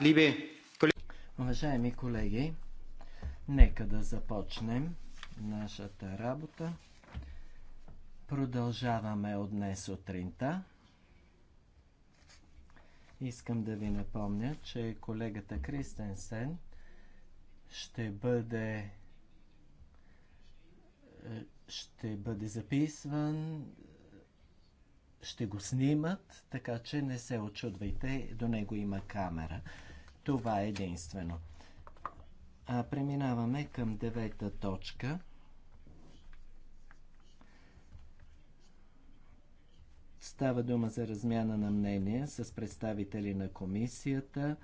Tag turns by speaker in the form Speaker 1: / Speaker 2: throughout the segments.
Speaker 1: либе Уважаеми колеги, нека да започнем нашата работа. Продължаваме от днес сутринта. Искам да ви напомня, че колегата Кристенсен ще бъде е, ще бъде записван ще го снимат, така че не се очудвайте, до него има камера. Това е единствено. А преминаваме към девета точка. Става дума за размяна на мнения с представители на комисията,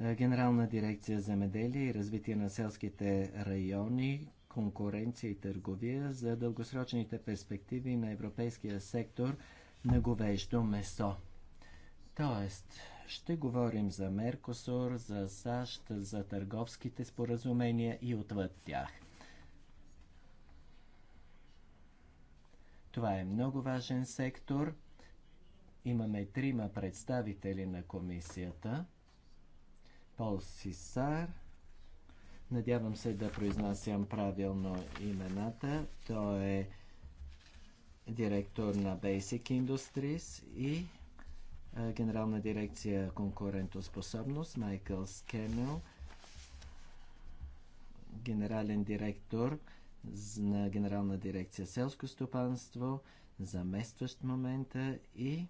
Speaker 1: Генерална дирекция земеделие и развитие на селските райони, конкуренция и търговия за дългосрочните перспективи на европейския сектор на говеждо месо. Тоест, ще говорим за Меркосур, за САЩ, за търговските споразумения и отвъд тях. Това е много важен сектор. Имаме трима представители на комисията. Пол Сисар. Надявам се да произнасям правилно имената. Той е директор на Basic Industries и Генерална дирекция конкурентоспособност, Майкъл Скемел, генерален директор на Генерална дирекция селско стопанство, заместващ момента и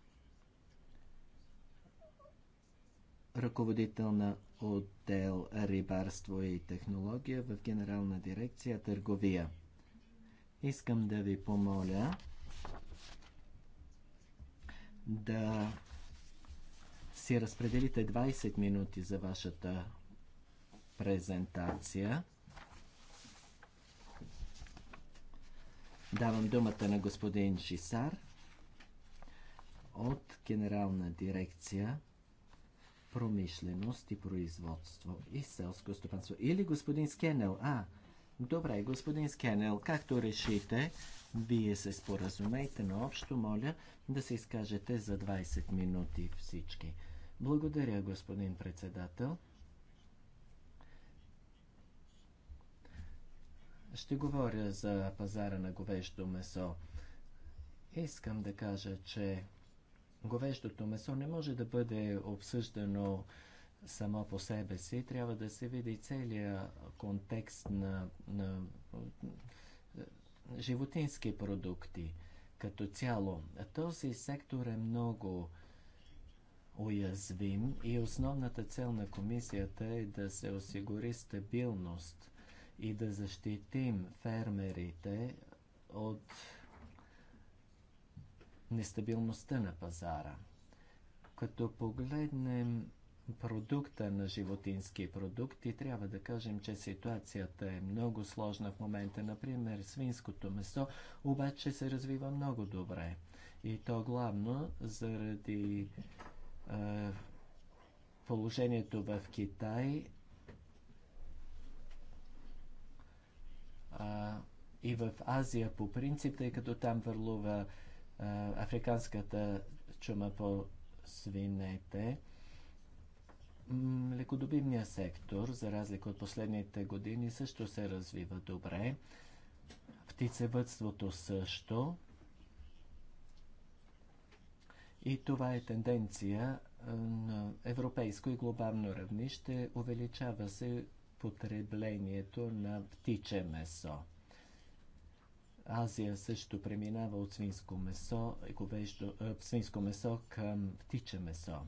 Speaker 1: ръководител на отдел рибарство и технология в Генерална дирекция търговия. Искам да ви помоля да си разпределите 20 минути за вашата презентация. Давам думата на господин Жисар от Генерална дирекция промишленост и производство и селско стопанство. Или господин Скенел. А, добре, господин Скенел, както решите, вие се споразумейте, но общо моля да се изкажете за 20 минути всички. Благодаря, господин председател. Ще говоря за пазара на говеждо месо. Искам да кажа, че говеждото месо не може да бъде обсъждано само по себе си. Трябва да се види целият контекст на, на е, животински продукти като цяло. Този сектор е много уязвим и основната цел на комисията е да се осигури стабилност и да защитим фермерите от нестабилността на пазара. Като погледнем продукта на животински продукти, трябва да кажем, че ситуацията е много сложна в момента. Например, свинското месо обаче се развива много добре. И то главно заради положението в Китай и в Азия по принцип, тъй като там върлува африканската чума по свинете. Лекодобивният сектор, за разлика от последните години, също се развива добре. Птицевътството също. И това е тенденция на европейско и глобално равнище. Увеличава се потреблението на птиче месо. Азия също преминава от свинско месо, говеждо, свинско месо към птиче месо.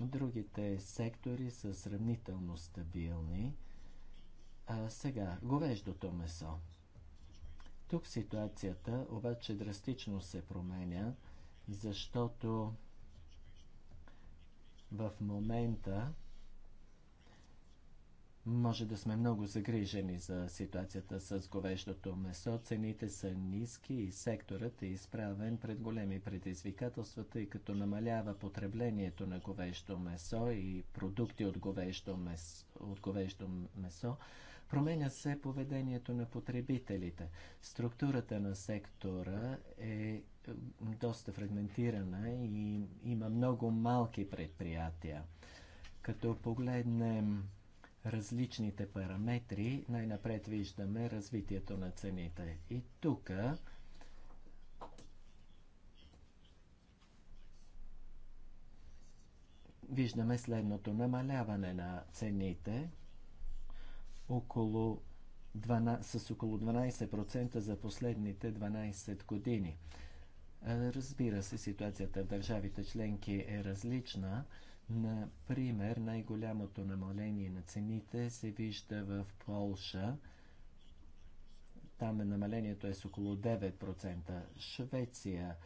Speaker 1: Другите сектори са сравнително стабилни. А сега, говеждото месо. Тук ситуацията обаче драстично се променя защото в момента може да сме много загрижени за ситуацията с говеждото месо. Цените са ниски и секторът е изправен пред големи предизвикателства, тъй като намалява потреблението на говеждо месо и продукти от говеждо месо. От говеждо месо. Променя се поведението на потребителите. Структурата на сектора е, е доста фрагментирана и има много малки предприятия. Като погледнем различните параметри, най-напред виждаме развитието на цените. И тук виждаме следното намаляване на цените около 12, с около 12% за последните 12 години. Разбира се, ситуацията в държавите членки е различна. Например, най-голямото намаление на цените се вижда в Полша. Там е намалението е с около 9%. Швеция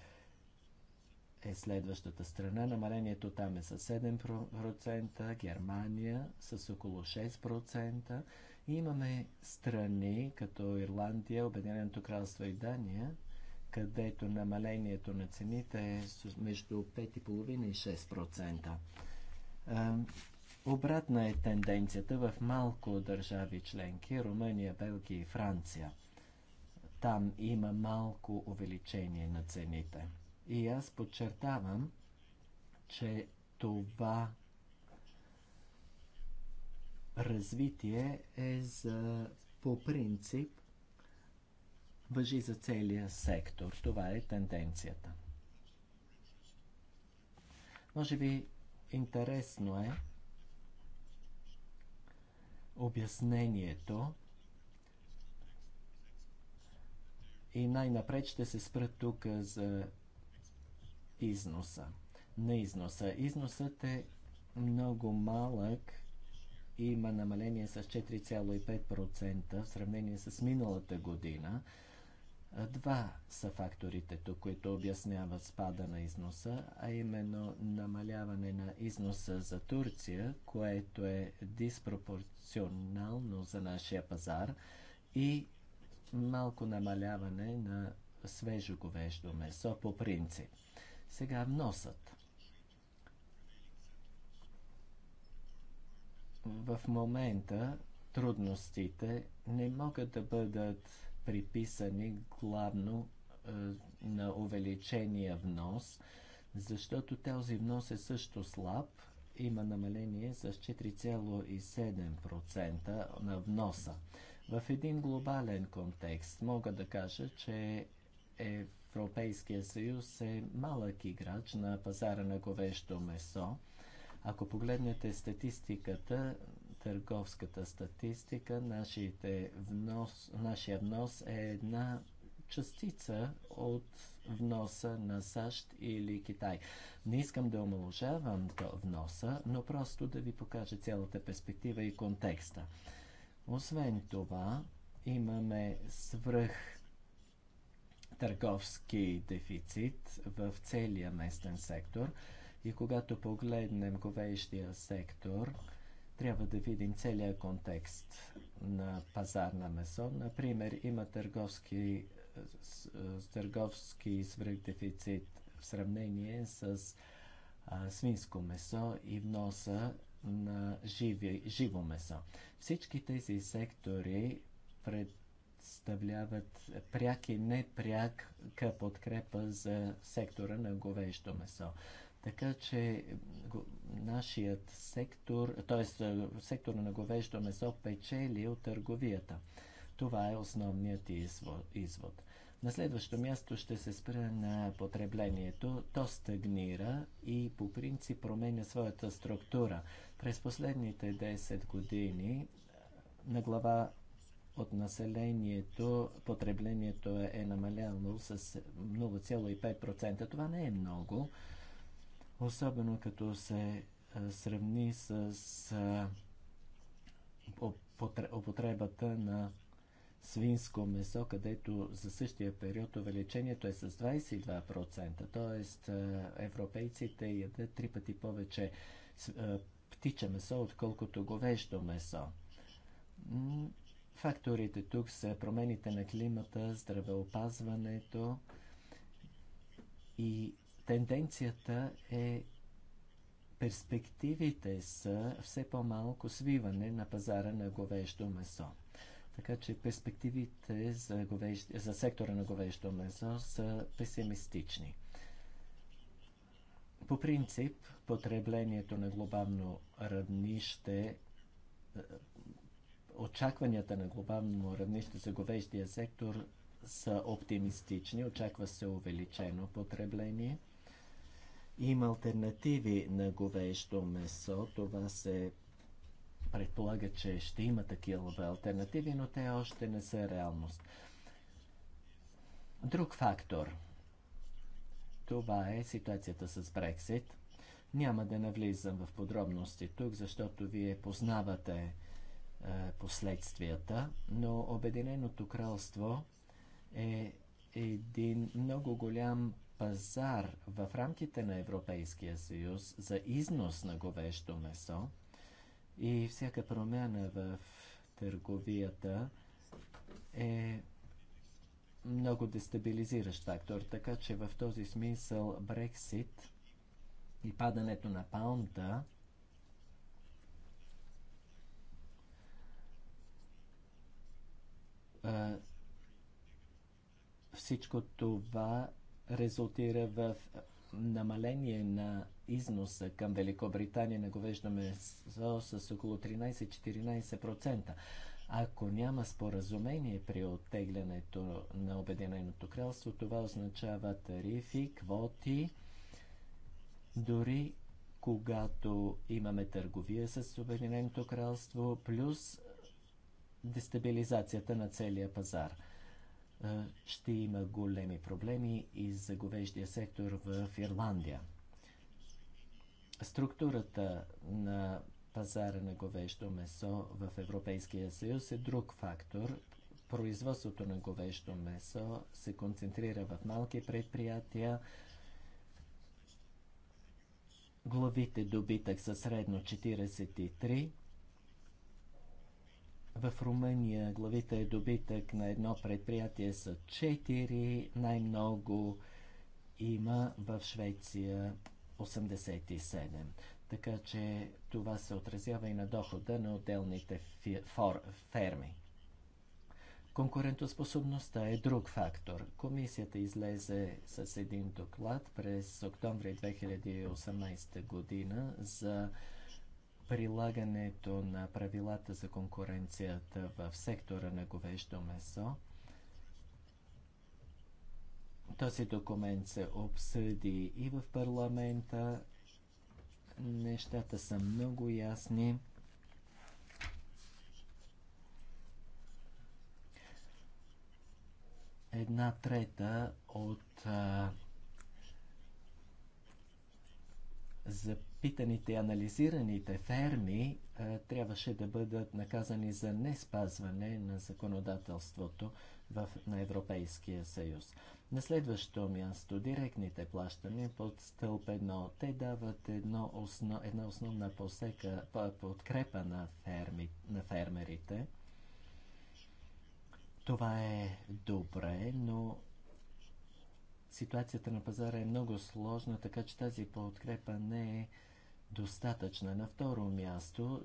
Speaker 1: е следващата страна. Намалението там е с 7%, Германия с около 6%. И имаме страни като Ирландия, Обединеното кралство и Дания – където намалението на цените е между 5,5 и 6%. Обратна е тенденцията в малко държави членки Румъния, Белгия и Франция. Там има малко увеличение на цените. И аз подчертавам, че това развитие е за, по принцип въжи за целия сектор. Това е тенденцията. Може би интересно е обяснението и най-напред ще се спра тук за износа. На износа. Износът е много малък има намаление с 4,5% в сравнение с миналата година. Два са факторите тук, които обясняват спада на износа, а именно намаляване на износа за Турция, което е диспропорционално за нашия пазар и малко намаляване на свежо говеждо месо по принцип. Сега вносът. В момента трудностите не могат да бъдат приписани главно е, на увеличения внос, защото този внос е също слаб. Има намаление с 4,7% на вноса. В един глобален контекст мога да кажа, че Европейския съюз е малък играч на пазара на говещо месо. Ако погледнете статистиката, търговската статистика, нашите внос, нашия внос е една частица от вноса на САЩ или Китай. Не искам да омалужавам вноса, но просто да ви покажа цялата перспектива и контекста. Освен това, имаме свръх търговски дефицит в целия местен сектор. И когато погледнем говеждия сектор, трябва да видим целият контекст на пазар на месо. Например, има търговски, търговски свръхдефицит в сравнение с а, свинско месо и вноса на живи, живо месо. Всички тези сектори представляват пряк и непряка подкрепа за сектора на говеждо месо. Така че нашият сектор, т.е. сектор на говеждо месо печели от търговията. Това е основният извод. На следващо място ще се спра на потреблението. То стагнира и по принцип променя своята структура. През последните 10 години на глава от населението потреблението е намаляло с 0,5%. Това не е много, особено като се сравни с употребата на свинско месо, където за същия период увеличението е с 22%. т.е. европейците ядат три пъти повече птиче месо, отколкото говеждо месо. Факторите тук са промените на климата, здравеопазването и Тенденцията е перспективите са все по-малко свиване на пазара на говеждо месо. Така че перспективите за, говеж... за сектора на говеждо месо са песимистични. По принцип, потреблението на глобално равнище, е, очакванията на глобално равнище за говеждия сектор са оптимистични. Очаква се увеличено потребление. Има альтернативи на говеждо месо. Това се предполага, че ще има такива альтернативи, но те още не са реалност. Друг фактор. Това е ситуацията с Брексит. Няма да навлизам в подробности тук, защото вие познавате е, последствията, но Обединеното кралство е един много голям пазар в рамките на Европейския съюз за износ на говещо месо и всяка промяна в търговията е много дестабилизиращ фактор, така че в този смисъл Брексит и падането на паунда всичко това резултира в намаление на износа към Великобритания на говеждо месо с около 13-14%. Ако няма споразумение при оттеглянето на Обединеното кралство, това означава тарифи, квоти, дори когато имаме търговия с Обединеното кралство, плюс дестабилизацията на целия пазар – ще има големи проблеми и за говеждия сектор в Ирландия. Структурата на пазара на говеждо месо в Европейския съюз е друг фактор. Производството на говеждо месо се концентрира в малки предприятия. Главите добитък са средно 43 в Румъния главите е добитък на едно предприятие са 4, най-много има в Швеция 87. Така че това се отразява и на дохода на отделните ферми. Конкурентоспособността е друг фактор. Комисията излезе с един доклад през октомври 2018 година за прилагането на правилата за конкуренцията в сектора на говеждо месо. Този документ се обсъди и в парламента. Нещата са много ясни. Една трета от а, за питаните, анализираните ферми а, е, трябваше да бъдат наказани за не спазване на законодателството в, на Европейския съюз. На следващо място директните плащания под стълб 1. Те дават едно основ, една основна посека, подкрепа на, ферми, на фермерите. Това е добре, но ситуацията на пазара е много сложна, така че тази подкрепа не е достатъчна. На второ място,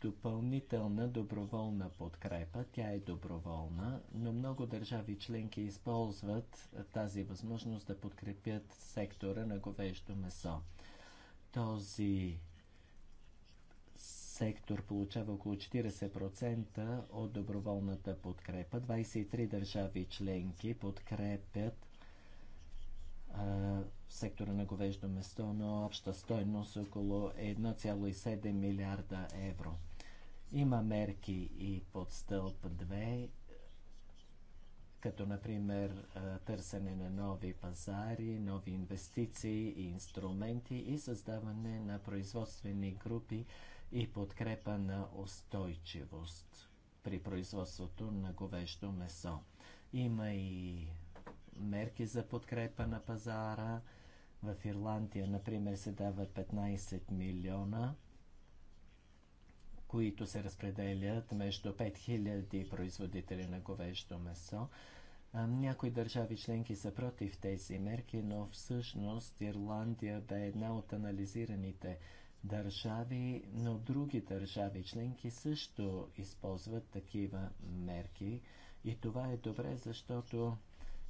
Speaker 1: допълнителна доброволна подкрепа. Тя е доброволна, но много държави членки използват тази възможност да подкрепят сектора на говеждо месо. Този сектор получава около 40% от доброволната подкрепа. 23 държави членки подкрепят в сектора на говеждо место на обща стойност около 1,7 милиарда евро. Има мерки и под стълб 2, като например търсене на нови пазари, нови инвестиции и инструменти и създаване на производствени групи и подкрепа на устойчивост при производството на говеждо месо. Има и мерки за подкрепа на пазара. В Ирландия, например, се дават 15 милиона, които се разпределят между 5000 производители на говеждо месо. Някои държави членки са против тези мерки, но всъщност Ирландия бе една от анализираните държави, но други държави членки също използват такива мерки. И това е добре, защото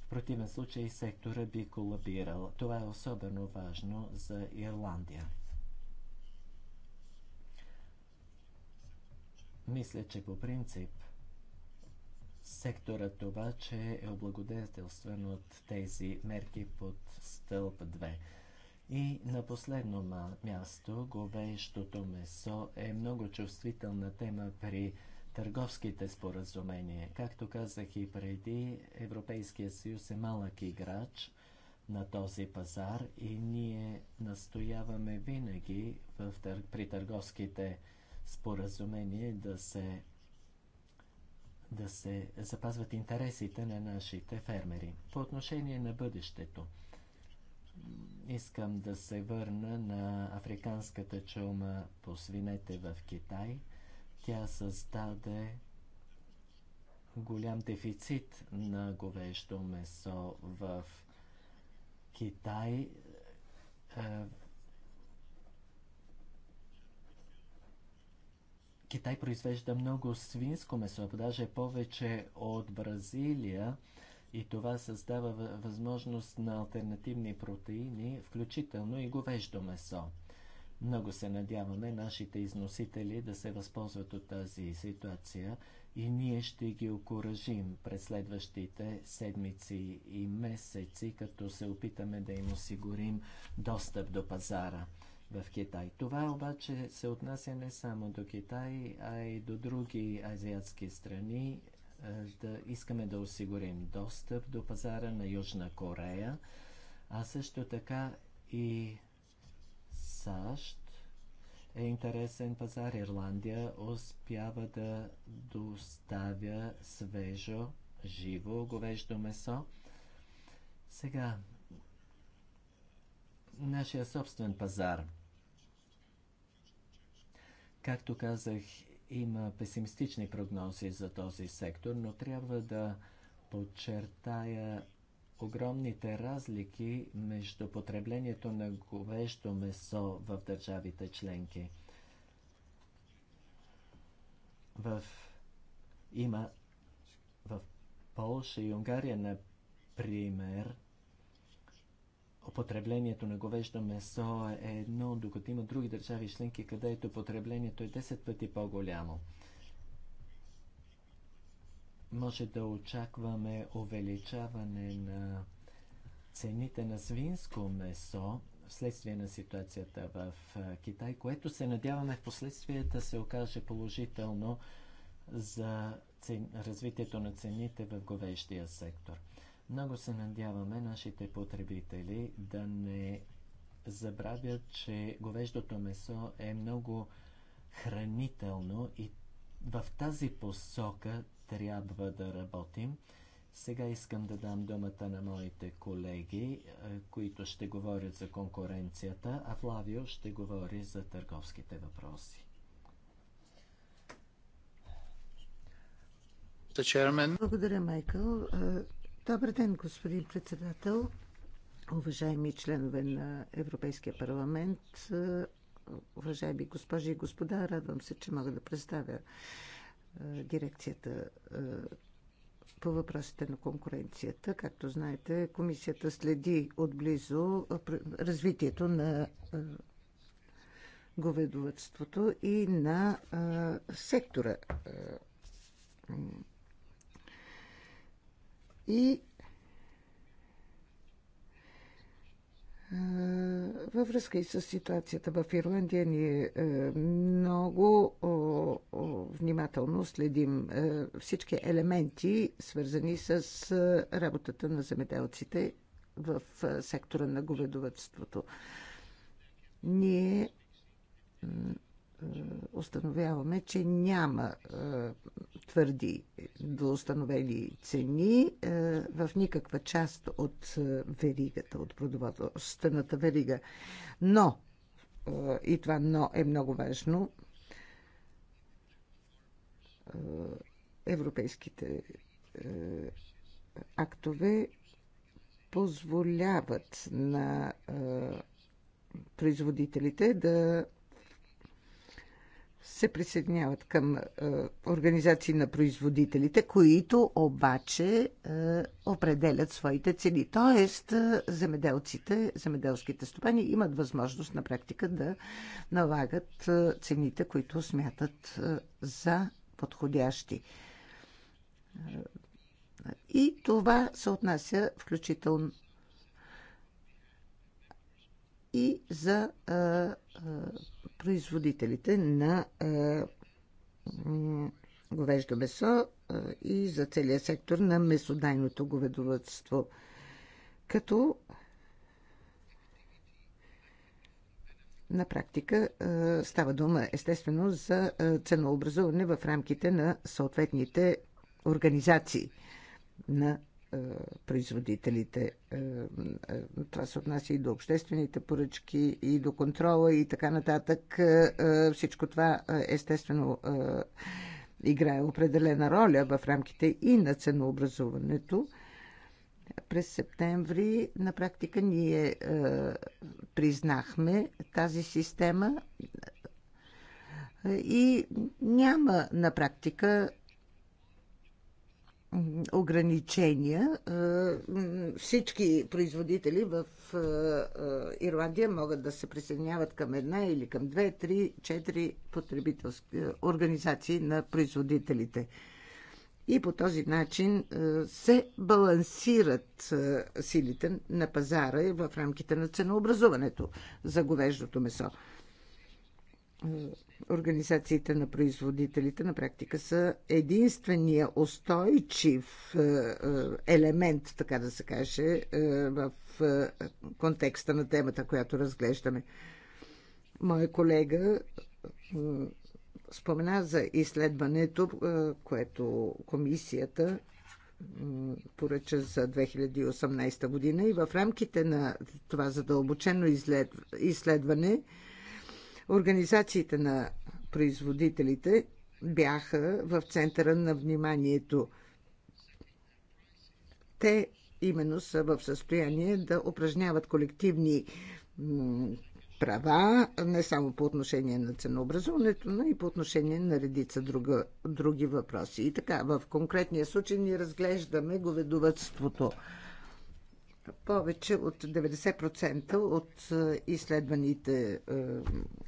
Speaker 1: противен случай сектора би колабирал. Това е особено важно за Ирландия. Мисля, че по принцип секторът обаче е облагодетелстван от тези мерки под стълб 2. И на последно място, говещото месо е много чувствителна тема при търговските споразумения. Както казах и преди, Европейския съюз е малък играч на този пазар и ние настояваме винаги в, при търговските споразумения да се, да се запазват интересите на нашите фермери. По отношение на бъдещето, искам да се върна на африканската чума по свинете в Китай – тя създаде голям дефицит на говещо месо в Китай. Е, Китай произвежда много свинско месо, даже повече от Бразилия и това създава възможност на альтернативни протеини, включително и говеждо месо. Много се надяваме нашите износители да се възползват от тази ситуация и ние ще ги окоръжим през следващите седмици и месеци, като се опитаме да им осигурим достъп до пазара в Китай. Това обаче се отнася не само до Китай, а и до други азиатски страни. Е, да искаме да осигурим достъп до пазара на Южна Корея, а също така и САЩ е интересен пазар. Ирландия успява да доставя свежо, живо говеждо месо. Сега, нашия собствен пазар. Както казах, има песимистични прогнози за този сектор, но трябва да подчертая огромните разлики между потреблението на говеждо месо в държавите членки. В, има в Полша и Унгария, например, потреблението на говеждо месо е едно, докато има други държави членки, където потреблението е 10 пъти по-голямо може да очакваме увеличаване на цените на свинско месо вследствие на ситуацията в Китай, което се надяваме в последствие да се окаже положително за цен... развитието на цените в говещия сектор. Много се надяваме нашите потребители да не забравят, че говеждото месо е много хранително и в тази посока трябва да работим. Сега искам да дам думата на моите колеги, е, които ще говорят за конкуренцията, а Флавио ще говори за търговските въпроси.
Speaker 2: Благодаря, Майкъл. Е, добър ден, господин председател, уважаеми членове на Европейския парламент, е, уважаеми госпожи и господа. Радвам се, че мога да представя е, дирекцията е, по въпросите на конкуренцията. Както знаете, комисията следи отблизо е, развитието на говедовътството и на сектора. И Във връзка и с ситуацията в Ирландия, ние е, много внимателно следим е, всички елементи, свързани с е, работата на земеделците в сектора на говедовътството. Ние е, установяваме, че няма е, твърди установени цени е, в никаква част от веригата, от продоволствената верига. Но, и това но е много важно, европейските актове позволяват на производителите да се присъединяват към е, организации на производителите, които обаче е, определят своите цени. Тоест, е, земеделците, земеделските стопани имат възможност на практика да налагат е, цените, които смятат е, за подходящи. Е, и това се отнася включително и за е, е производителите на говеждо месо и за целия сектор на месодайното говедовътство. Като на практика става дума естествено за ценообразуване в рамките на съответните организации на е, производителите. Е, е, това се отнася и до обществените поръчки, и до контрола, и така нататък. Всичко това естествено играе определена роля в рамките и на ценообразуването. През септември на практика ние признахме тази система и няма на практика ограничения. Всички производители в Ирландия могат да се присъединяват към една или към две, три, четири потребителски организации на производителите. И по този начин се балансират силите на пазара и в рамките на ценообразуването за говеждото месо организациите на производителите на практика са единствения устойчив е, е, елемент, така да се каже, е, в контекста на темата, която разглеждаме. Мой колега спомена за изследването, което комисията поръча за 2018 година и в рамките на това задълбочено изследване Организациите на производителите бяха в центъра на вниманието. Те именно са в състояние да упражняват колективни права, не само по отношение на ценообразуването, но и по отношение на редица друга, други въпроси. И така, в конкретния случай ние разглеждаме говедовътството. Повече от 90% от е, изследваните е,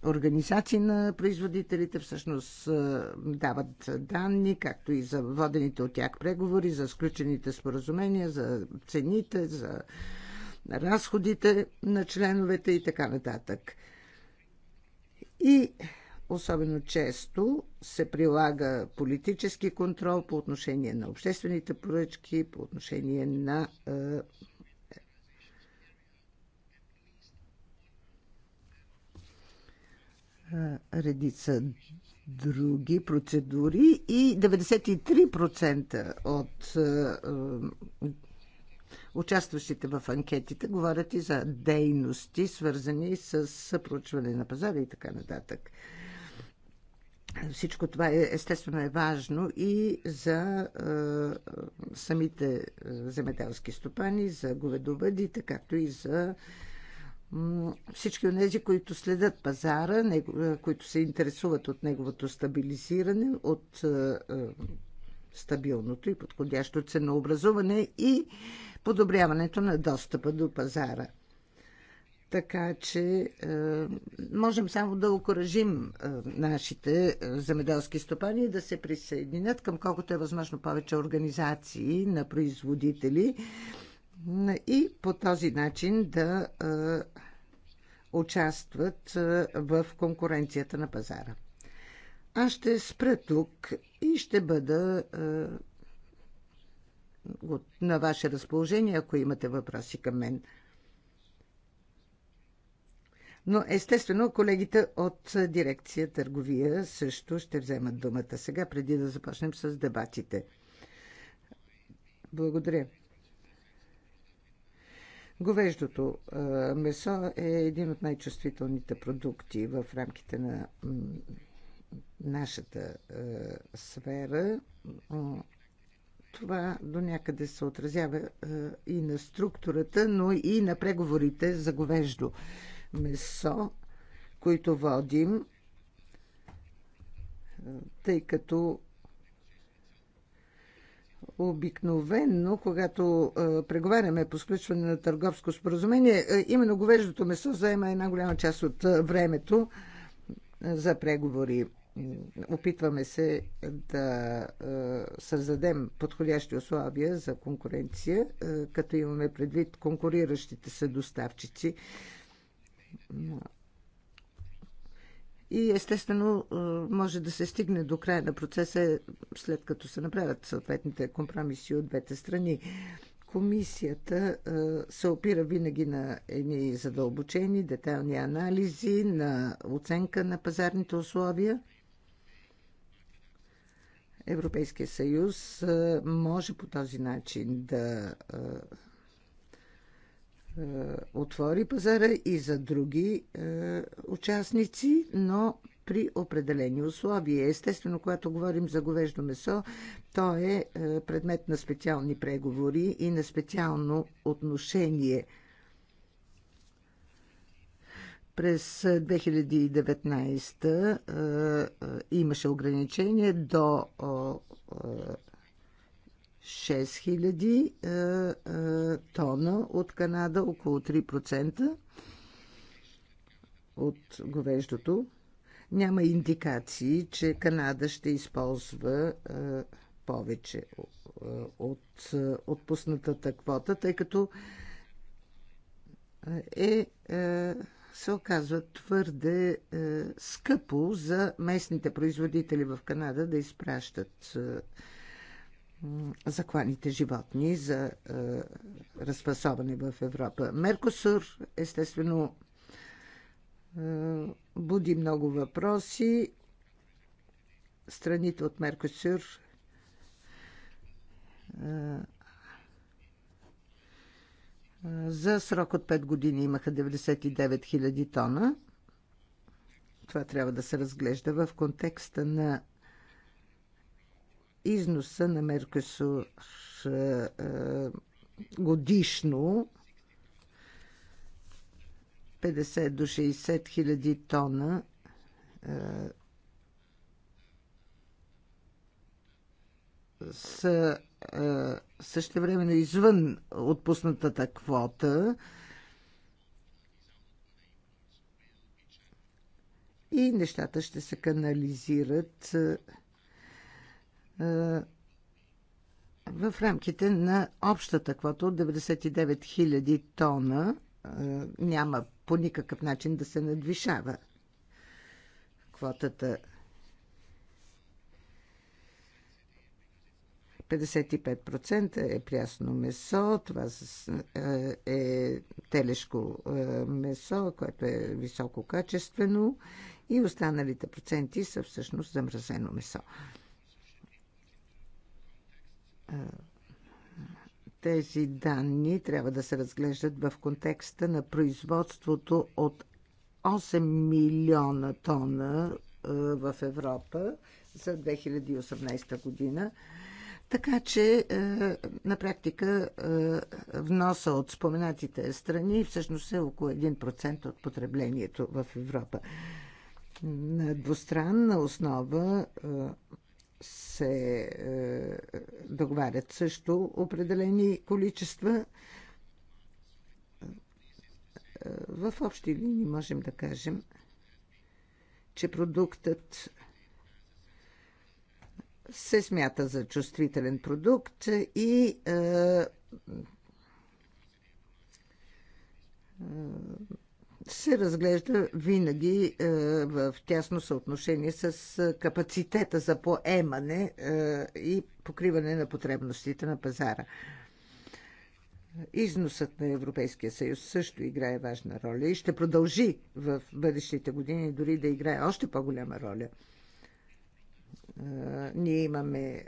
Speaker 2: организации на производителите всъщност е, дават данни, както и за водените от тях преговори, за сключените споразумения, за цените, за разходите на членовете и така нататък. И особено често се прилага политически контрол по отношение на обществените поръчки, по отношение на редица други процедури и 93% от участващите в анкетите говорят и за дейности, свързани с проучване на пазара и така нататък. Всичко това е, естествено е важно и за е, самите земеделски стопани, за говедоведите, както и за е, всички от тези, които следят пазара, е, които се интересуват от неговото стабилизиране, от е, е, стабилното и подходящо ценообразуване и подобряването на достъпа до пазара. Така че е, можем само да окоръжим е, нашите замеделски стопани да се присъединят към колкото е възможно повече организации на производители. Е, и по този начин да участват в конкуренцията на пазара. Аз ще спра тук и ще бъда на ваше разположение, ако имате въпроси към мен. Но естествено, колегите от дирекция търговия също ще вземат думата сега, преди да започнем с дебатите. Благодаря. Говеждото месо е един от най-чувствителните продукти в рамките на нашата сфера. Това до някъде се отразява и на структурата, но и на преговорите за говеждо месо, които водим, тъй като обикновенно, когато а, преговаряме по сключване на търговско споразумение, а, именно говеждото месо заема една голяма част от а, времето а, за преговори. Опитваме се да а, създадем подходящи условия за конкуренция, а, като имаме предвид конкуриращите се доставчици и естествено е, може да се стигне до края на процеса, след като се направят съответните компромиси от двете страни. Комисията е, се опира винаги на едни задълбочени, детайлни анализи, на оценка на пазарните условия. Европейския съюз е, може по този начин да е, отвори пазара и за други е, участници, но при определени условия. Естествено, когато говорим за говеждо месо, то е, е предмет на специални преговори и на специално отношение. През 2019 имаше ограничение до 6000 е, е, тона от Канада, около 3% от говеждото. Няма индикации, че Канада ще използва е, повече от отпуснатата квота, тъй като е, се оказва твърде скъпо за местните производители в Канада да изпращат закланите животни за е, разпасоване в Европа. Меркосур, естествено, е, буди много въпроси. Страните от Меркосур е, за срок от 5 години имаха 99 000 тона. Това трябва да се разглежда в контекста на износа на Меркосур е, е, годишно 50 до 60 хиляди тона е, са също времено извън отпуснатата квота и нещата ще се канализират е, в рамките на общата квота от 99 000 тона е, няма по никакъв начин да се надвишава квотата 55% е прясно месо, това е, е телешко месо, което е високо качествено и останалите проценти са всъщност замразено месо. Е, тези данни трябва да се разглеждат в контекста на производството от 8 милиона тона е, в Европа за 2018 година. Така че е, на практика вноса от споменатите страни всъщност е около 1% от потреблението в Европа. На двустранна основа се е, договарят също определени количества. Е, в общи линии можем да кажем, че продуктът се смята за чувствителен продукт и е, е се разглежда винаги е, в тясно съотношение с е, капацитета за поемане е, и покриване на потребностите на пазара. Износът на Европейския съюз също играе важна роля и ще продължи в бъдещите години дори да играе още по-голяма роля. Ние имаме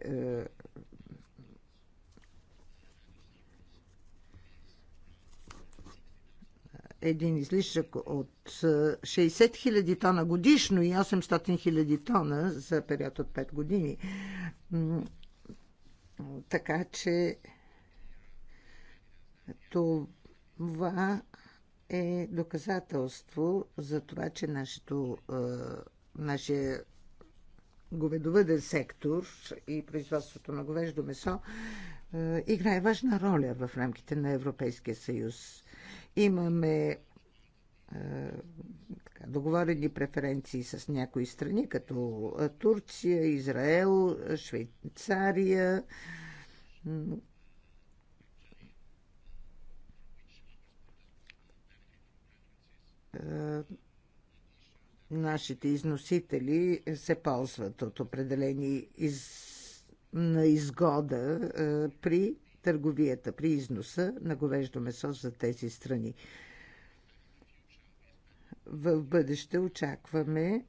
Speaker 2: един излишък от 60 е, 000 тона годишно и 800 000 тона за период от 5 години. Така че това е доказателство за това, че нашето, е, нашия говедовъден сектор и производството на говеждо месо е, играе важна роля в рамките на Европейския съюз. Имаме е, така, договорени преференции с някои страни, като е, Турция, Израел, е, Швейцария. Нашите износители се ползват от определени из... на изгода при търговията, при износа на говеждо месо за тези страни. В бъдеще очакваме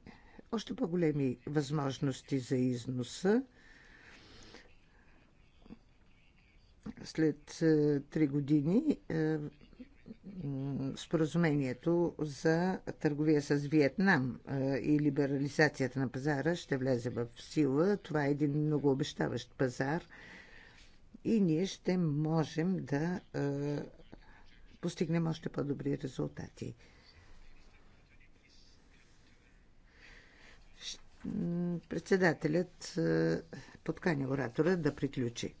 Speaker 2: още по-големи възможности за износа. След е, три години е, споразумението за търговия с Виетнам е, и либерализацията на пазара ще влезе в сила. Това е един много обещаващ пазар – и ние ще можем да е, постигнем още по-добри резултати. Председателят е, подканя оратора да приключи.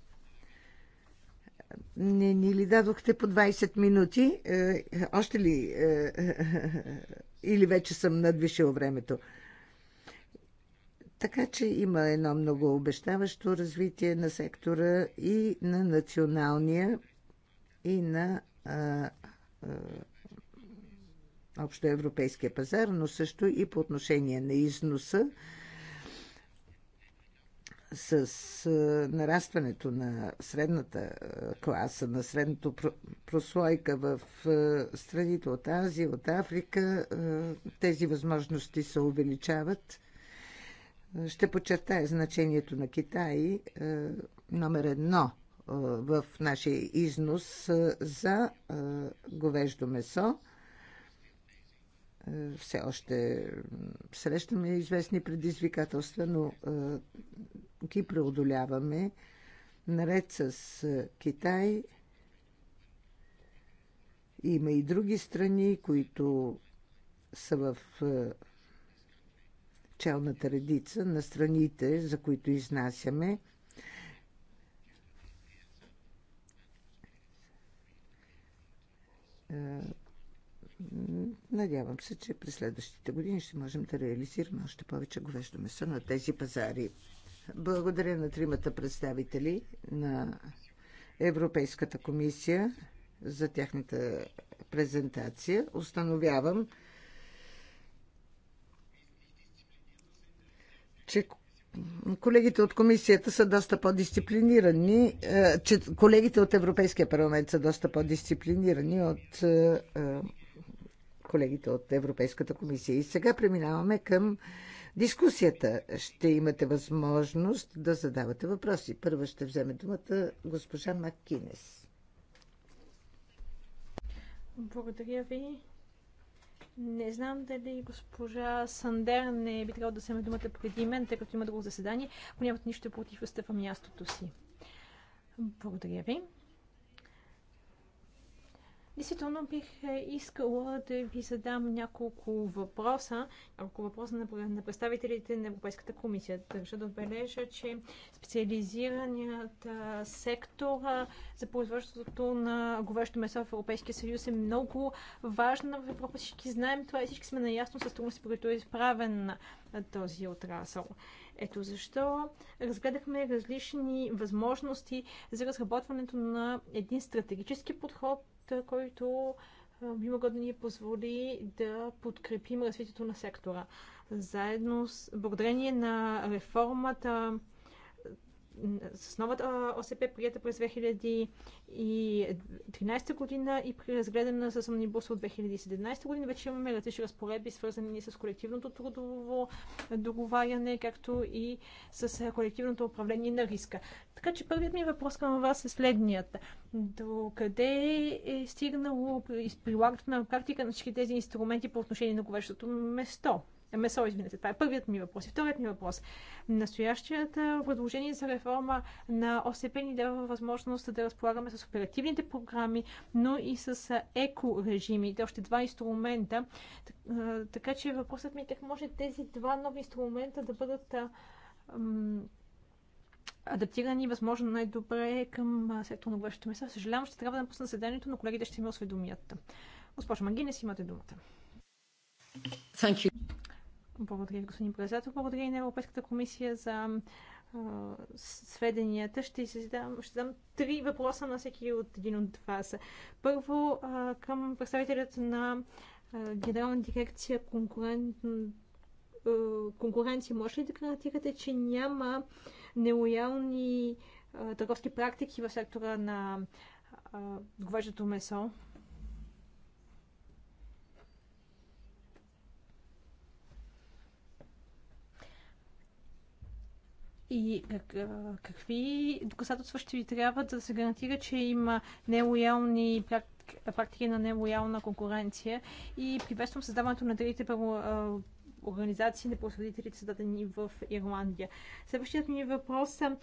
Speaker 2: Не ни ли дадохте по 20 минути? Е, още ли? Е, е, е, е, или вече съм надвишил времето? Така че има едно много обещаващо развитие на сектора и на националния, и на а, а, общоевропейския пазар, но също и по отношение на износа с а, нарастването на средната класа, на средното прослойка в а, страните от Азия, от Африка, а, тези възможности се увеличават ще подчертая значението на Китай е, номер едно е, в нашия износ е, за говеждо месо. Все още срещаме известни предизвикателства, но ги преодоляваме. Наред с Китай има и други страни, които са в челната редица на страните, за които изнасяме. Е, надявам се, че през следващите години ще можем да реализираме още повече говеждо месо на тези пазари. Благодаря на тримата представители на Европейската комисия за тяхната презентация. Установявам, че колегите от комисията са доста по-дисциплинирани, е, че колегите от Европейския парламент са доста по-дисциплинирани от е, е, колегите от Европейската комисия. И сега преминаваме към дискусията. Ще имате възможност да задавате въпроси. Първа ще вземе думата госпожа Маккинес.
Speaker 3: Благодаря ви. Не знам дали госпожа Сандер не би трябвало да вземе думата преди мен, тъй като има друго заседание. Ако нямате нищо против, оставам мястото си. Благодаря ви. Действително бих е, искала да ви задам няколко въпроса, няколко въпроса на, представителите на Европейската комисия. Държа да отбележа, че специализираният сектор за производството на говещо месо в Европейския съюз е много важна в Европа. Всички знаем това и всички сме наясно с трудности, които е изправен този отрасъл. Ето защо разгледахме различни възможности за разработването на един стратегически подход който би могъл да ни позволи да подкрепим развитието на сектора. Заедно с благодарение на реформата с новата ОСП, прията през 2013 година и преразгледана с Амнибуса от 2017 година, вече имаме различни разпоредби, свързани с колективното трудово договаряне, както и с колективното управление на риска. Така че първият ми въпрос към вас е следният. До къде е стигнало прилагането на практика на всички тези инструменти по отношение на говещото место? месо, извинете. Това е първият ми въпрос. И вторият ми въпрос. Настоящият предложение за реформа на ОСП ни дава възможност да разполагаме с оперативните програми, но и с екорежимите, още два инструмента. Така че въпросът ми е как може тези два нови инструмента да бъдат адаптирани възможно най-добре към сектор на бъдещето меса. Съжалявам, ще трябва да напусна заседанието, но колегите ще ми осведомят. Госпожа Магинес, имате думата. Thank you. Благодаря господин председател. Благодаря и на Европейската комисия за сведенията. Ще, задам, ще дам три въпроса на всеки от един от вас. Първо към представителят на Генерална дирекция конкуренция. Може ли да гарантирате, че няма нелоялни търговски практики в сектора на говеждото месо? и как, какви доказателства ще ви трябва да се гарантира, че има нелоялни практики практики на нелоялна конкуренция и приветствам създаването на трите организации на производителите, създадени в Ирландия. Следващият ми въпрос а,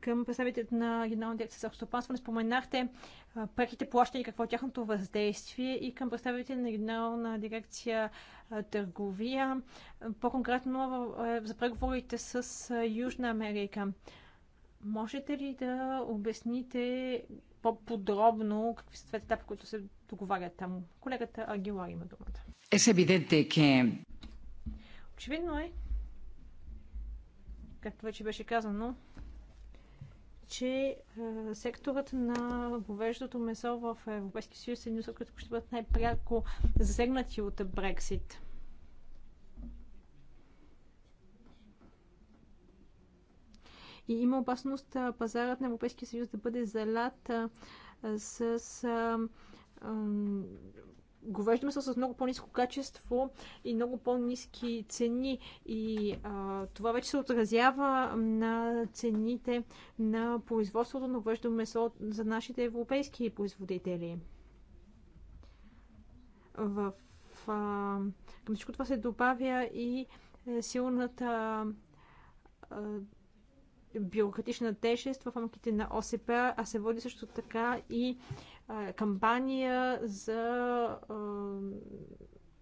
Speaker 3: към представителите на Генерална дирекция за стопанство. Споменахте а, преките плащания и какво е тяхното въздействие и към представителите на Генерална дирекция а, търговия. По-конкретно за преговорите с а, Южна Америка. Можете ли да обясните по-подробно какви са двете етапи, които се договарят там? Колегата Агилар има думата.
Speaker 4: Es evidente que...
Speaker 3: Очевидно е, както вече беше казано, че е, секторът на говеждото месо в Европейския съюз е един от които ще бъдат най-пряко засегнати от Брексит. И има опасност е, пазарът на Европейския съюз да бъде залят е, с е, говеждаме се с много по-низко качество и много по-низки цени. И а, това вече се отразява на цените на производството на говеждо месо за нашите европейски производители. В, а, към всичко това се добавя и е, силната бюрократична тежест в рамките на ОСП, а се води също така и а, кампания за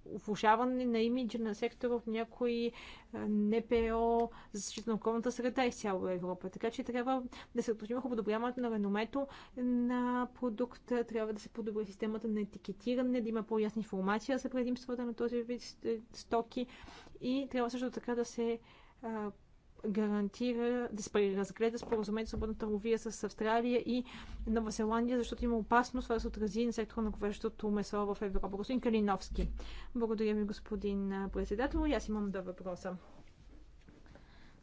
Speaker 3: влушаване на имиджа на сектора в някои НПО за защита на околната среда из цяла Европа. Така че трябва да се оточим върху подобряването на реномето на продукта, трябва да се подобри системата на етикетиране, да има по-ясна информация за предимствата на този вид е, стоки и трябва също така да се гарантира, да се преразгледа споразумението за свободна търговия с Австралия и Нова Зеландия, защото има опасност това да се отрази на сектора на говещото месо в Европа. Господин Калиновски. Благодаря ви, господин председател. И аз имам два въпроса.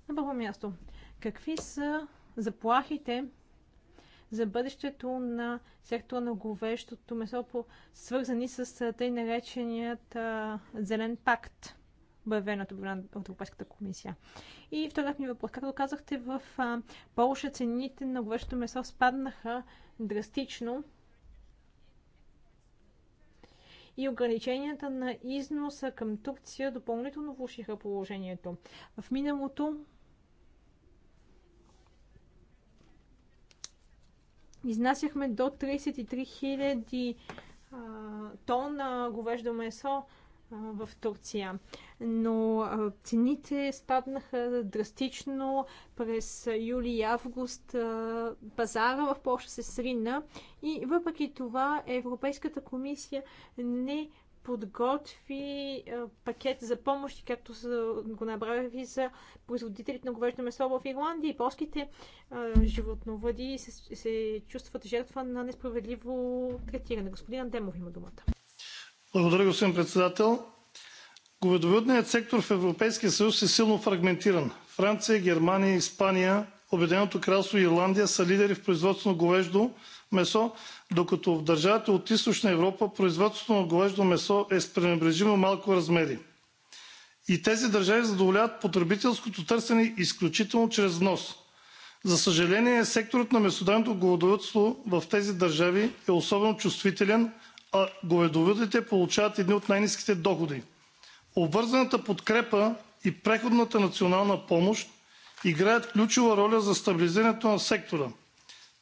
Speaker 3: На първо място, какви са заплахите за бъдещето на сектора на говещото месо, свързани с тъй нареченият а, зелен пакт? обявена от Европейската комисия. И вторият ми въпрос. Както казахте, в Полша цените на говещото месо спаднаха драстично и ограниченията на износа към Турция допълнително влушиха положението. В миналото изнасяхме до 33 000 а, тона говеждо месо в Турция. Но цените спаднаха драстично през юли и август. Пазара в Польша се срина и въпреки това Европейската комисия не подготви пакет за помощи, както са, го направи за производителите на говеждо месо в Ирландия. И полските животновъди се, се чувстват жертва на несправедливо третиране. Господин Андемов има думата.
Speaker 4: Благодаря, господин председател. Говедовъдният сектор в Европейския съюз е силно фрагментиран. Франция, Германия, Испания, Обединеното кралство и Ирландия са лидери в производство на говеждо месо, докато в държавите от Източна Европа производството на говеждо месо е с пренебрежимо малко размери. И тези държави задоволяват потребителското търсене изключително чрез внос. За съжаление, секторът на месодайното говедовъдство в тези държави е особено чувствителен а говедовъдите получават едни от най-ниските доходи. Обвързаната подкрепа и преходната национална помощ играят ключова роля за стабилизирането на сектора.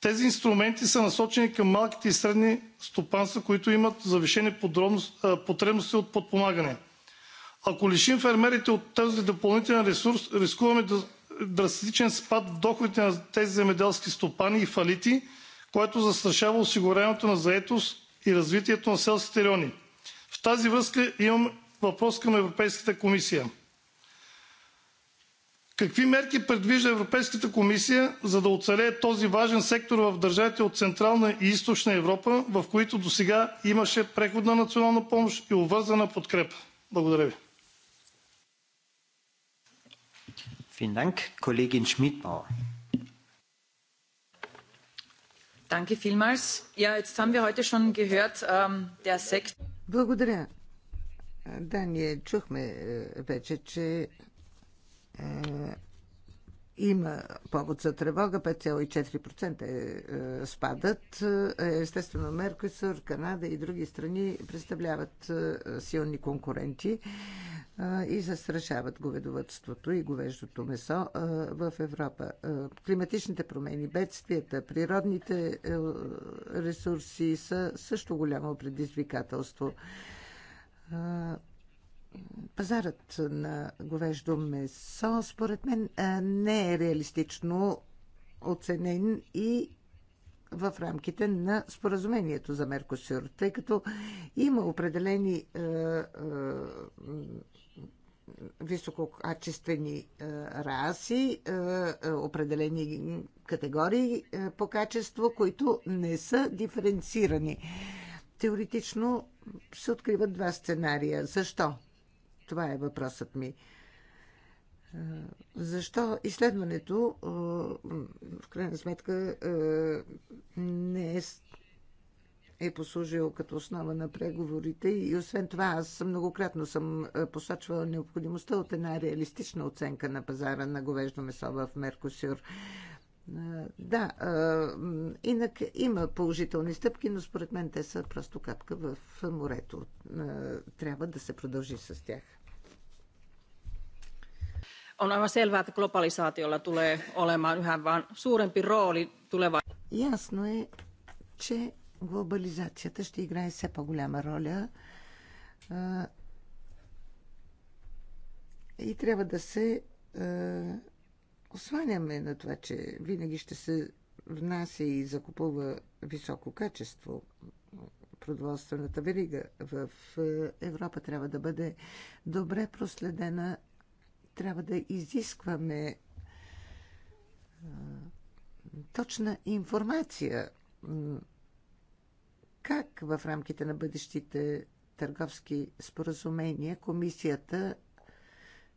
Speaker 4: Тези инструменти са насочени към малките и средни стопанства, които имат завишени потребности от подпомагане. Ако лишим фермерите от този допълнителен ресурс, рискуваме драстичен спад в доходите на тези земеделски стопани и фалити, което застрашава осигуряването на заетост и развитието на селските райони. В тази връзка имам въпрос към Европейската комисия. Какви мерки предвижда Европейската комисия, за да оцелее този важен сектор в държавите от Централна и Източна Европа, в които до сега имаше преходна национална помощ и обвързана подкрепа? Благодаря ви.
Speaker 1: Vielen Dank, Kollegin Schmidbauer.
Speaker 3: Danke vielmals. Ja, jetzt haben wir heute schon gehört, der Sekt. Благодаря.
Speaker 2: Да, ние чухме вече, че има повод за тревога. 5,4% е, е, спадат. Е, естествено, Меркосур, Канада и други страни представляват е, силни конкуренти е, и застрашават говедовътството и говеждото месо е, в Европа. Е, климатичните промени, бедствията, природните е, ресурси са също голямо предизвикателство. Е, пазарът на говеждо месо, според мен, не е реалистично оценен и в рамките на споразумението за Меркосюр, тъй като има определени е, е, висококачествени е, раси, е, е, определени категории е, по качество, които не са диференцирани. Теоретично се откриват два сценария. Защо? Това е въпросът ми. Защо изследването в крайна сметка не е, е послужило като основа на преговорите и освен това аз многократно съм посочвала необходимостта от една реалистична оценка на пазара на говеждо месо в Меркосюр. Да, инак има положителни стъпки, но според мен те са просто капка в морето. Трябва да се продължи с тях.
Speaker 3: On aivan selvää, että globalisaatiolla tulee olemaan yhä vain suurempi rooli tulevaisuudessa. Ясно е,
Speaker 2: че глобализацията ще играе все по-голяма роля и трябва да се осваняме на това, че винаги ще се внася и закупува високо качество продоволствената верига в Европа трябва да бъде добре проследена трябва да изискваме точна информация как в рамките на бъдещите търговски споразумения комисията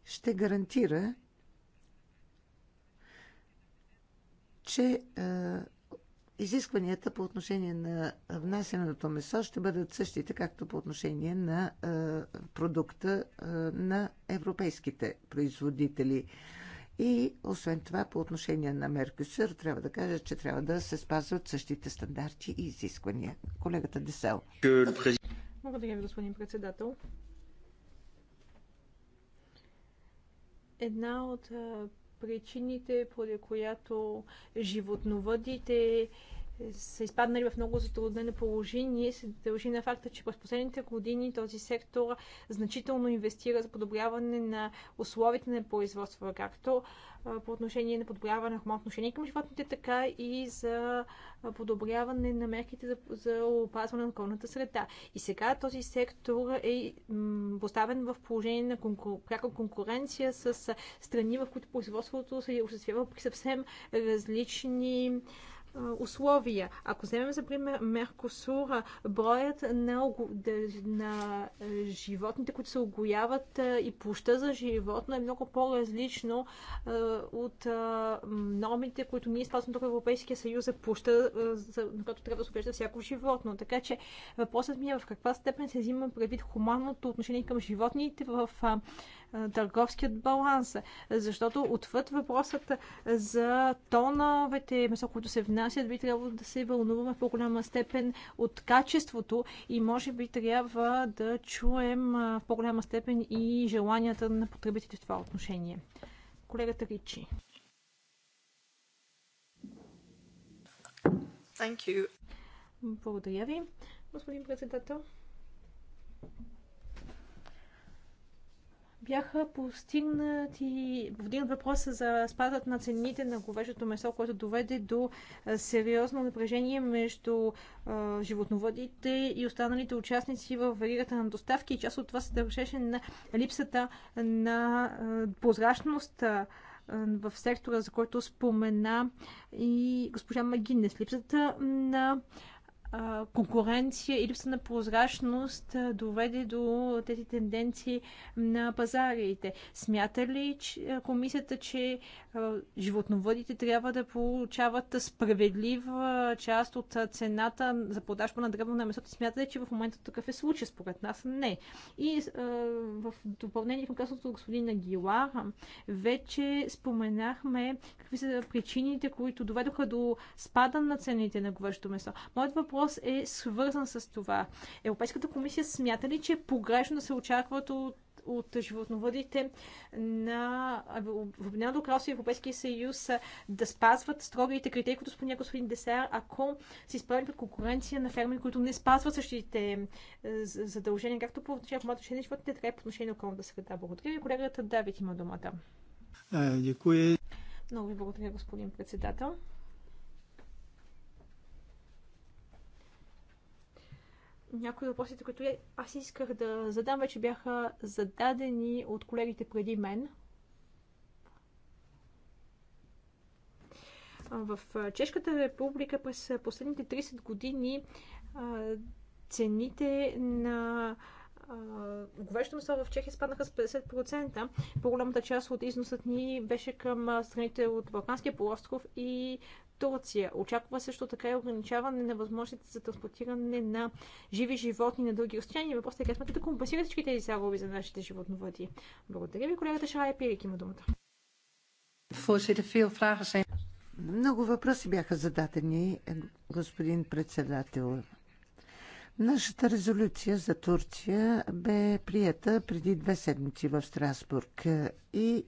Speaker 2: ще гарантира, че изискванията по отношение на внасеното месо ще бъдат същите, както по отношение на е, продукта е, на европейските производители. И освен това, по отношение на Меркюсър, трябва да кажа, че трябва да се спазват същите стандарти и изисквания. Колегата Десел.
Speaker 3: Благодаря ви, господин председател. Една от е, причините, поради която животновъдите са изпаднали в много затруднено положение, се дължи на факта, че през последните години този сектор значително инвестира за подобряване на условията на производство, както по отношение на подобряване на отношение към животните, така и за подобряване на мерките за, за опазване на околната среда. И сега този сектор е поставен в положение на конкур... пряка конкуренция с страни, в които производството се осъществява при съвсем различни условия. Ако вземем за пример Меркосура, броят на, на животните, които се огояват и площа за животно е много по-различно от нормите, които ние спазваме тук в Европейския съюз за площа, на която трябва да се оглежда всяко животно. Така че въпросът ми е в каква степен се взима предвид хуманното отношение към животните в търговският баланс. Защото отвъд въпросът за тоновете месо, които се внасят, би трябвало да се вълнуваме в по-голяма степен от качеството и може би трябва да чуем в по-голяма степен и желанията на потребителите в това отношение. Колегата Ричи. Thank you. Благодаря ви, господин председател бяха постигнати, повдигнат въпроса за спадът на цените на говежето месо, което доведе до сериозно напрежение между животновъдите и останалите участници в веригата на доставки. И част от това се дължеше на липсата на прозрачност в сектора, за който спомена и госпожа Магинес. Липсата на конкуренция и липса на прозрачност доведе до тези тенденции на пазарите. Смята ли че, комисията, че животновъдите трябва да получават справедлива част от цената за продажба на дребно на месото? Смята ли, че в момента такъв е случай? Според нас не. И в допълнение към казаното господин Агилар, вече споменахме какви са причините, които доведоха до спада на цените на говещо месо. Моят въпрос въпрос е свързан с това. Европейската комисия смята ли, че е погрешно да се очакват от от животновъдите на Обединеното кралство и Европейския съюз да спазват строгите критерии, които спомня господин Десер, ако се изправим пред конкуренция на ферми, които не спазват същите е, задължения, както по отношение на отношение на животните, така и по отношение на околната среда. Благодаря ви. Колегата Давид има думата.
Speaker 4: Е,
Speaker 3: Много ви благодаря, господин председател. някои от въпросите, които е- аз исках да задам, вече бяха зададени от колегите преди мен. В Чешката република през последните 30 години цените на Говещо месо в Чехия спаднаха с 50%. По-голямата част от износът ни беше към страните от Балканския полуостров и Турция. Очаква също така и ограничаване на възможностите за транспортиране на живи животни на дълги разстояния. Въпросът е как смятате да компенсирате всички тези загуби за нашите животновъди. Благодаря ви, колегата Шарай Пирик има думата.
Speaker 2: Много въпроси бяха зададени, е, господин председател. Нашата резолюция за Турция бе прията преди две седмици в Страсбург и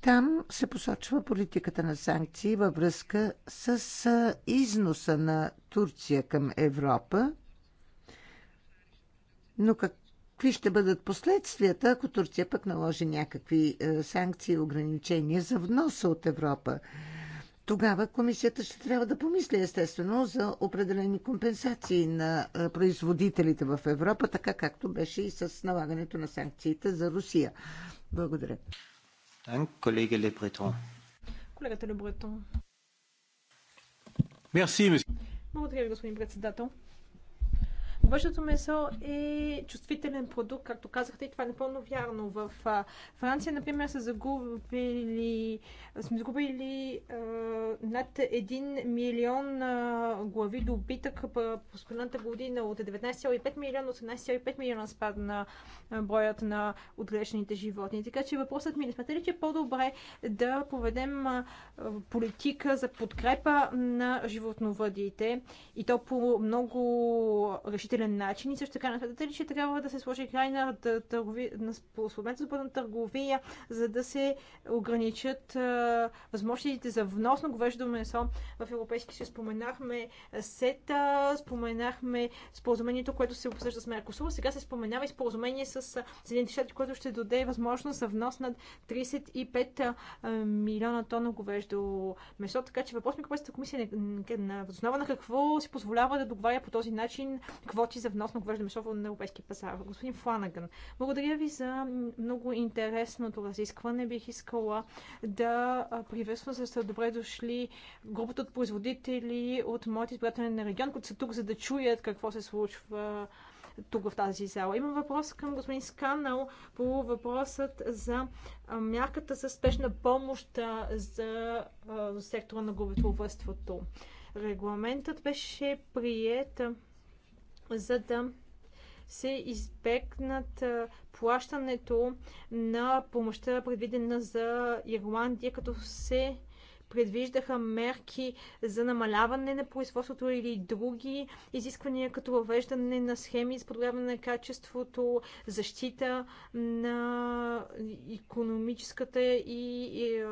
Speaker 2: там се посочва политиката на санкции във връзка с износа на Турция към Европа. Но какви ще бъдат последствията, ако Турция пък наложи някакви санкции и ограничения за вноса от Европа? тогава комисията ще трябва да помисли естествено за определени компенсации на производителите в Европа, така както беше и с налагането на санкциите за Русия. Благодаря.
Speaker 1: Колега Лебретон.
Speaker 3: Колегата Лебретон. Мерси, Благодаря ви, господин председател. Говеждото месо е чувствителен продукт, както казахте, и това е напълно вярно. В Франция, например, са загубили, сме загубили а, над 1 милион а, глави добитък по последната година от 19,5 милиона, 18,5 милиона спадна броят на отглежданите животни. Така че въпросът ми е, смятате ли, че е по-добре да поведем политика за подкрепа на животновъдите и то по много решителен стабилен начин и също така смятате ли, че трябва да се сложи край на, търгови, на споразумението търговия, за да се ограничат а, възможностите за вносно говеждо месо в Европейски съюз. Споменахме СЕТА, споменахме споразумението, което се обсъжда с Меркосур. Сега се споменава и споразумение с Съединените щати, което ще даде възможност за внос над 35 милиона тона говеждо месо. Така че въпрос ми, комисия на, на, на, на какво си позволява да договаря по този начин какво работи за внос на говеждо месо на европейски пазар. Господин Фланаган, благодаря ви за много интересното разискване. Бих искала да приветствам с добре дошли групата от производители от моят избирателен регион, които са тук, за да чуят какво се случва тук в тази зала. Има въпрос към господин Сканал по въпросът за мярката за спешна помощ за сектора на губетовътството. Регламентът беше прият за да се избегнат плащането на помощта, предвидена за Ирландия, като се предвиждаха мерки за намаляване на производството или други изисквания, като въвеждане на схеми за подобряване на качеството, защита на економическата и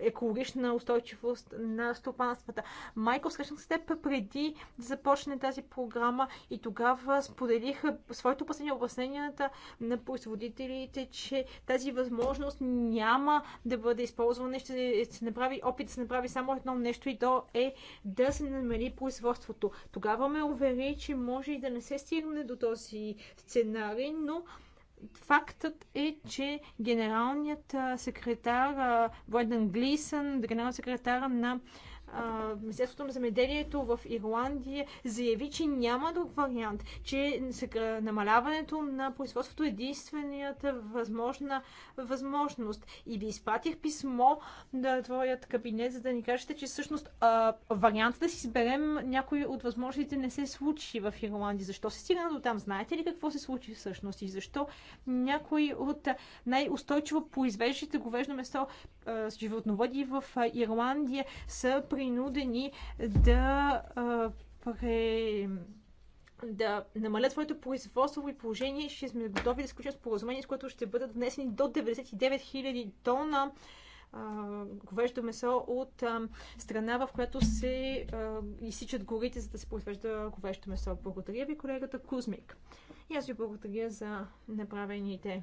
Speaker 3: екологична устойчивост на стопанствата. Майкъл срещнах с теб преди да започне тази програма и тогава споделиха своето опасение, обясненията на производителите, че тази възможност няма да бъде използвана, ще се направи опит се направи само едно нещо и то е да се намери производството. Тогава ме увери, че може и да не се стигне до този сценарий, но фактът е, че генералният секретар Бойден Глисън, генералният секретар на Министерството на земеделието в Ирландия заяви, че няма друг вариант, че намаляването на производството е единствената възможна възможност. И ви изпратих писмо на твоят кабинет, за да ни кажете, че всъщност а, вариантът да си изберем някой от възможностите не се случи в Ирландия. Защо се стигна до там? Знаете ли какво се случи всъщност и защо някои от най-устойчиво произвеждащите говеждо место с животноводи в Ирландия са принудени да пре да намалят своето производство и положение, ще сме готови да сключим споразумение, с което ще бъдат внесени до 99 000 тона говеждо месо от а, страна, в която се а, изсичат горите, за да се произвежда говеждо месо. Благодаря ви, колегата Кузмик. И аз ви благодаря за направените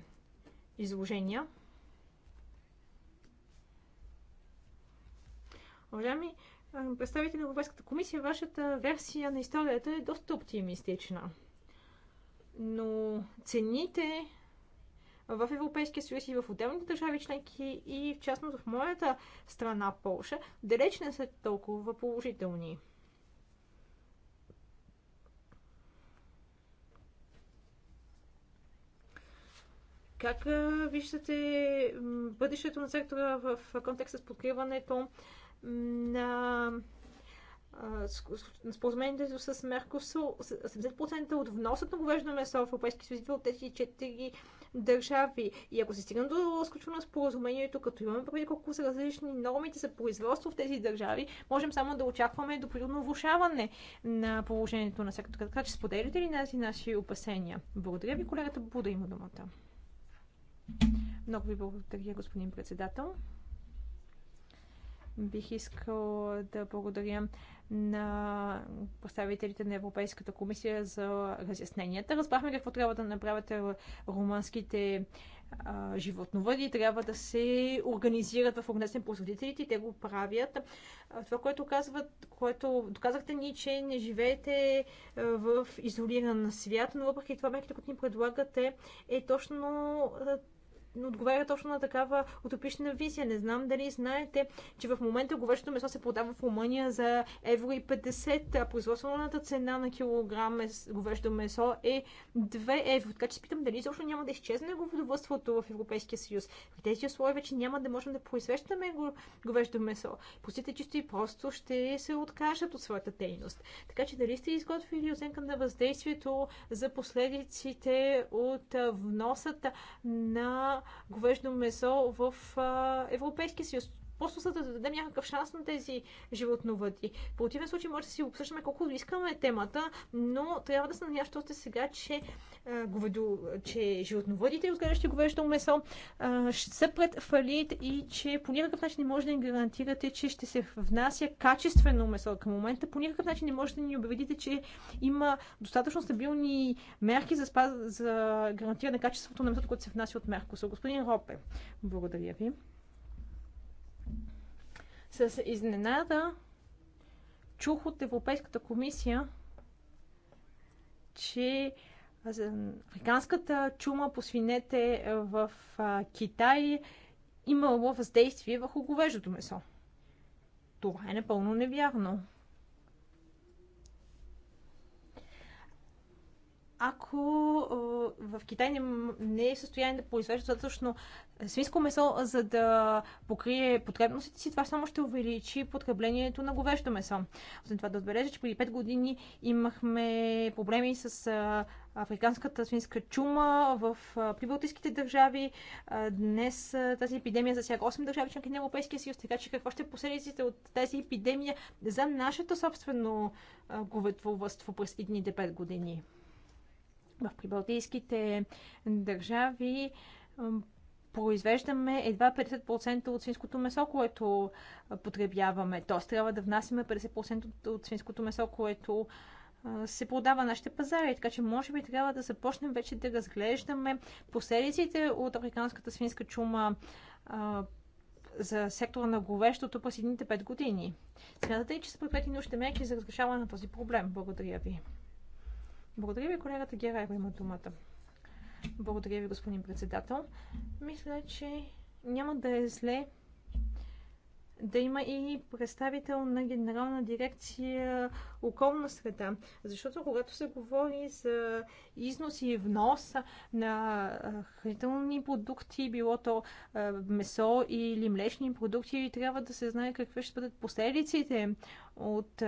Speaker 3: изложения. Уважаеми представители на Европейската комисия, вашата версия на историята е доста оптимистична. Но цените в Европейския съюз и в отделните държави членки и в частност в моята страна Полша, далеч не са толкова положителни. Как виждате бъдещето на сектора в контекста с покриването на споразумението с Меркосур, 70% от вносът на говеждо месо в Европейския съюз от тези четири държави. И ако се стигне до сключване на споразумението, като имаме преди колко са различни нормите за производство в тези държави, можем само да очакваме допълнително влушаване на положението на сектора. Така че споделите ли нас и наши опасения? Благодаря ви, колегата Буда има думата. Много ви благодаря, господин председател. Бих искал да благодаря на представителите на Европейската комисия за разясненията. Разбрахме какво трябва да направят румънските а, животновъди. Трябва да се организират в огнесен производителите и те го правят. това, което, казват, което доказахте ни, че не живеете в изолиран свят, но въпреки това мерките, които ни предлагате, е точно отговаря точно на такава утопична визия. Не знам дали знаете, че в момента говещото месо се продава в Румъния за евро и 50, а производствената цена на килограм говещо месо е 2 евро. Така че питам дали изобщо няма да изчезне говедовътството в Европейския съюз. В тези условия вече няма да можем да произвеждаме говещо месо. Пустите чисто и просто ще се откажат от своята дейност. Така че дали сте изготвили оценка на въздействието за последиците от вносата на говеждо месо в Европейския съюз. Просто за да дадем някакъв шанс на тези животновъди. В противен случай може да си обсъждаме колко искаме темата, но трябва да се надяваш още сега, че, а, говедо, че животновъдите, отглеждащи говеждо месо, а, са пред фалит и че по никакъв начин не може да ни гарантирате, че ще се внася качествено месо към момента. По никакъв начин не може да ни убедите, че има достатъчно стабилни мерки за, спаз... за гарантиране на качеството на месото, което се внася от Меркосо. Господин Ропе, благодаря ви. С изненада чух от Европейската комисия, че африканската чума по свинете в Китай имало въздействие върху говеждото месо. Това е напълно невярно. ако в Китай не, не е в състояние да произвежда достатъчно свинско месо, за да покрие потребностите си, това само ще увеличи потреблението на говеждо месо. Освен това да отбележа, че преди 5 години имахме проблеми с африканската свинска чума в прибалтийските държави. Днес тази епидемия засяга 8 държави, членки на Европейския съюз, така че какво ще е последиците от тази епидемия за нашето собствено говедоводство през едните 5 години? в прибалтийските държави произвеждаме едва 50% от свинското месо, което потребяваме. Тоест трябва да внасяме 50% от свинското месо, което се продава нашите пазари. Така че може би трябва да започнем вече да разглеждаме последиците от африканската свинска чума а, за сектора на говещото през едните 5 години. Смятате ли, че са предприяти научни мерки за разрешаване на този проблем? Благодаря ви. Благодаря ви, колегата Герайва има думата. Благодаря ви, господин председател. Мисля, че няма да е зле да има и представител на Генерална дирекция околна среда. Защото когато се говори за износ и внос на хранителни продукти, било то месо или млечни продукти, трябва да се знае какви ще бъдат последиците от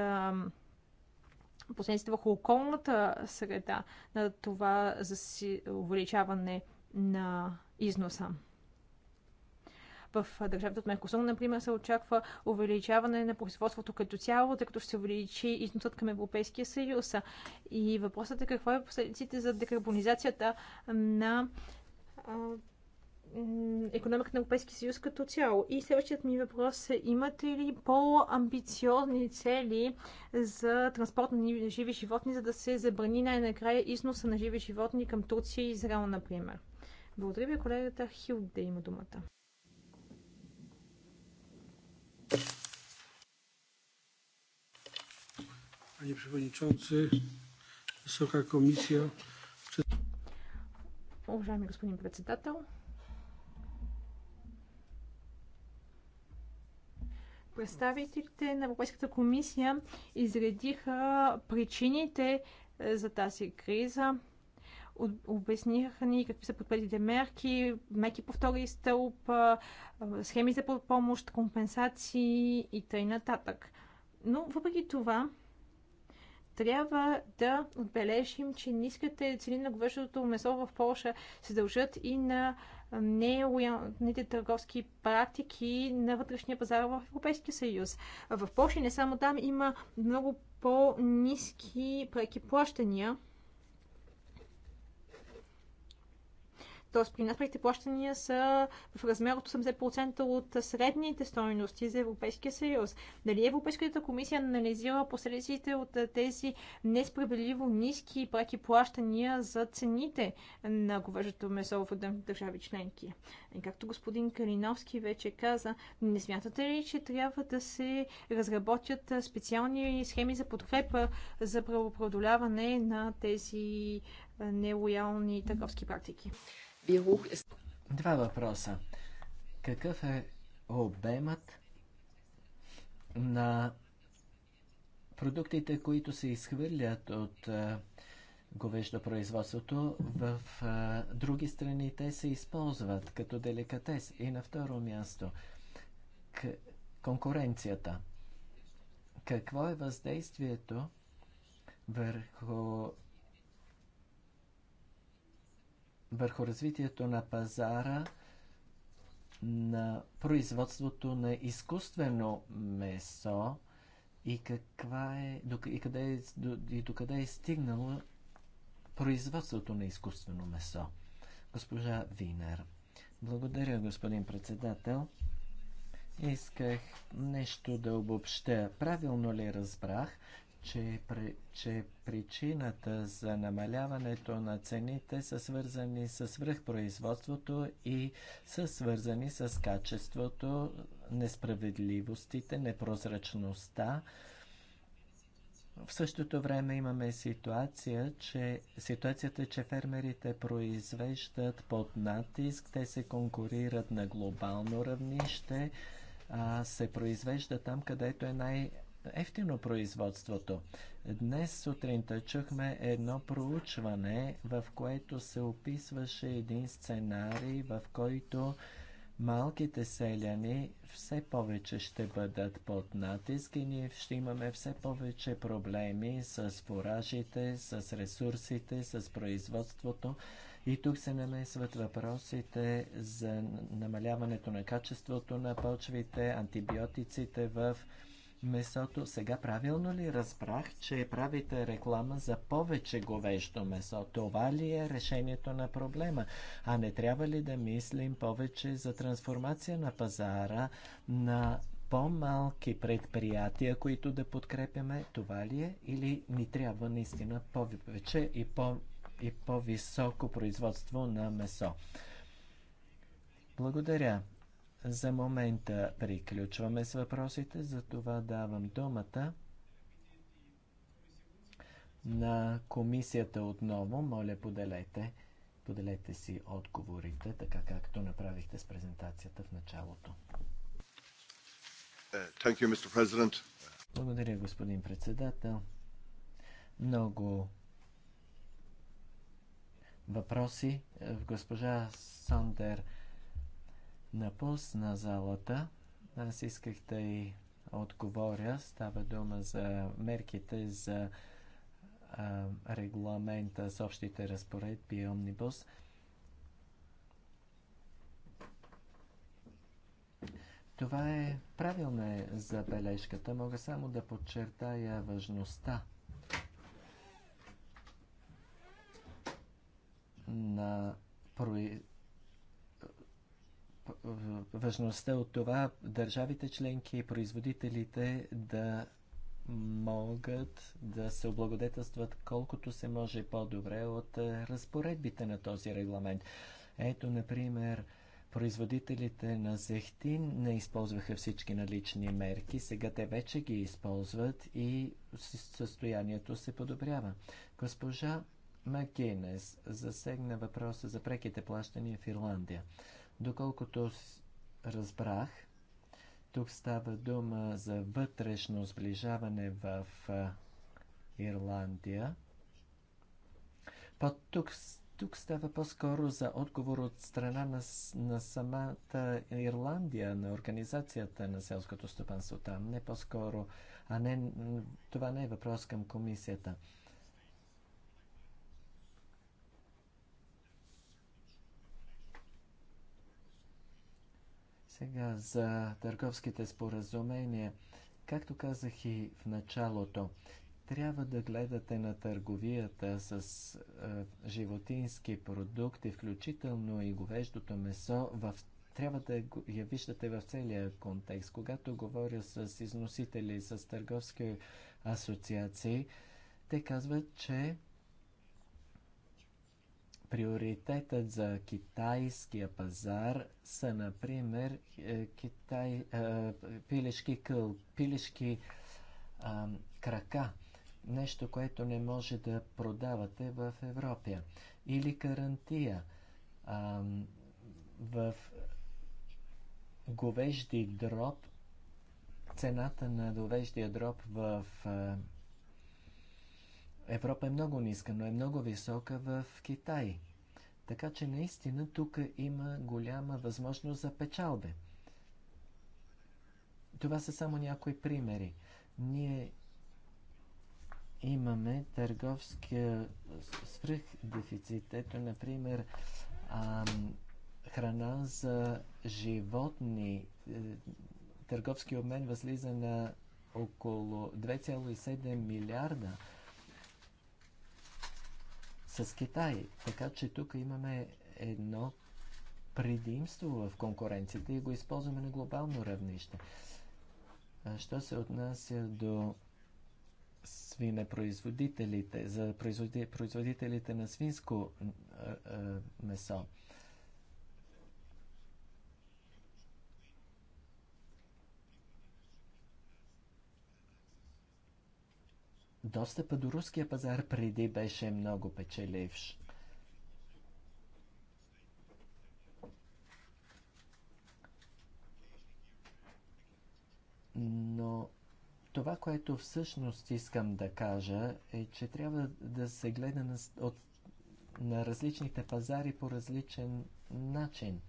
Speaker 3: последиците върху околната среда на това заси... увеличаване на износа. В държавата от Меркосур, например, се очаква увеличаване на производството като цяло, тъй като ще се увеличи износът към Европейския съюз. И въпросът е какво е последиците за декарбонизацията на економиката на Европейския съюз като цяло. И следващият ми въпрос е, имате ли по-амбициозни цели за транспорт на живи животни, за да се забрани най-накрая износа на живи животни към Турция и Израел, например? Благодаря ви, колегата Хил, да има думата.
Speaker 4: Panie Przewodniczący, Wysoka Komisja. Уважаеми господин
Speaker 3: председател, Представителите на Европейската комисия изредиха причините е, за тази криза. Обясниха ни какви са подпредите мерки, меки по втори стълб, е, схеми за помощ, компенсации и т.н. Но въпреки това, трябва да отбележим, че ниските цени на говеждото месо в Польша се дължат и на е, нелоялните търговски практики на вътрешния пазар в Европейския съюз. В Польша не само там има много по-низки преки плащания, Тоест при нас парите плащания са в размер от 80% от средните стоености за Европейския съюз. Дали Европейската комисия анализира последиците от тези несправедливо ниски преки плащания за цените на говежето месо в държави членки? И както господин Калиновски вече каза, не смятате ли, че трябва да се разработят специални схеми за подкрепа за правопродоляване на тези нелоялни търговски практики.
Speaker 1: Два въпроса. Какъв е обемът на продуктите, които се изхвърлят от говеждопроизводството в а, други страни те се използват като деликатес. И на второ място к конкуренцията. Какво е въздействието върху върху развитието на пазара на производството на изкуствено месо и каква е, и къде е, и докъде е стигнало производството на изкуствено месо. Госпожа Винер. Благодаря, господин председател. Исках нещо да обобщя. Правилно ли разбрах, че, че причината за намаляването на цените са свързани с свръхпроизводството и са свързани с качеството, несправедливостите, непрозрачността. В същото време имаме ситуация, че ситуацията, е, че фермерите произвеждат под натиск, те се конкурират на глобално равнище, а се произвежда там, където е най- ефтино производството. Днес сутринта чухме едно проучване, в което се описваше един сценарий, в който малките селяни все повече ще бъдат под натиск и ние ще имаме все повече проблеми с фуражите, с ресурсите, с производството. И тук се намесват въпросите за намаляването на качеството на почвите, антибиотиците в месото. Сега правилно ли разбрах, че правите реклама за повече говещо месо? Това ли е решението на проблема? А не трябва ли да мислим повече за трансформация на пазара на по-малки предприятия, които да подкрепяме? Това ли е? Или ни трябва наистина повече и, по- и по-високо производство на месо? Благодаря. За момента приключваме с въпросите, затова давам думата на комисията отново. Моля, поделете, поделете си отговорите, така както направихте с презентацията в началото.
Speaker 4: Uh, you,
Speaker 1: Благодаря, господин председател. Много въпроси. Госпожа Сандер напусна залата. Аз исках да й отговоря. Става дума за мерките за а, регламента с общите разпоредби и омнибус. Това е правилна е забележката. Мога само да подчертая важността на важността от това държавите членки и производителите да могат да се облагодетелстват колкото се може по-добре от разпоредбите на този регламент. Ето, например, производителите на зехтин не използваха всички налични мерки, сега те вече ги използват и състоянието се подобрява. Госпожа Макинес засегна въпроса за преките плащания в Ирландия. Доколкото разбрах, тук става дума за вътрешно сближаване в Ирландия. Под тук, тук става по-скоро за отговор от страна на, на самата Ирландия, на организацията на селското стопанство там, не по-скоро, а не, това не е въпрос към комисията. Сега за търговските споразумения. Както казах и в началото, трябва да гледате на търговията с е, животински продукти, включително и говеждото месо, в, трябва да я виждате в целия контекст. Когато говоря с износители, с търговски асоциации, те казват, че Приоритетът за китайския пазар са, например, е, китай, е, пилешки къл, пилешки а, крака, нещо, което не може да продавате в Европа. Или карантия а, в говежди дроб, цената на говеждия дроб в а, е, Европа е много ниска, но е много висока в Китай. Така че наистина тук има голяма възможност за печалби. Това са само някои примери. Ние имаме търговския свръхдефицит. Ето, например, ам, храна за животни. Е, търговски обмен възлиза на около 2,7 милиарда с Китай. Така че тук имаме едно предимство в конкуренцията и го използваме на глобално равнище. Що се отнася до свинепроизводителите, за производителите на свинско месо – достъпа до руския пазар преди беше много печеливш. Но това, което всъщност искам да кажа, е, че трябва да се гледа на, от, на различните пазари по различен начин.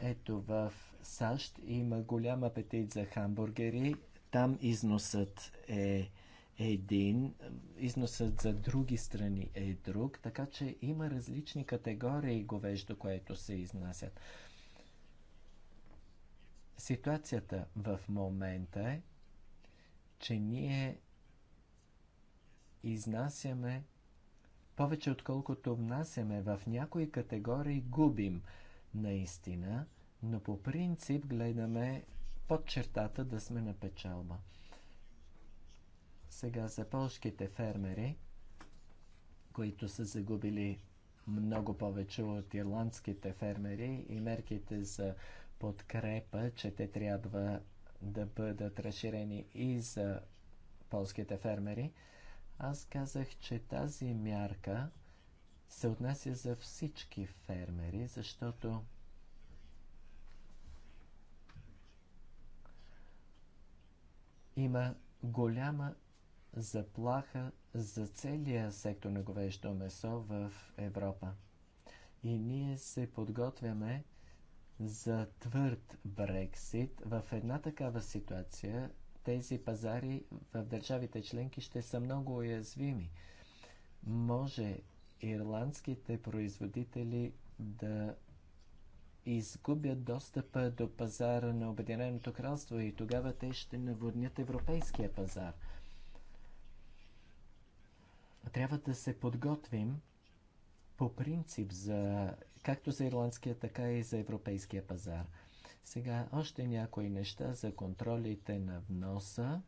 Speaker 1: Ето в САЩ има голям апетит за хамбургери там износът е един, износът за други страни е друг, така че има различни категории говеждо, което се изнасят. Ситуацията в момента е, че ние изнасяме повече отколкото внасяме. В някои категории губим наистина, но по принцип гледаме под чертата да сме на печалба. Сега за полските фермери, които са загубили много повече от ирландските фермери и мерките за подкрепа, че те трябва да бъдат разширени и за полските фермери, аз казах, че тази мярка се отнася за всички фермери, защото има голяма заплаха за целия сектор на говеждо месо в Европа. И ние се подготвяме за твърд Брексит. В една такава ситуация тези пазари в държавите членки ще са много уязвими. Може ирландските производители да изгубят достъпа до пазара на Обединеното кралство и тогава те ще наводнят европейския пазар. Трябва да се подготвим по принцип за както за ирландския, така и за европейския пазар. Сега още някои неща за контролите на вноса.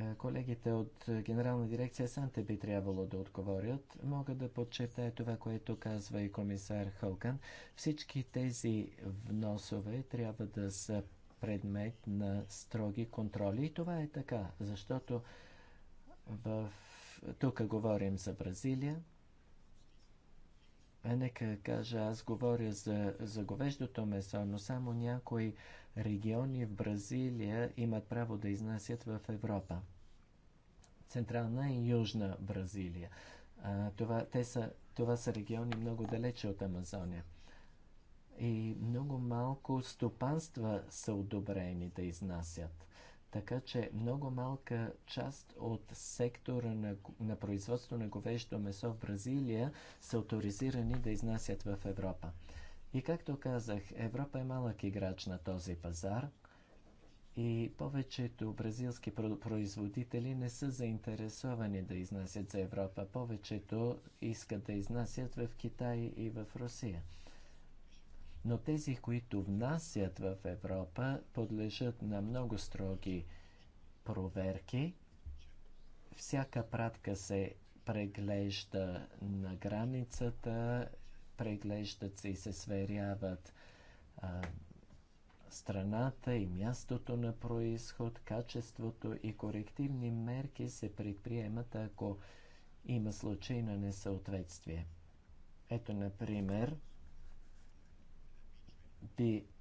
Speaker 1: Е, колегите от е, Генерална дирекция Санте би трябвало да отговорят. Мога да подчертая това, което казва и комисар Хълкан. Всички тези вносове трябва да са предмет на строги контроли. И това е така, защото в... тук говорим за Бразилия, а е, Нека кажа, аз говоря за, за говеждото месо, но само някои региони в Бразилия имат право да изнасят в Европа. Централна и Южна Бразилия. А, това, те са, това са региони много далече от Амазония. И много малко стопанства са одобрени да изнасят. Така че много малка част от сектора на, на производство на говеждо месо в Бразилия са авторизирани да изнасят в Европа. И както казах, Европа е малък играч на този пазар и повечето бразилски производители не са заинтересовани да изнасят за Европа. Повечето искат да изнасят в Китай и в Русия но тези, които внасят в Европа, подлежат на много строги проверки. Всяка пратка се преглежда на границата, преглеждат се и се сверяват а, страната и мястото на происход, качеството и корективни мерки се предприемат, ако има случай на несъответствие. Ето, например,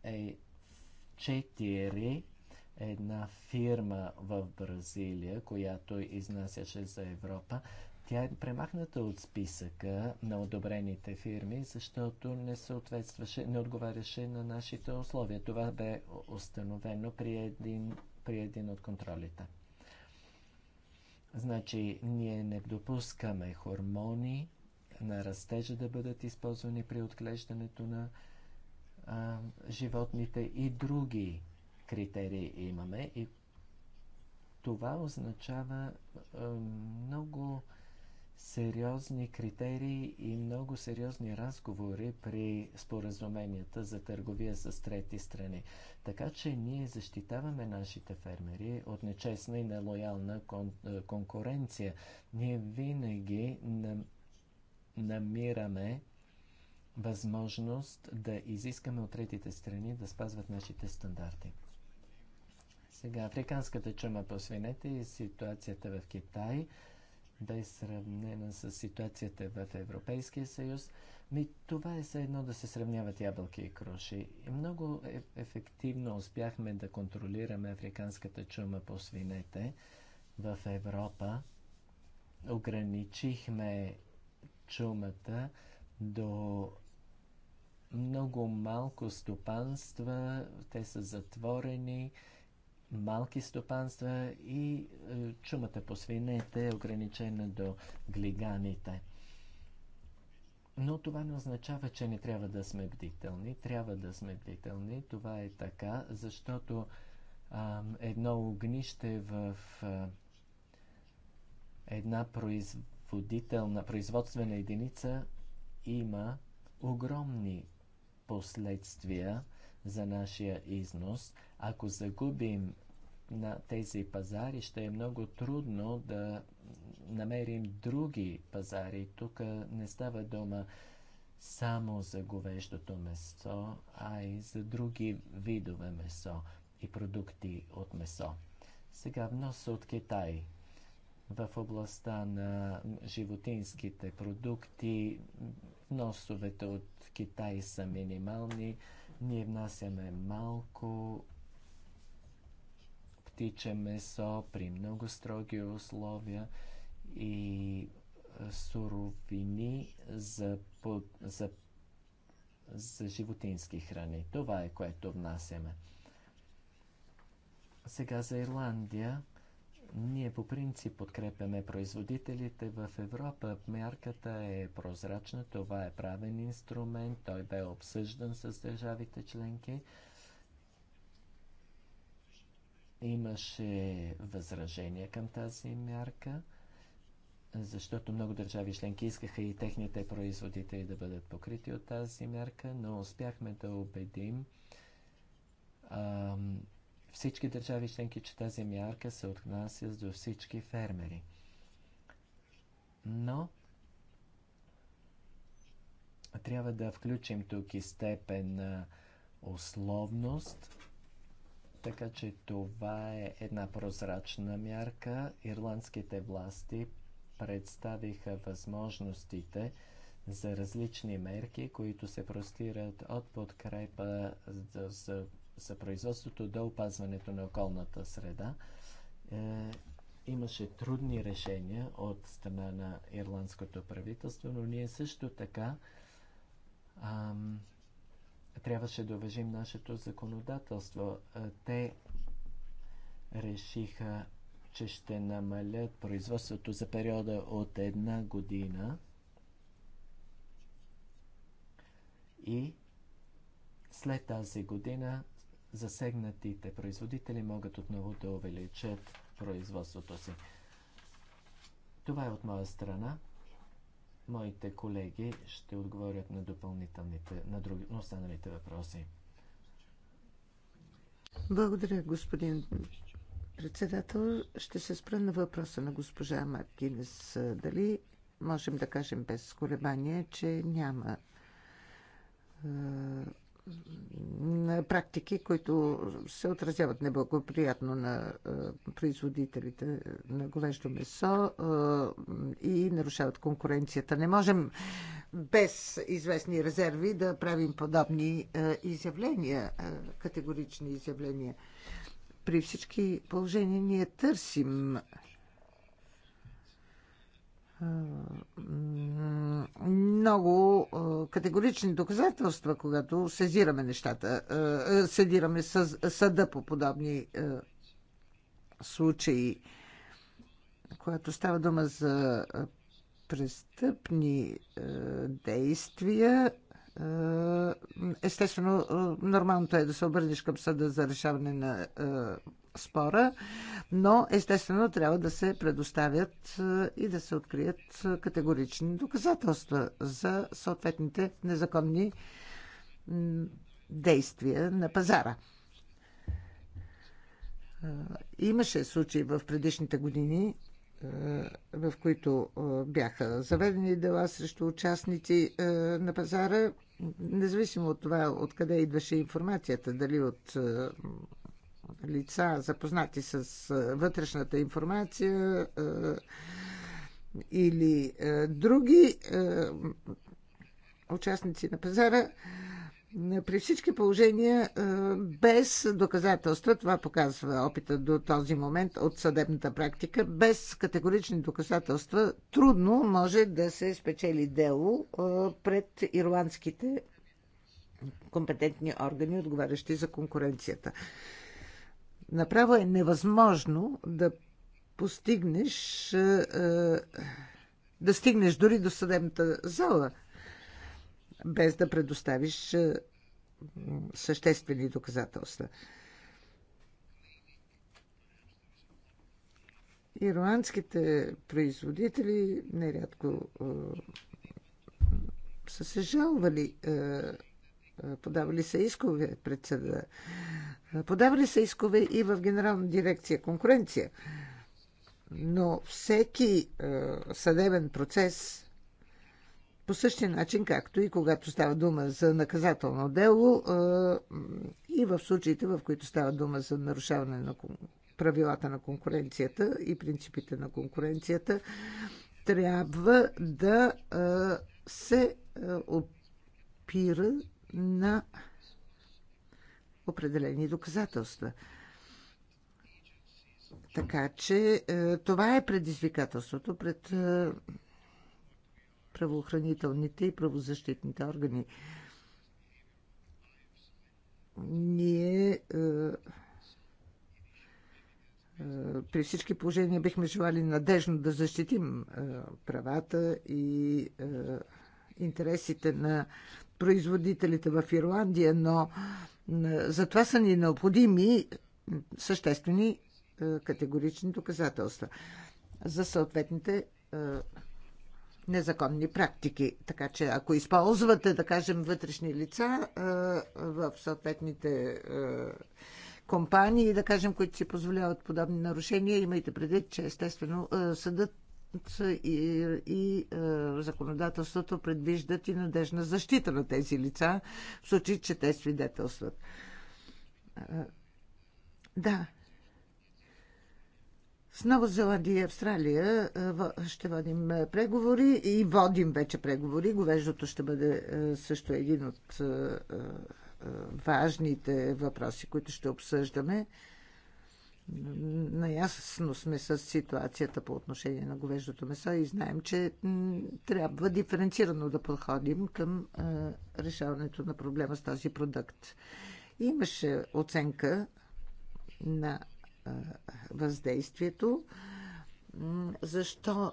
Speaker 1: е 4 една фирма в Бразилия, която изнасяше за Европа. Тя е премахната от списъка на одобрените фирми, защото не съответстваше, не отговаряше на нашите условия. Това бе установено при един, при един от контролите. Значи, ние не допускаме хормони на растежа да бъдат използвани при отглеждането на а, животните и други критерии имаме и това означава а, много сериозни критерии и много сериозни разговори при споразуменията за търговия с трети страни. Така че ние защитаваме нашите фермери от нечестна и нелоялна кон- конкуренция. Ние винаги нам- намираме възможност да изискаме от третите страни да спазват нашите стандарти. Сега, африканската чума по свинете и ситуацията в Китай да е сравнена с ситуацията в Европейския съюз. Ми, това е все едно да се сравняват ябълки и круши. И много е- ефективно успяхме да контролираме африканската чума по свинете в Европа. Ограничихме чумата до много малко стопанства, те са затворени, малки стопанства и е, чумата по свинете е ограничена до глиганите. Но това не означава, че не трябва да сме бдителни. Трябва да сме бдителни. Това е така, защото а, едно огнище в а, една производителна, производствена единица има огромни последствия за нашия износ. Ако загубим на тези пазари, ще е много трудно да намерим други пазари. Тук не става дума само за говеждото месо, а и за други видове месо и продукти от месо. Сега внос от Китай. В областта на животинските продукти, вносовете от Китай са минимални. Ние внасяме малко птиче месо при много строги условия и суровини за, за, за животински храни. Това е което внасяме. Сега за Ирландия. Ние по принцип подкрепяме производителите в Европа. Мярката е прозрачна, това е правен инструмент, той бе обсъждан с държавите членки. Имаше възражения към тази мярка, защото много държави членки искаха и техните производители да бъдат покрити от тази мярка, но успяхме да убедим всички държави членки, че тази мярка се отнася до всички фермери. Но трябва да включим тук и степен на условност, така че това е една прозрачна мярка. Ирландските власти представиха възможностите за различни мерки, които се простират от подкрепа за, за за производството до опазването на околната среда. Е, имаше трудни решения от страна на ирландското правителство, но ние също така ам, трябваше да уважим нашето законодателство. Е, те решиха, че ще намалят производството за периода от една година и след тази година засегнатите производители могат отново да увеличат производството си. Това е от моя страна. Моите колеги ще отговорят на допълнителните, на, други, на останалите въпроси.
Speaker 2: Благодаря, господин председател. Ще се спра на въпроса на госпожа Маркинес. Дали можем да кажем без колебание, че няма е, практики, които се отразяват неблагоприятно на е, производителите на говеждо месо е, и нарушават конкуренцията. Не можем без известни резерви да правим подобни е, изявления, категорични изявления. При всички положения ние търсим много категорични доказателства, когато сезираме нещата, седираме съда по подобни случаи, когато става дума за престъпни действия, естествено, нормалното е да се обърнеш към съда за решаване на спора, но естествено трябва да се предоставят е, и да се открият е, категорични доказателства за съответните незаконни действия на пазара. Е, имаше случаи в предишните години, в които бяха заведени дела срещу участници на пазара, независимо от това откъде идваше информацията, дали от лица, запознати с вътрешната информация или други участници на пазара, при всички положения, без доказателства, това показва опита до този момент от съдебната практика, без категорични доказателства, трудно може да се спечели дело пред ирландските компетентни органи, отговарящи за конкуренцията. Направо е невъзможно да постигнеш, е, е, да стигнеш дори до съдебната зала, без да предоставиш е, съществени доказателства. Ирландските производители нерядко са се жалвали подавали са искове пред съда, подавали са искове и в Генерална дирекция конкуренция. Но всеки съдебен процес по същия начин, както и когато става дума за наказателно дело и в случаите, в които става дума за нарушаване на правилата на конкуренцията и принципите на конкуренцията, трябва да се опира на определени доказателства. Така че е, това е предизвикателството пред е, правоохранителните и правозащитните органи. Ние е, при всички положения бихме желали надежно да защитим правата и интересите на производителите в Ирландия, но за това са ни необходими съществени е, категорични доказателства за съответните е, незаконни практики. Така че ако използвате, да кажем, вътрешни лица е, в съответните компании, да кажем, които си позволяват подобни нарушения, имайте предвид, че естествено съдът и, и е, законодателството предвиждат и надежна защита на тези лица, в случай, че те свидетелстват. Е, да. С Нова Зеландия и Австралия е, ще водим е, преговори и водим вече преговори. Говеждото ще бъде е, също един от важните въпроси, които ще обсъждаме. Наясно сме с ситуацията по отношение на говеждото месо и знаем, че трябва диференцирано да подходим към решаването на проблема с този продукт. Имаше оценка на въздействието. Защо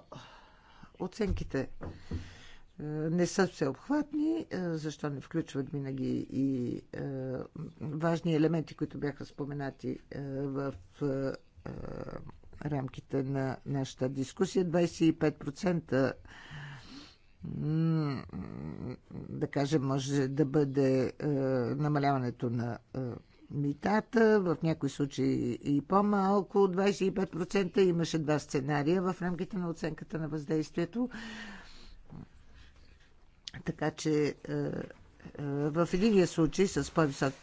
Speaker 2: оценките е, не са всеобхватни, е, защо не включват винаги и е, важни елементи, които бяха споменати в рамките на нашата дискусия. 25% да кажем, може да бъде намаляването на митата, в някои случаи и по-малко, 25%. Имаше два сценария в рамките на оценката на въздействието. Така че е, е, в единия случай с по-висок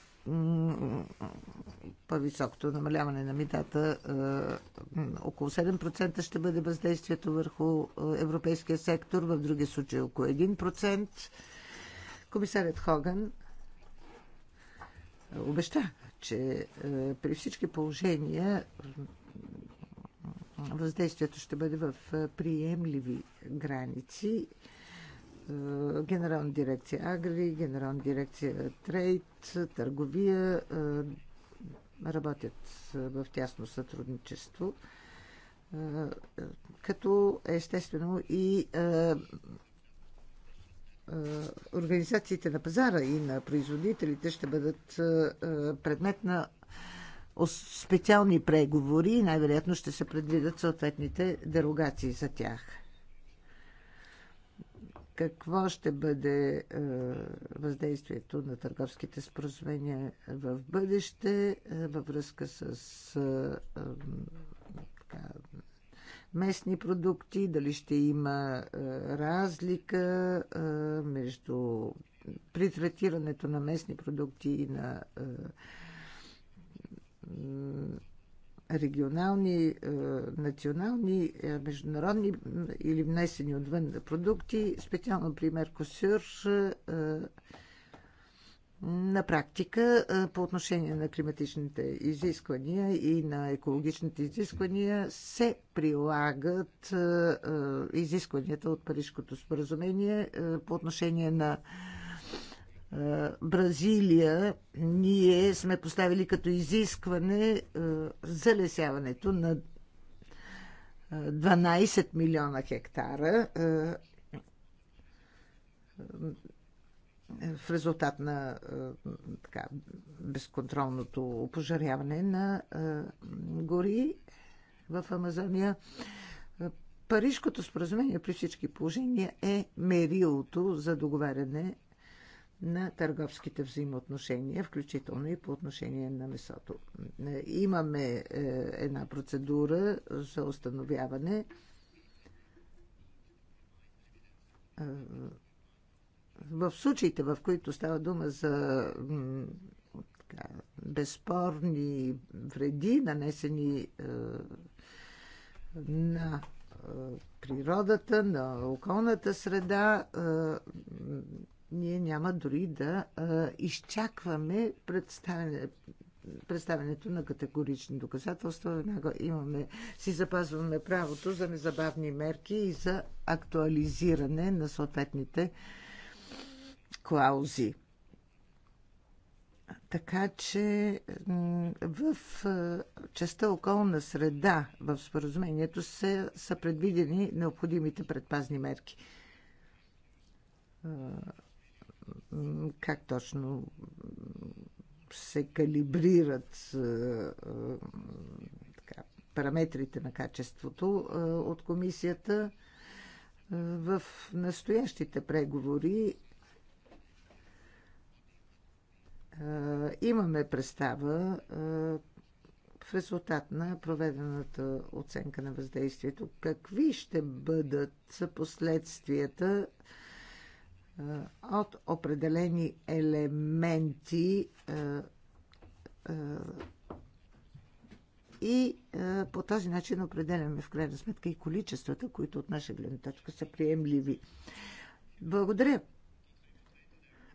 Speaker 2: по-високото намаляване на митата, е, около 7% ще бъде въздействието върху европейския сектор, в други случаи около 1%. Комисарят Хоган обеща, че при всички положения въздействието ще бъде в приемливи граници е, Генерална дирекция Агри, Генерална дирекция Трейд, Търговия е, работят е, в тясно сътрудничество, като естествено и организациите на пазара и на производителите ще бъдат предмет на специални преговори и най-вероятно ще се предвидят съответните дерогации за тях какво ще бъде е, въздействието на търговските споразумения в бъдеще е, във връзка с е, е, така, местни продукти, дали ще има е, разлика е, между при третирането на местни продукти и на е, регионални, е, национални, е, международни или внесени отвън продукти, специално при Меркосюр, е, на практика по отношение на климатичните изисквания и на екологичните изисквания се прилагат изискванията от Парижското споразумение по отношение на е, Бразилия ние сме поставили като изискване е, залесяването на 12 е, милиона хектара в резултат на така, безконтролното опожаряване на гори в Амазония. Парижкото споразумение при всички положения е мерилото за договаряне на търговските взаимоотношения, включително и по отношение на месото. Е, имаме е, една процедура за установяване е, в случаите, в които става дума за така, безспорни вреди, нанесени на природата, на околната среда, ние няма дори да а, изчакваме представяне, представянето на категорични доказателства. Веднага имаме, си запазваме правото за незабавни мерки и за актуализиране на съответните клаузи. Така че в частта околна среда в споразумението са, са предвидени необходимите предпазни мерки как точно се калибрират е, е, така, параметрите на качеството е, от комисията в настоящите преговори имаме представа в резултат на проведената оценка на въздействието, какви ще бъдат последствията е, от определени елементи е, е, и по този начин определяме в крайна сметка и количествата, които от наша гледна точка са приемливи. Благодаря.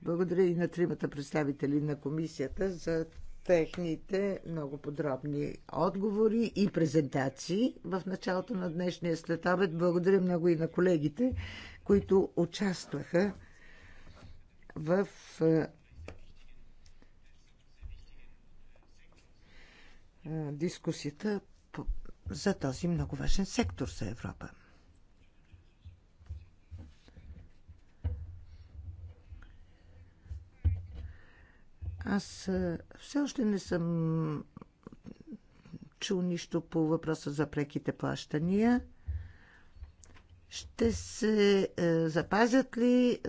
Speaker 2: Благодаря и на тримата представители на комисията за техните много подробни отговори и презентации в началото на днешния следобед. Благодаря много и на колегите, които участваха в дискусията за този много важен сектор за Европа. Аз все още не съм чул нищо по въпроса за преките плащания. Ще се е, запазят ли е,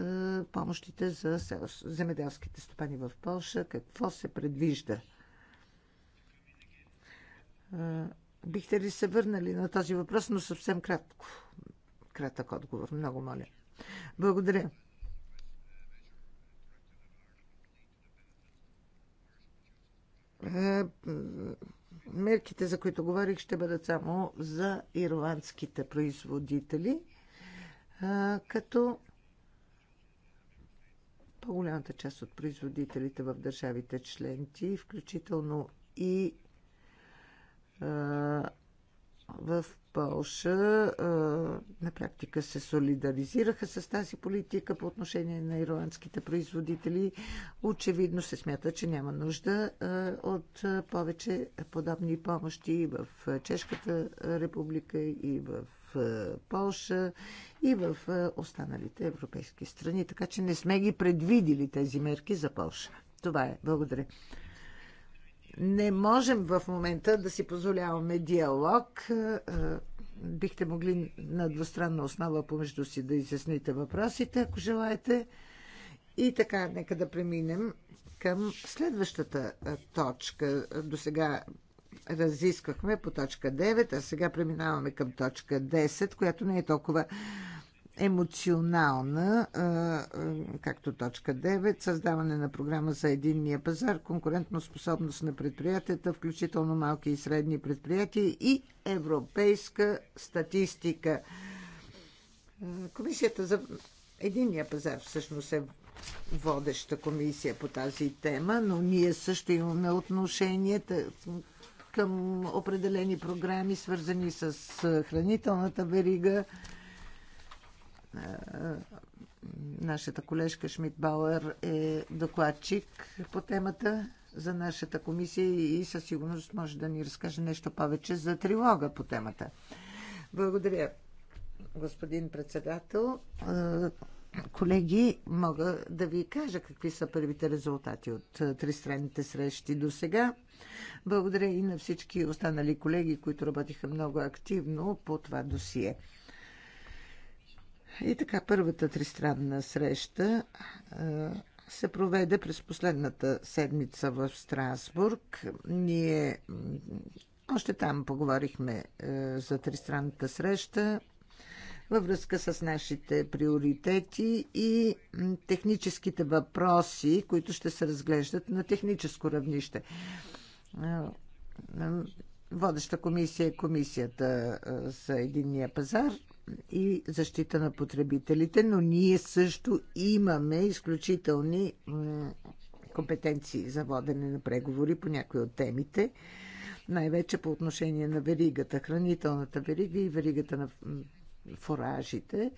Speaker 2: помощите за земеделските стопани в Польша? Какво се предвижда? Е, бихте ли се върнали на този въпрос, но съвсем кратко? Кратък отговор, много моля. Благодаря. Е, мерките, за които говорих, ще бъдат само за ирландските производители, като по-голямата част от производителите в държавите членки, включително и в Полша на практика се солидаризираха с тази политика по отношение на ирландските производители. Очевидно се смята, че няма нужда от повече подобни помощи и в Чешката република, и в Полша, и в останалите европейски страни. Така че не сме ги предвидили тези мерки за Полша. Това е. Благодаря не можем в момента да си позволяваме диалог. Е, е, бихте могли на двустранна основа помежду си да изясните въпросите, ако желаете. И така, нека да преминем към следващата е, точка. До сега разисквахме по точка 9, а сега преминаваме към точка 10, която не е толкова емоционална, както точка 9, създаване на програма за единния пазар, конкурентно способност на предприятията, включително малки и средни предприятия и европейска статистика. Комисията за единния пазар всъщност е водеща комисия по тази тема, но ние също имаме отношение към определени програми, свързани с хранителната верига Нашата колежка Шмидт Бауер е докладчик по темата за нашата комисия и със сигурност може да ни разкаже нещо повече за трилога по темата. Благодаря, господин председател. Колеги, мога да ви кажа какви са първите резултати от тристранните срещи до сега. Благодаря и на всички останали колеги, които работиха много активно по това досие. И така, първата тристранна среща се проведе през последната седмица в Страсбург. Ние още там поговорихме е, за тристранната среща във връзка с нашите приоритети и техническите въпроси, които ще се разглеждат на техническо равнище. Водеща комисия е комисията за единния пазар и защита на потребителите, но ние също имаме изключителни компетенции за водене на преговори по някои от темите, най-вече по отношение на веригата, хранителната верига и веригата на фуражите,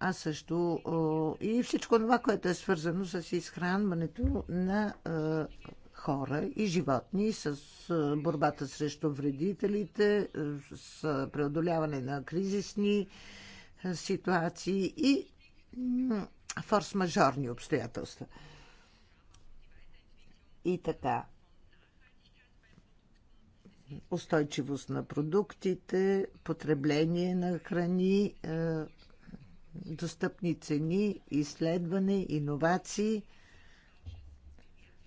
Speaker 2: а също и всичко това, което е свързано с изхранването на хора и животни, с борбата срещу вредителите, с преодоляване на кризисни ситуации и форс-мажорни обстоятелства. И така, устойчивост на продуктите, потребление на храни, достъпни цени, изследване, иновации –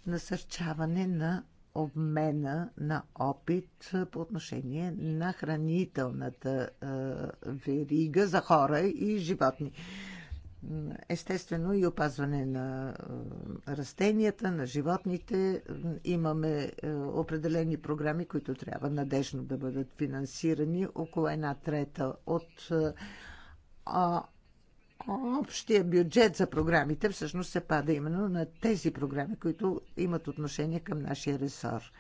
Speaker 2: насърчаване на обмена на опит по отношение на хранителната верига за хора и животни. Естествено и опазване на растенията, на животните. Имаме определени програми, които трябва надежно да бъдат финансирани. Около една трета от общия бюджет за програмите всъщност се пада именно на тези програми, които имат отношение към нашия ресор.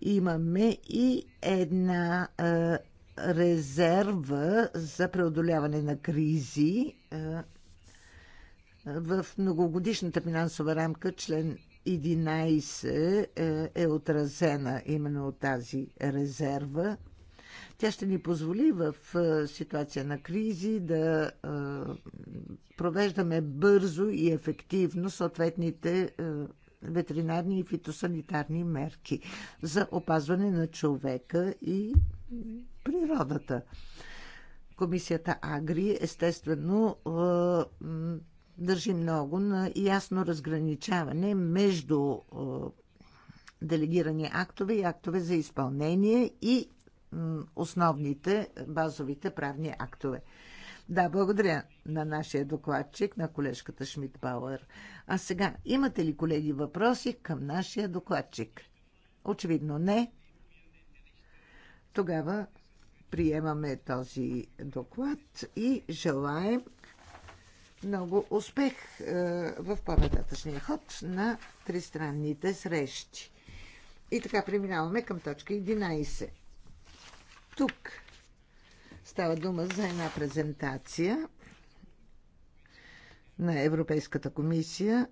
Speaker 2: Имаме и една а, е, резерва за преодоляване на кризи а, е, в многогодишната финансова рамка, член 11 е, е отразена именно от тази резерва тя ще ни позволи в ситуация на кризи да провеждаме бързо и ефективно съответните ветеринарни и фитосанитарни мерки за опазване на човека и природата. Комисията Агри естествено държи много на ясно разграничаване между делегирани актове и актове за изпълнение и основните базовите правни актове. Да, благодаря на нашия докладчик, на колежката Шмидт Бауер. А сега, имате ли, колеги, въпроси към нашия докладчик? Очевидно не. Тогава приемаме този доклад и желаем много успех е, в по-нататъчния ход на тристранните срещи. И така преминаваме към точка 11. Тук става дума за една презентация на Европейската комисия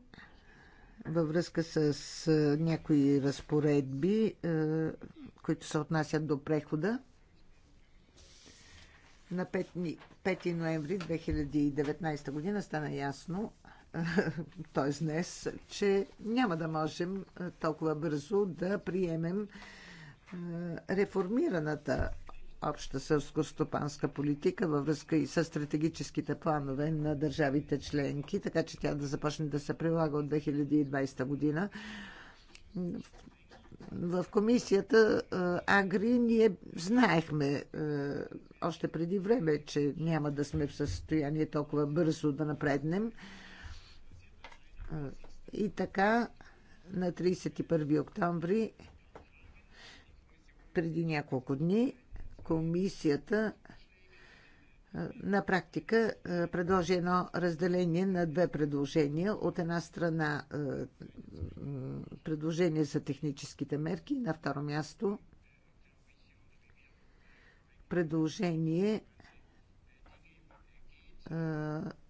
Speaker 2: във връзка с някои разпоредби, които се отнасят до прехода на 5, 5 ноември 2019 година стана ясно, т.е. днес, че няма да можем толкова бързо да приемем реформираната обща сълско-стопанска политика във връзка и с стратегическите планове на държавите членки, така че тя да започне да се прилага от 2020 година. В комисията Агри ние знаехме още преди време, че няма да сме в състояние толкова бързо да напреднем. И така на 31 октомври преди няколко дни комисията на практика предложи едно разделение на две предложения. От една страна предложение за техническите мерки, на второ място предложение,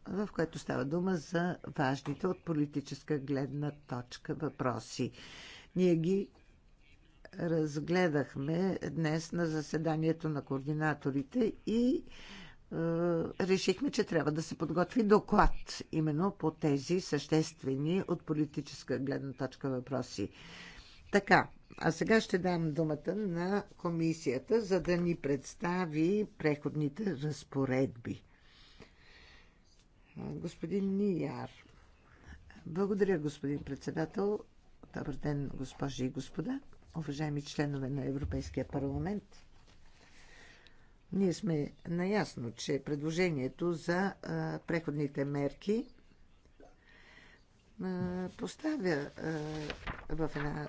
Speaker 2: в което става дума за важните от политическа гледна точка въпроси. Ние ги разгледахме днес на заседанието на координаторите и е, решихме, че трябва да се подготви доклад именно по тези съществени от политическа гледна точка въпроси. Така, а сега ще дам думата на комисията, за да ни представи преходните разпоредби. Е, господин Нияр. Благодаря, господин председател. Добър ден, госпожи и господа уважаеми членове на Европейския парламент. Ние сме наясно, че предложението за а, преходните мерки а, поставя а, в една а,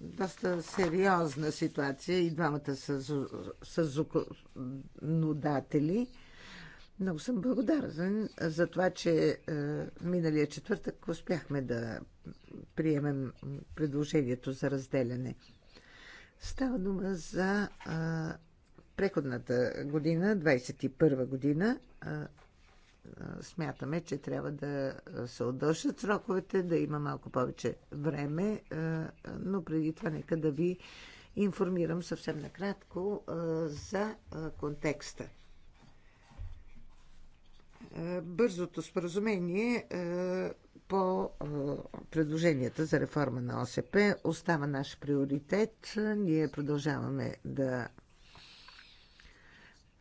Speaker 2: доста сериозна ситуация и двамата са законодатели. Много съм благодарен за това, че а, миналия четвъртък успяхме да приемем предложението за разделяне Става дума за а, преходната година, 21 година. А, смятаме, че трябва да се удължат сроковете, да има малко повече време, но преди това нека да ви информирам съвсем накратко за контекста бързото споразумение е, по е, предложенията за реформа на ОСП остава наш приоритет. Ние продължаваме да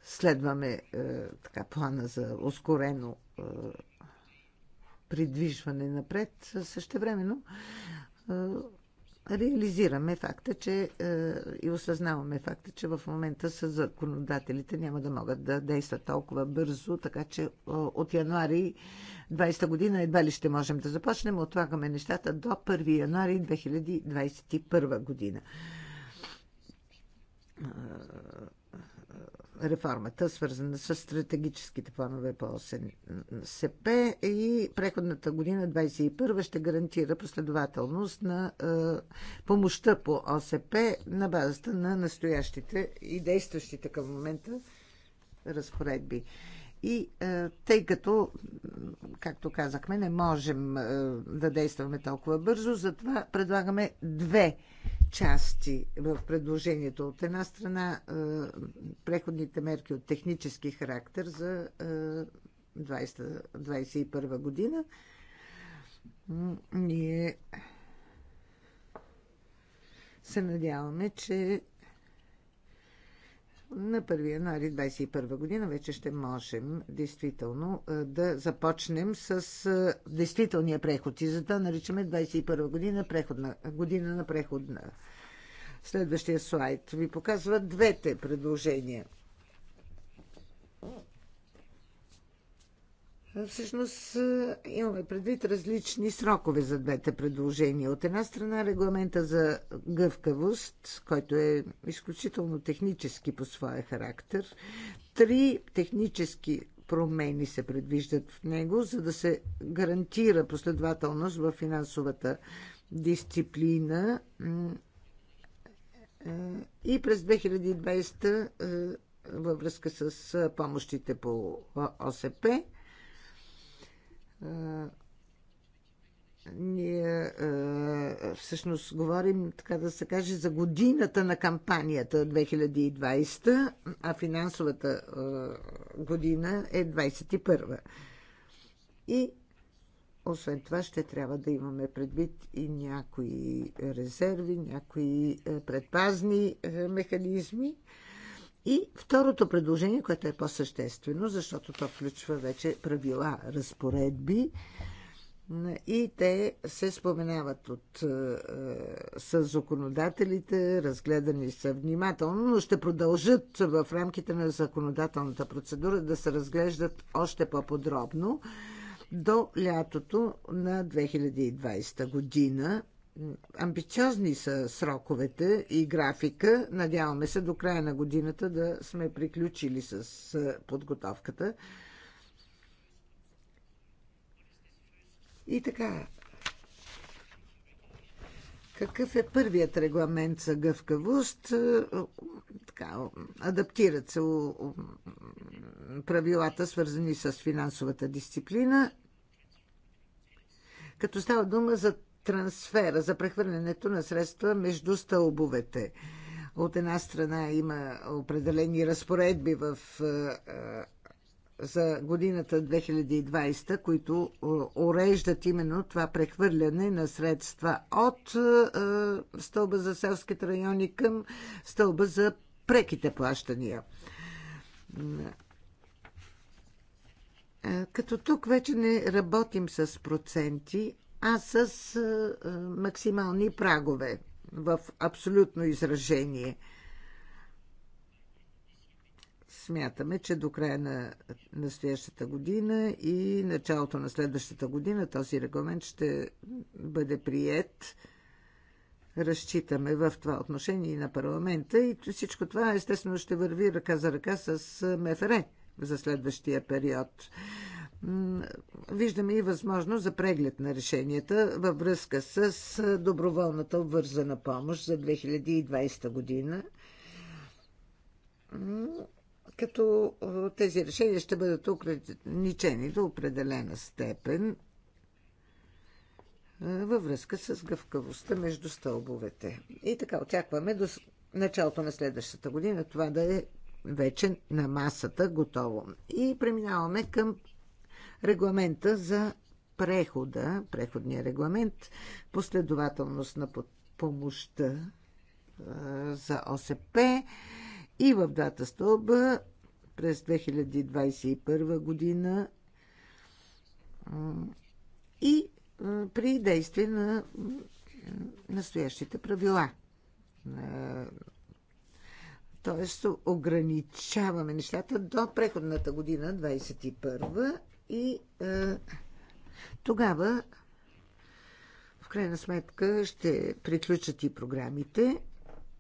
Speaker 2: следваме е, така, плана за ускорено придвижване напред. времено реализираме факта, че е, и осъзнаваме факта, че в момента с законодателите няма да могат да действат толкова бързо, така че от януари 20 година едва ли ще можем да започнем. Отлагаме нещата до 1 януари 2021 година е, реформата, свързана с стратегическите планове по СП и преходната година 2021 ще гарантира последователност на е, помощта по ОСП на базата на настоящите и действащите към момента разпоредби. И е, тъй като, както казахме, не можем е, да действаме толкова бързо, затова предлагаме две части в предложението. От една страна, е, преходните мерки от технически характер за 2021 година. Ние се надяваме, че на 1 януари 2021 година вече ще можем действително да започнем с действителния преход и за да наричаме 2021 година преходна, година на преходна. Следващия слайд ви показва двете предложения – Е, всъщност е, имаме предвид различни срокове за двете предложения. От една страна регламента за гъвкавост, който е изключително технически по своя характер. Три технически промени се предвиждат в него, за да се гарантира последователност в финансовата дисциплина е, и през 2020 във връзка с помощите по ОСП ние всъщност говорим, така да се каже, за годината на кампанията 2020, а финансовата година е 2021. И освен това ще трябва да имаме предвид и някои резерви, някои предпазни механизми, и второто предложение, което е по-съществено, защото то включва вече правила, разпоредби и те се споменават от е, с законодателите, разгледани са внимателно, но ще продължат в рамките на законодателната процедура да се разглеждат още по-подробно до лятото на 2020 година Амбициозни са сроковете и графика. Надяваме се до края на годината да сме приключили с подготовката. И така, какъв е първият регламент за гъвкавост? Е, така, адаптират се правилата, свързани с финансовата дисциплина, като става дума за трансфера, за прехвърлянето на средства между стълбовете. От една страна има определени разпоредби в, за годината 2020, които уреждат именно това прехвърляне на средства от стълба за селските райони към стълба за преките плащания. Като тук вече не работим с проценти, а с максимални прагове в абсолютно изражение. Смятаме, че до края на настоящата година и началото на следващата година този регламент ще бъде прият. Разчитаме в това отношение и на парламента и всичко това естествено ще върви ръка за ръка с МФР за следващия период виждаме и възможност за преглед на решенията във връзка с доброволната обвързана помощ за 2020 година. Като тези решения ще бъдат ограничени до определена степен във връзка с гъвкавостта между стълбовете. И така очакваме до началото на следващата година това да е вече на масата готово. И преминаваме към регламента за прехода, преходния регламент, последователност на помощта за ОСП и в дата стълба през 2021 година и при действие на настоящите правила. Тоест, ограничаваме нещата до преходната година, 21 и е, тогава, в крайна сметка, ще приключат и програмите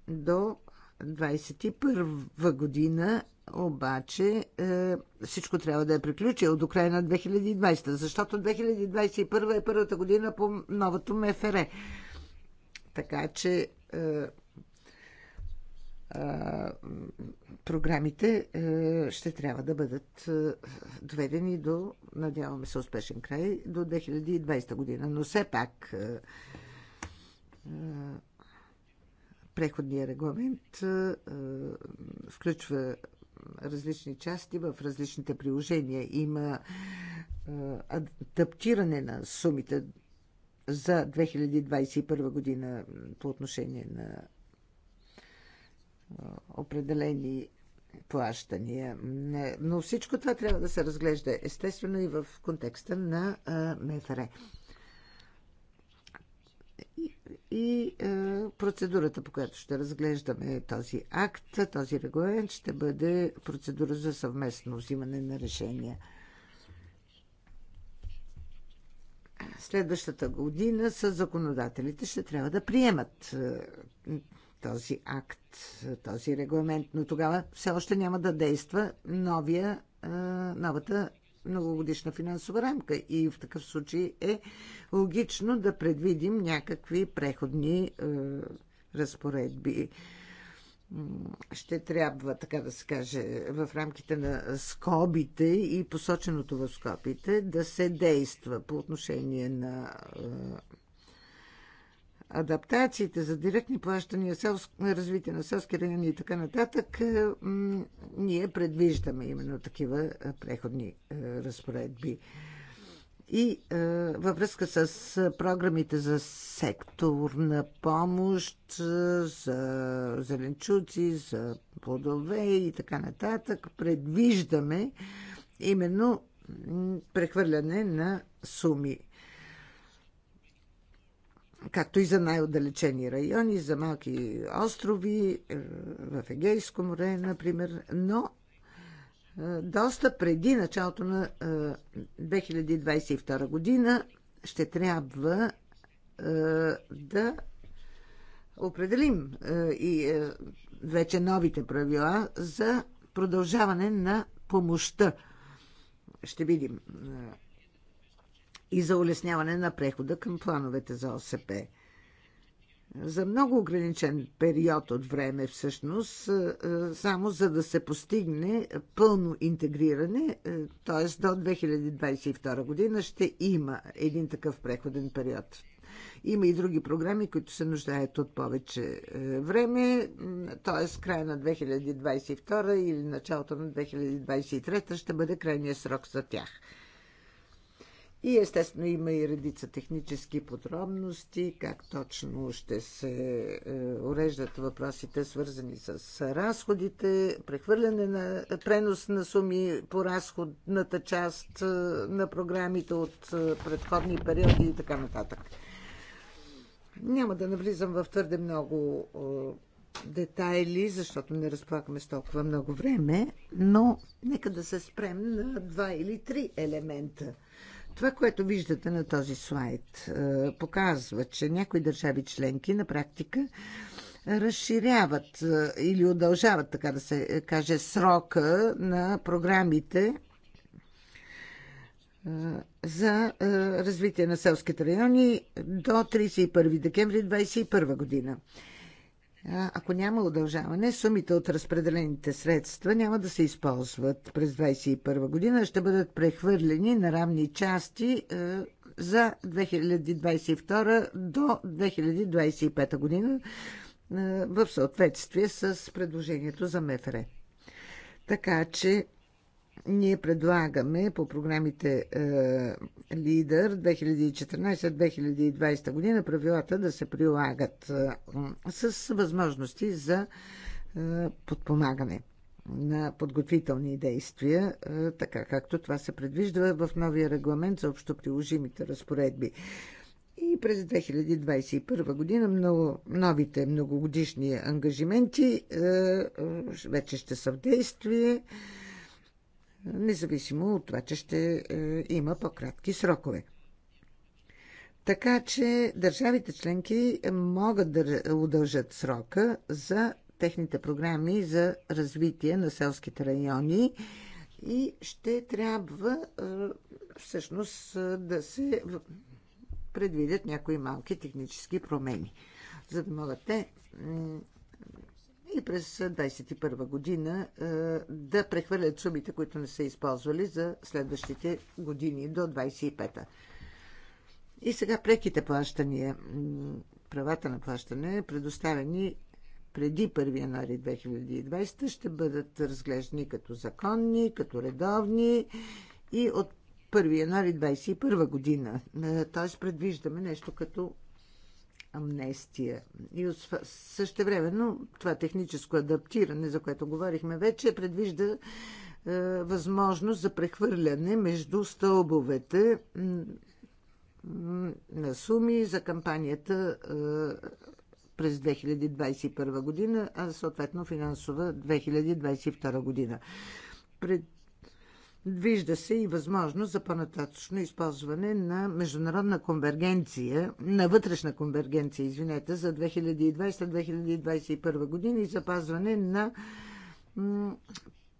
Speaker 2: до 21 година, обаче е, всичко трябва да е приключило до края на 2020, защото 2021 е първата година по новото МФР. Така че е, програмите ще трябва да бъдат доведени до, надяваме се, успешен край до 2020 година. Но все пак преходният регламент включва различни части в различните приложения. Има адаптиране на сумите за 2021 година по отношение на определени плащания. Но всичко това трябва да се разглежда естествено и в контекста на МФР. И, процедурата, по която ще разглеждаме този акт, този регламент, ще бъде процедура за съвместно взимане на решения. Следващата година с законодателите ще трябва да приемат този акт, този регламент, но тогава все още няма да действа новия, новата многогодишна финансова рамка. И в такъв случай е логично да предвидим някакви преходни разпоредби. Ще трябва, така да се каже, в рамките на скобите и посоченото в скобите да се действа по отношение на адаптациите за директни плащания, селск, развитие на селски райони и така нататък, е, ние предвиждаме именно такива е, преходни е, разпоредби. И е, във връзка с програмите за секторна помощ, за зеленчуци, за плодове и така нататък, предвиждаме именно прехвърляне на суми както и за най-отдалечени райони, за малки острови е, в Егейско море, например, но е, доста преди началото на 2022 е, година ще трябва да определим и вече новите правила за продължаване на помощта. Ще видим и за улесняване на прехода към плановете за ОСП. За много ограничен период от време, всъщност, е, е, само за да се постигне пълно интегриране, е, т.е. до 2022 година ще има един такъв преходен период. Има и други програми, които се нуждаят от повече време, т.е. края на 2022 или началото на 2023 ще бъде крайния срок за тях. И естествено има и редица технически подробности, как точно ще се е, уреждат въпросите, свързани с разходите, прехвърляне на пренос на суми по разходната част е, на програмите от е, предходни периоди и така нататък. Няма да навлизам в твърде много е, детайли, защото не разполагаме с толкова много време, но нека да се спрем на два или три елемента – това, което виждате на този слайд, е, показва, че някои държави членки на практика разширяват е, или удължават, така да се каже, срока на програмите е, за развитие на селските райони до 31 декември 2021 година. Ако няма удължаване, сумите от разпределените средства няма да се използват през 2021 година, ще бъдат прехвърлени на равни части е, за 2022 до 2025 година е, в съответствие с предложението за МФР. Така че ние предлагаме по програмите е, Лидер 2014-2020 година правилата да се прилагат е, с възможности за е, подпомагане на подготвителни действия, така както това се предвижда в новия регламент за общоприложимите разпоредби. И през 2021 година много, новите многогодишни ангажименти вече ще са в действие независимо от това, че ще е, има по-кратки срокове. Така че държавите членки могат да удължат срока за техните програми за развитие на селските райони и ще трябва е, всъщност е, да се предвидят някои малки технически промени, за да могат те и през 2021 година е, да прехвърлят сумите, които не са използвали за следващите години до 25-та. И сега преките плащания, правата на плащане, предоставени преди 1 януари 2020, ще бъдат разглеждани като законни, като редовни и от 1 януари 2021 година. Т.е. предвиждаме нещо като амнестия. И също но това техническо адаптиране, за което говорихме вече, предвижда е, възможност за прехвърляне между стълбовете на суми за кампанията е, през 2021 година, а съответно финансова 2022 година. Пред Вижда се и възможност за по-нататъчно използване на международна конвергенция, на вътрешна конвергенция, извинете, за 2020-2021 година и запазване на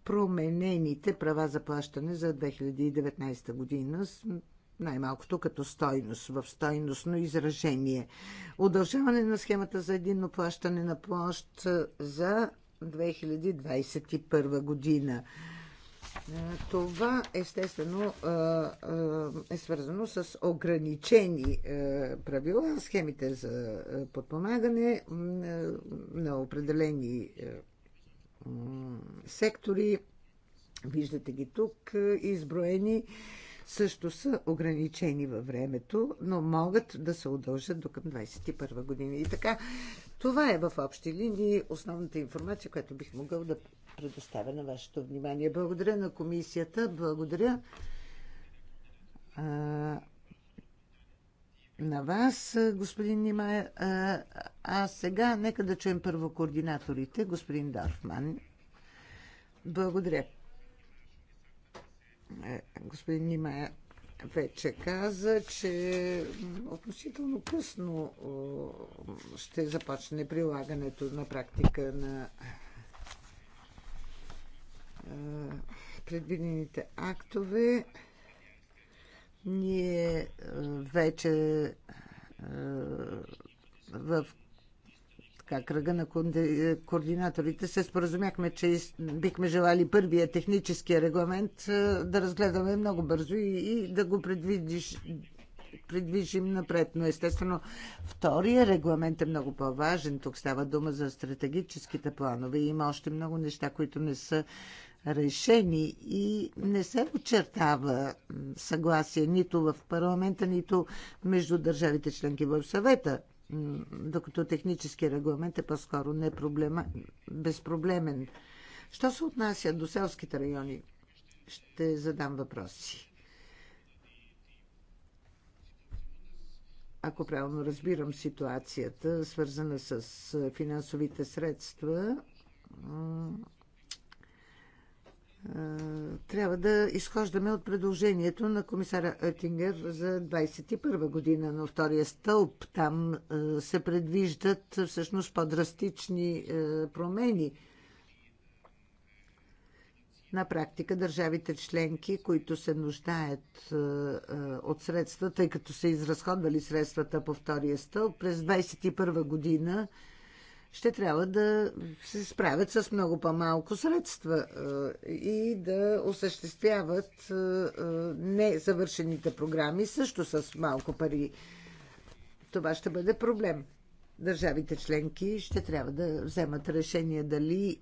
Speaker 2: променените права за плащане за 2019 година, най-малкото като стойност, в стойностно изражение. Удължаване на схемата за единно плащане на площ за 2021 година. Това естествено е свързано с ограничени правила, схемите за подпомагане на определени сектори. Виждате ги тук изброени. Също са ограничени във времето, но могат да се удължат до към 21 година. И така, това е в общи линии основната информация, която бих могъл да предоставя на вашето внимание. Благодаря на комисията, благодаря а, на вас, господин Нимай. А, а сега нека да чуем първо координаторите, господин Дарфман. Благодаря. Е, господин Нимая вече каза, че относително късно ще започне прилагането на практика на е, предвидените актове. Ние е, вече е, в така, кръга на координаторите се споразумяхме, че бихме желали първия технически регламент да разгледаме много бързо и, и да го предвидиш, предвижим напред. Но естествено, втория регламент е много по-важен. Тук става дума за стратегическите планове. Има още много неща, които не са решени и не се очертава съгласие нито в парламента, нито между държавите членки в съвета, докато технически регламент е по-скоро не проблема, безпроблемен. Що се отнася до селските райони? Ще задам въпроси. Ако правилно разбирам ситуацията, свързана с финансовите средства, трябва да изхождаме от предложението на комисара Оттингер за 21 година, на втория стълб там се предвиждат всъщност по-драстични промени. На практика държавите членки, които се нуждаят от средства, тъй като са изразходвали средствата по втория стълб, през 21 година ще трябва да се справят с много по-малко средства и да осъществяват незавършените програми също с малко пари. Това ще бъде проблем. Държавите членки ще трябва да вземат решение дали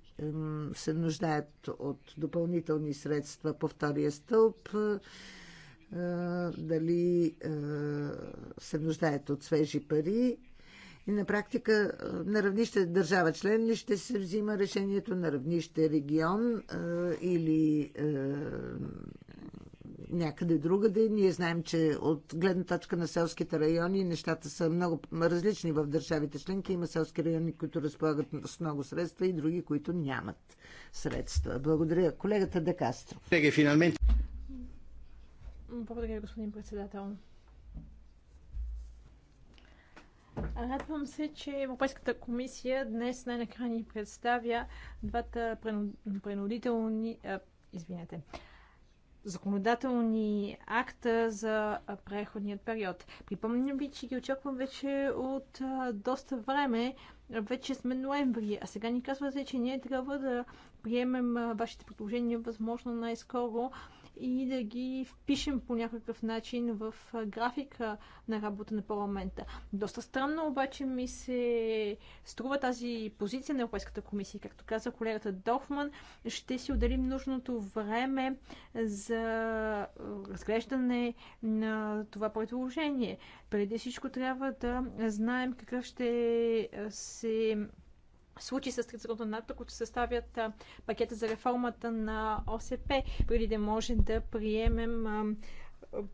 Speaker 2: се нуждаят от допълнителни средства по втория стълб, дали се нуждаят от свежи пари и на практика на равнище държава член ли ще се взима решението, на равнище регион или някъде другаде. Ние знаем, че от гледна точка на селските райони нещата са много различни в държавите членки. Има селски райони, които разполагат с много средства и други, които нямат средства. Благодаря. Колегата Декастро.
Speaker 3: Благодаря, господин председател. Радвам се, че Европейската комисия днес най-накрая ни представя двата принудителни. Извинете законодателни акта за преходният период. Припомням ви, че ги очаквам вече от а, доста време. Вече сме ноември, а сега ни казвате, че ние трябва да приемем а, вашите предложения възможно най-скоро, и да ги впишем по някакъв начин в графика на работа на парламента. Доста странно обаче ми се струва тази позиция на Европейската комисия. Както каза колегата Дофман, ще си отделим нужното време за разглеждане на това предложение. Преди всичко трябва да знаем какъв ще се случаи с трицарото НАТО, които съставят пакета за реформата на ОСП, преди да може да приемем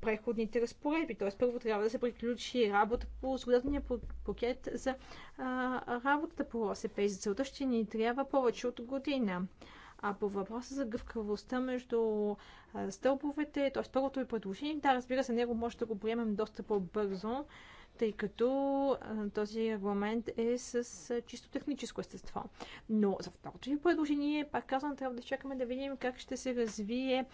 Speaker 3: преходните разпоредби. Т.е. първо трябва да се приключи работа по законодателния пакет за а, работата по ОСП. И за целта ще ни трябва повече от година. А по въпроса за гъвкавостта между стълбовете, т.е. първото ви предложение, да, разбира се, него може да го приемем доста по-бързо, тъй като този регламент е с чисто техническо естество. Но за второто ви предложение, пак казвам, трябва да чакаме да видим как ще се развие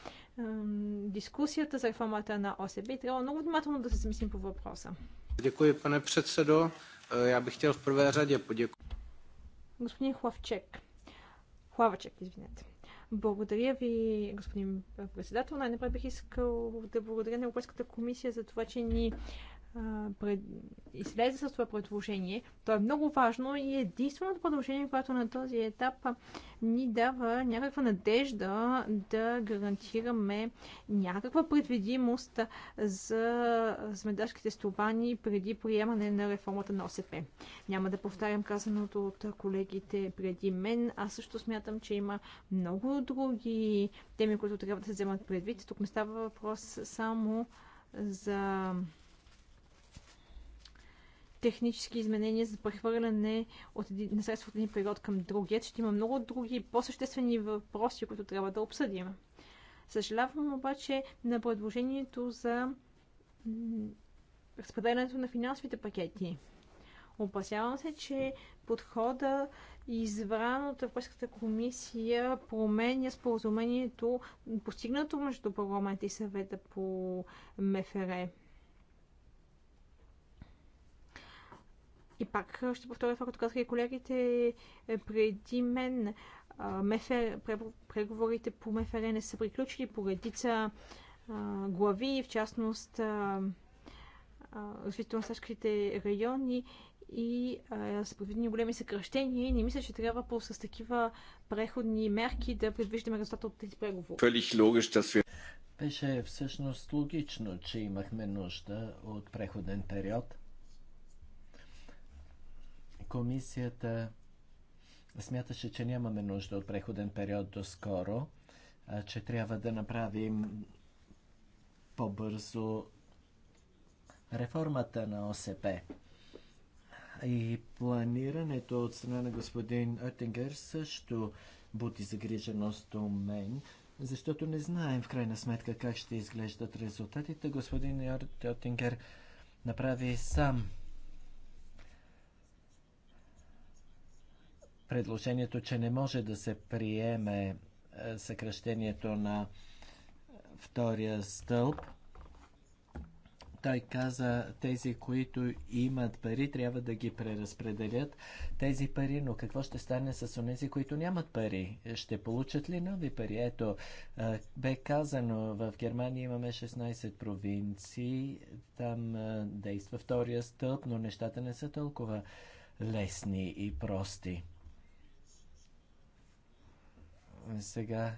Speaker 3: дискусията за реформата на ОСБ. Трябва много внимателно да се замислим по въпроса.
Speaker 4: Děkuji, pane předsedo. Е, já bych chtěl v prvé řadě poděkovat.
Speaker 3: Господин Хлавчек. Хлавачек, извинете. Благодаря ви, господин председател. Най-напред бих искал да благодаря на Европейската комисия за това, че ни пред... излезе с това предложение. То е много важно и единственото предложение, което на този етап ни дава някаква надежда да гарантираме някаква предвидимост за земеделските стопани преди приемане на реформата на ОСП. Няма да повтарям казаното от колегите преди мен. Аз също смятам, че има много други теми, които трябва да се вземат предвид. Тук не става въпрос само за технически изменения за прехвърляне от един, на средства от един период към другия. Ще има много други по-съществени въпроси, които трябва да обсъдим. Съжалявам обаче на предложението за разпределянето на финансовите пакети. Опасявам се, че подхода избран от Европейската комисия променя споразумението, постигнато между парламента и съвета по МФР. И пак ще повторя това, като казаха и колегите е, преди мен. Мефер, преговорите по МФР не са приключили по редица глави, в частност развитието на същите райони и а, са предвидени големи съкръщения и не мисля, че трябва по с такива преходни мерки да предвиждаме резултата от тези преговори.
Speaker 1: Беше всъщност логично, че имахме нужда от преходен период, комисията смяташе, че нямаме нужда от преходен период до скоро, че трябва да направим по-бързо реформата на ОСП. И планирането от страна на господин Оттингер също бути загриженост у мен, защото не знаем в крайна сметка как ще изглеждат резултатите. Господин Оттингер направи сам предложението, че не може да се приеме е, съкръщението на втория стълб. Той каза, тези, които имат пари, трябва да ги преразпределят тези пари, но какво ще стане с онези, които нямат пари? Ще получат ли нови пари? Ето, е, бе казано, в Германия имаме 16 провинции, там е, действа втория стълб, но нещата не са толкова лесни и прости сега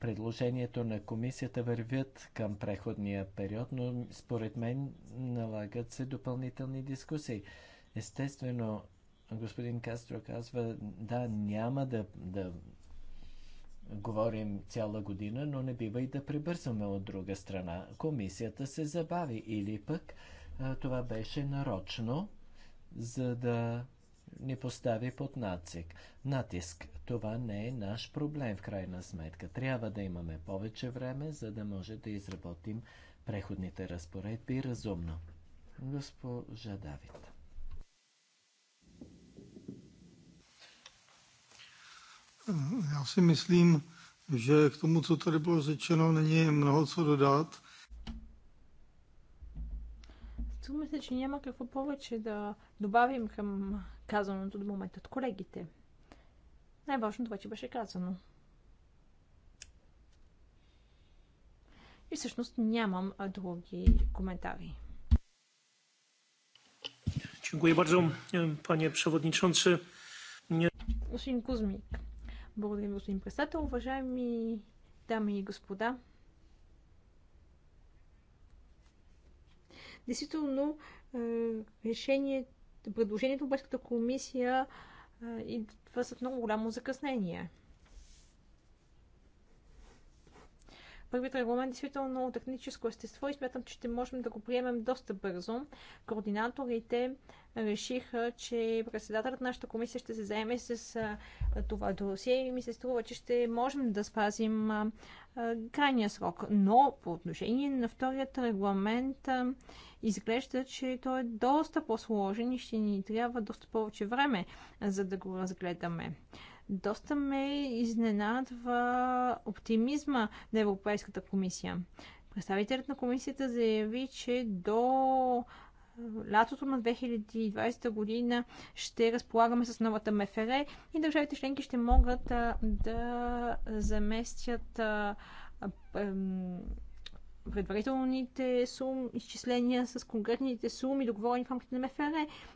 Speaker 1: предложението на комисията вървят към преходния период, но според мен налагат се допълнителни дискусии. Естествено, господин Кастро казва, да, няма да, да говорим цяла година, но не бива и да прибързваме от друга страна. Комисията се забави или пък това беше нарочно, за да ни постави под нацик. натиск. Това не е наш проблем в крайна сметка. Трябва да имаме повече време, за да може да изработим преходните разпоредби разумно.
Speaker 4: Госпожа Давид. Já si myslím, že k tomu, co tady bylo řečeno, není mnoho co dodat.
Speaker 3: Co myslíš, že няма jako повече да dobavím k казаното до момента от колегите. Най-важното вече беше казано. И всъщност нямам други коментари.
Speaker 4: Dziękuję bardzo, panie przewodniczący.
Speaker 3: Господин Кузмик, благодарим, господин председател. Уважаеми дами и господа, действително решението предложението в Бърската комисия идва са много голямо закъснение. Първият регламент е действително техническо естество и смятам, че ще можем да го приемем доста бързо. Координаторите решиха, че председателят на нашата комисия ще се заеме с това досие и ми се струва, че ще можем да спазим крайния срок. Но по отношение на вторият регламент изглежда, че той е доста по-сложен и ще ни трябва доста повече време, за да го разгледаме. Доста ме изненадва оптимизма на Европейската комисия. Представителят на комисията заяви, че до лятото на 2020 година ще разполагаме с новата МФР и държавите членки ще могат да заместят предварителните сум, изчисления с конкретните суми, договорени в рамките на МФР.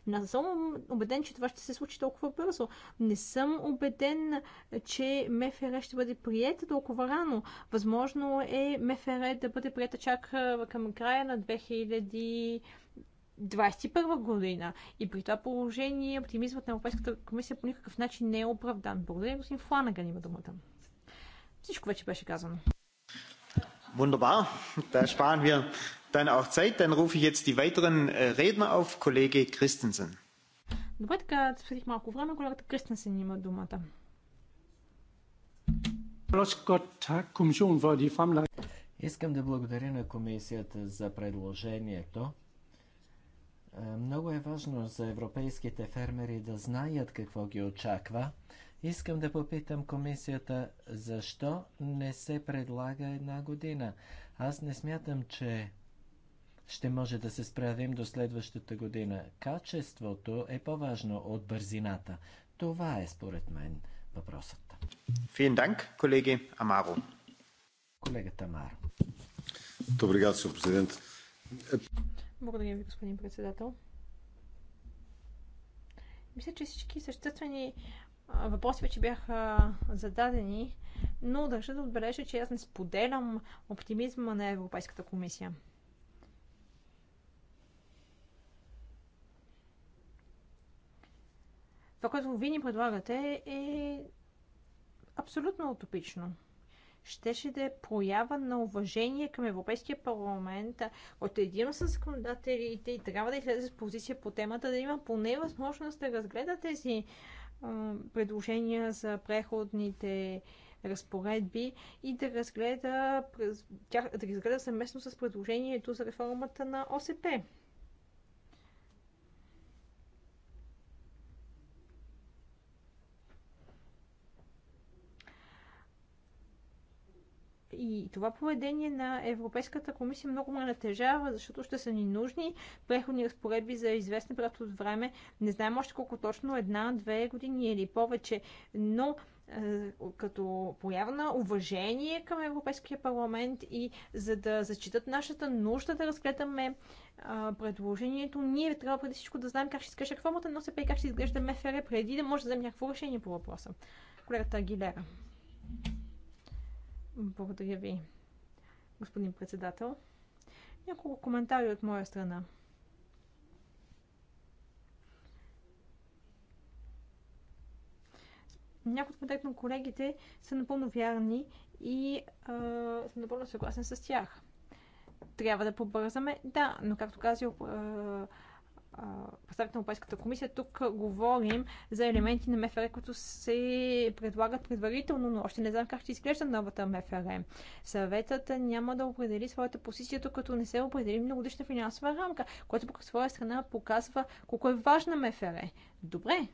Speaker 3: Не съм убеден, че това ще се случи толкова бързо. Не съм убеден, че МФР ще бъде приета толкова рано. Възможно е МФР да бъде приета чак към края на 2000 2021 година. И при това положение оптимизмът на Европейската комисия по никакъв начин не е оправдан. Благодаря, господин Фланаган има думата. Всичко вече беше казано.
Speaker 4: Wunderbar, da sparen wir
Speaker 1: dann auch Zeit. Dann rufe ich jetzt die weiteren äh, Redner auf, Kollege Christensen.
Speaker 3: Добре, така спестих малко време. Колегата Кристенсен има думата.
Speaker 1: Искам да благодаря на комисията за предложението. Е, много е важно за европейските фермери да знаят какво ги очаква. Искам да попитам комисията, защо не се предлага една година? Аз не смятам, че ще може да се справим до следващата година. Качеството е по-важно от бързината. Това е според мен въпросът.
Speaker 4: Фин данк, колеги Амаро.
Speaker 1: Колегата Амаро.
Speaker 4: Добре, господин президент.
Speaker 3: Благодаря ви, господин председател. Мисля, че всички съществени въпроси вече бяха зададени, но държа да отбележа, че аз не споделям оптимизма на Европейската комисия. Това, което ви ни предлагате, е абсолютно утопично щеше да е проява на уважение към Европейския парламент, е От един с законодателите и трябва да излезе с позиция по темата, да има поне възможност да разгледа тези а, предложения за преходните разпоредби и да разгледа, да разгледа съместно с предложението за реформата на ОСП. И това поведение на Европейската комисия много ме натежава, защото ще са ни нужни преходни разпоредби за известен период от време. Не знаем още колко точно, една, две години или повече, но е, като поява на уважение към Европейския парламент и за да зачитат нашата нужда да разгледаме е, предложението, ние трябва преди всичко да знаем как ще изглежда реформата но ОСП и как ще изглежда МФР преди да може да вземем някакво решение по въпроса. Колегата Агилера. Благодаря ви, господин председател. Няколко коментари от моя страна. Някои от на колегите са напълно вярни и а, съм напълно съгласен с тях. Трябва да побързаме, да, но както казах, представител на Европейската комисия, тук говорим за елементи на МФР, които се предлагат предварително, но още не знам как ще изглежда новата МФР. Съветът няма да определи своята позиция, като не се определи многодишна финансова рамка, което пък своя страна показва колко е важна МФР. Добре.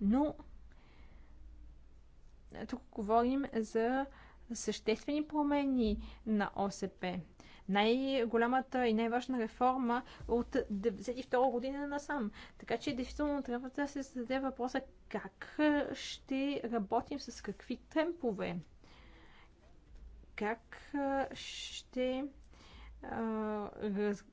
Speaker 3: Но тук говорим за съществени промени на ОСП най-голямата и най-важна реформа от 1992 година насам. Така че, действително, трябва да се зададе въпроса как ще работим, с какви темпове, как ще раз,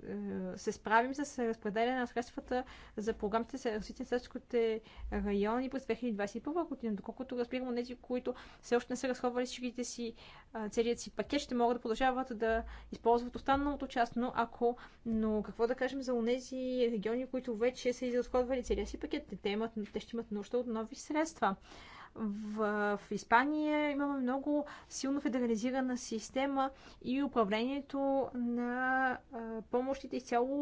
Speaker 3: се справим с разпределяне на средствата за програмите за развитие на селските райони през 2021 година. Доколкото разбирам, тези, които все още не са разходвали всичките си, целият си пакет, ще могат да продължават да използват останалото част, но ако, но какво да кажем за онези региони, които вече са изразходвали целият си пакет, те, имат, те ще имат нужда от нови средства. В, в Испания имаме много силно федерализирана система и управлението на а, помощите изцяло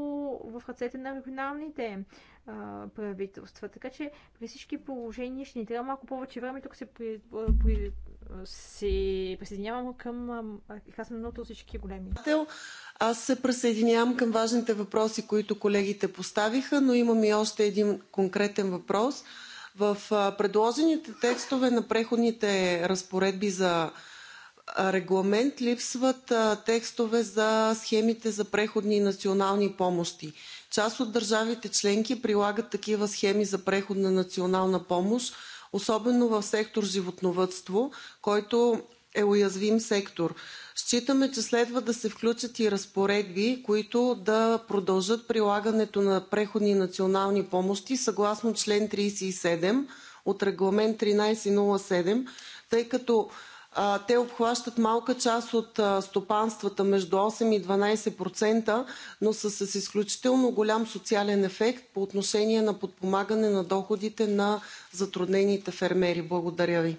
Speaker 3: в ръцете на регионалните а, правителства. Така че при всички положения ще ни трябва малко повече време. Тук се, при, при, се присъединявам към казаното от всички големи.
Speaker 5: Аз се присъединявам към важните въпроси, които колегите поставиха, но имам и още един конкретен въпрос – в предложените текстове на преходните разпоредби за регламент липсват текстове за схемите за преходни национални помощи. Част от държавите членки прилагат такива схеми за преходна национална помощ, особено в сектор животновътство, който е уязвим сектор. Считаме, че следва да се включат и разпоредби, които да продължат прилагането на преходни национални помощи съгласно член 37 от регламент 1307, тъй като а, те обхващат малка част от а, стопанствата между 8 и 12%, но са с изключително голям социален ефект по отношение на подпомагане на доходите на затруднените фермери. Благодаря ви.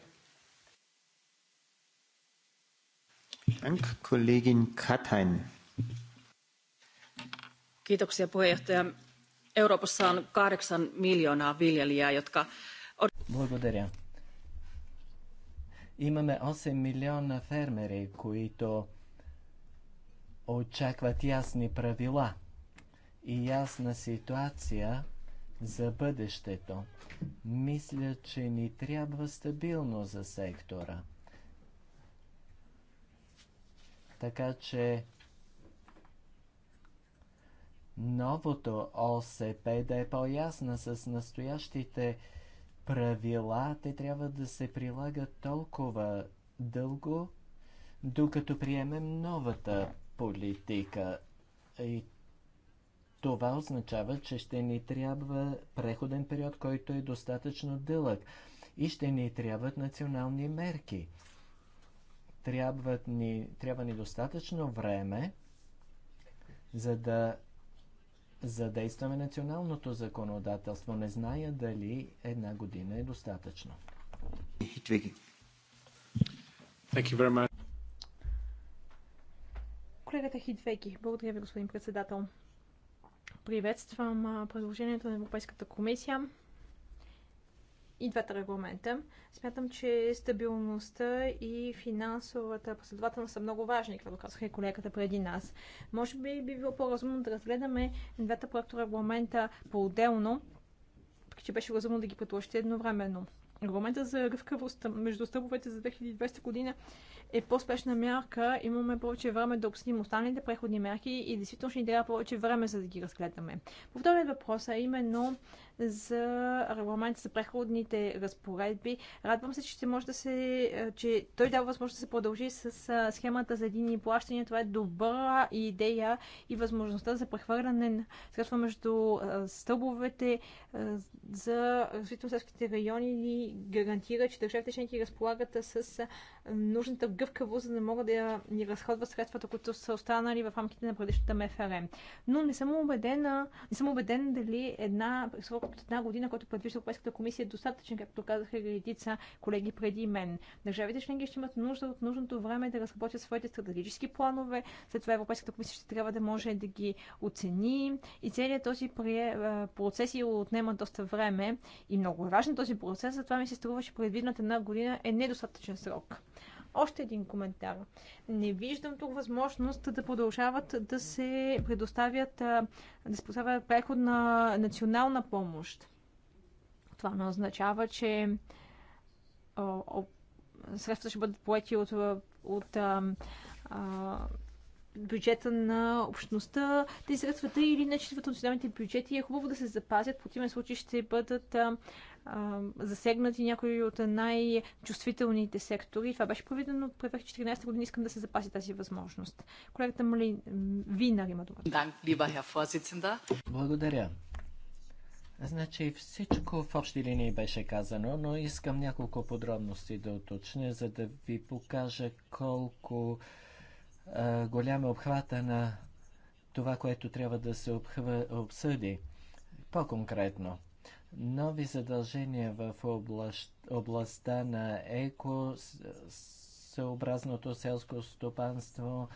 Speaker 1: Dank, Kollegin Katain.
Speaker 3: Kiitoksia puheenjohtaja. Euroopassa on kahdeksan miljoonaa viljelijää, jotka...
Speaker 1: Благодаря. Имаме 8 милиона фермери, които очакват ясни правила и ясна ситуация за бъдещето. Мисля, че ни трябва стабилно за сектора – Така че новото ОСП да е по-ясна с настоящите правила, те трябва да се прилагат толкова дълго, докато приемем новата политика. И това означава, че ще ни трябва преходен период, който е достатъчно дълъг и ще ни трябват национални мерки. Трябва ни, трябва ни достатъчно време, за да задействаме националното законодателство. Не зная дали една година е достатъчно.
Speaker 3: Колегата Хитвеки, благодаря ви, господин председател. Приветствам предложението на Европейската комисия и двата регламента. Смятам, че стабилността и финансовата последователност са много важни, както казаха и колегата преди нас. Може би би било по-разумно да разгледаме двата проекта регламента по-отделно, че беше разумно да ги предложите едновременно. Регламента за гъвкавост между стъповете за 2020 година е по-спешна мярка. Имаме повече време да обсъдим останалите преходни мерки и действително ще ни трябва повече време, за да ги разгледаме. По вторият въпрос, а именно за регламент за преходните разпоредби. Радвам се, че може да се, е, че той дава възможност да се продължи с е, схемата за единни плащания. Това е добра идея и възможността за прехвърляне на средства между е, стълбовете за развитие селските райони и гарантира, че държавите членки разполагат с нужната гъвкавост, за да могат да ни разходват средствата, които са останали в рамките на предишната МФРМ. Но не съм убедена, не съм убеден дали една срок от една година, който предвижда Европейската комисия, е достатъчен, както казаха редица колеги преди мен. Държавите членки ще имат нужда от нужното време да разработят своите стратегически планове, след това Европейската комисия ще трябва да може да ги оцени и целият този процес и отнема доста време и много е важен този процес, затова ми се струва, че предвидната една година е недостатъчен срок. Още един коментар. Не виждам тук възможност да продължават да се предоставят, да се преход на национална помощ. Това не означава, че средствата ще бъдат поети от, от а, а, бюджета на общността. Тези средствата или не четвърт националните бюджети е хубаво да се запазят, в противен случай ще бъдат а, засегнати някои от най-чувствителните сектори. Това беше проведено от 2014 година. Искам да се запази тази възможност. Колегата Мали Винар има думата.
Speaker 1: Благодаря. Значи всичко в общи линии беше казано, но искам няколко подробности да уточня, за да ви покажа колко е, голям е обхвата на това, което трябва да се обхва, обсъди. По-конкретно – нови задължения в областта на еко, съобразното селско стопанство,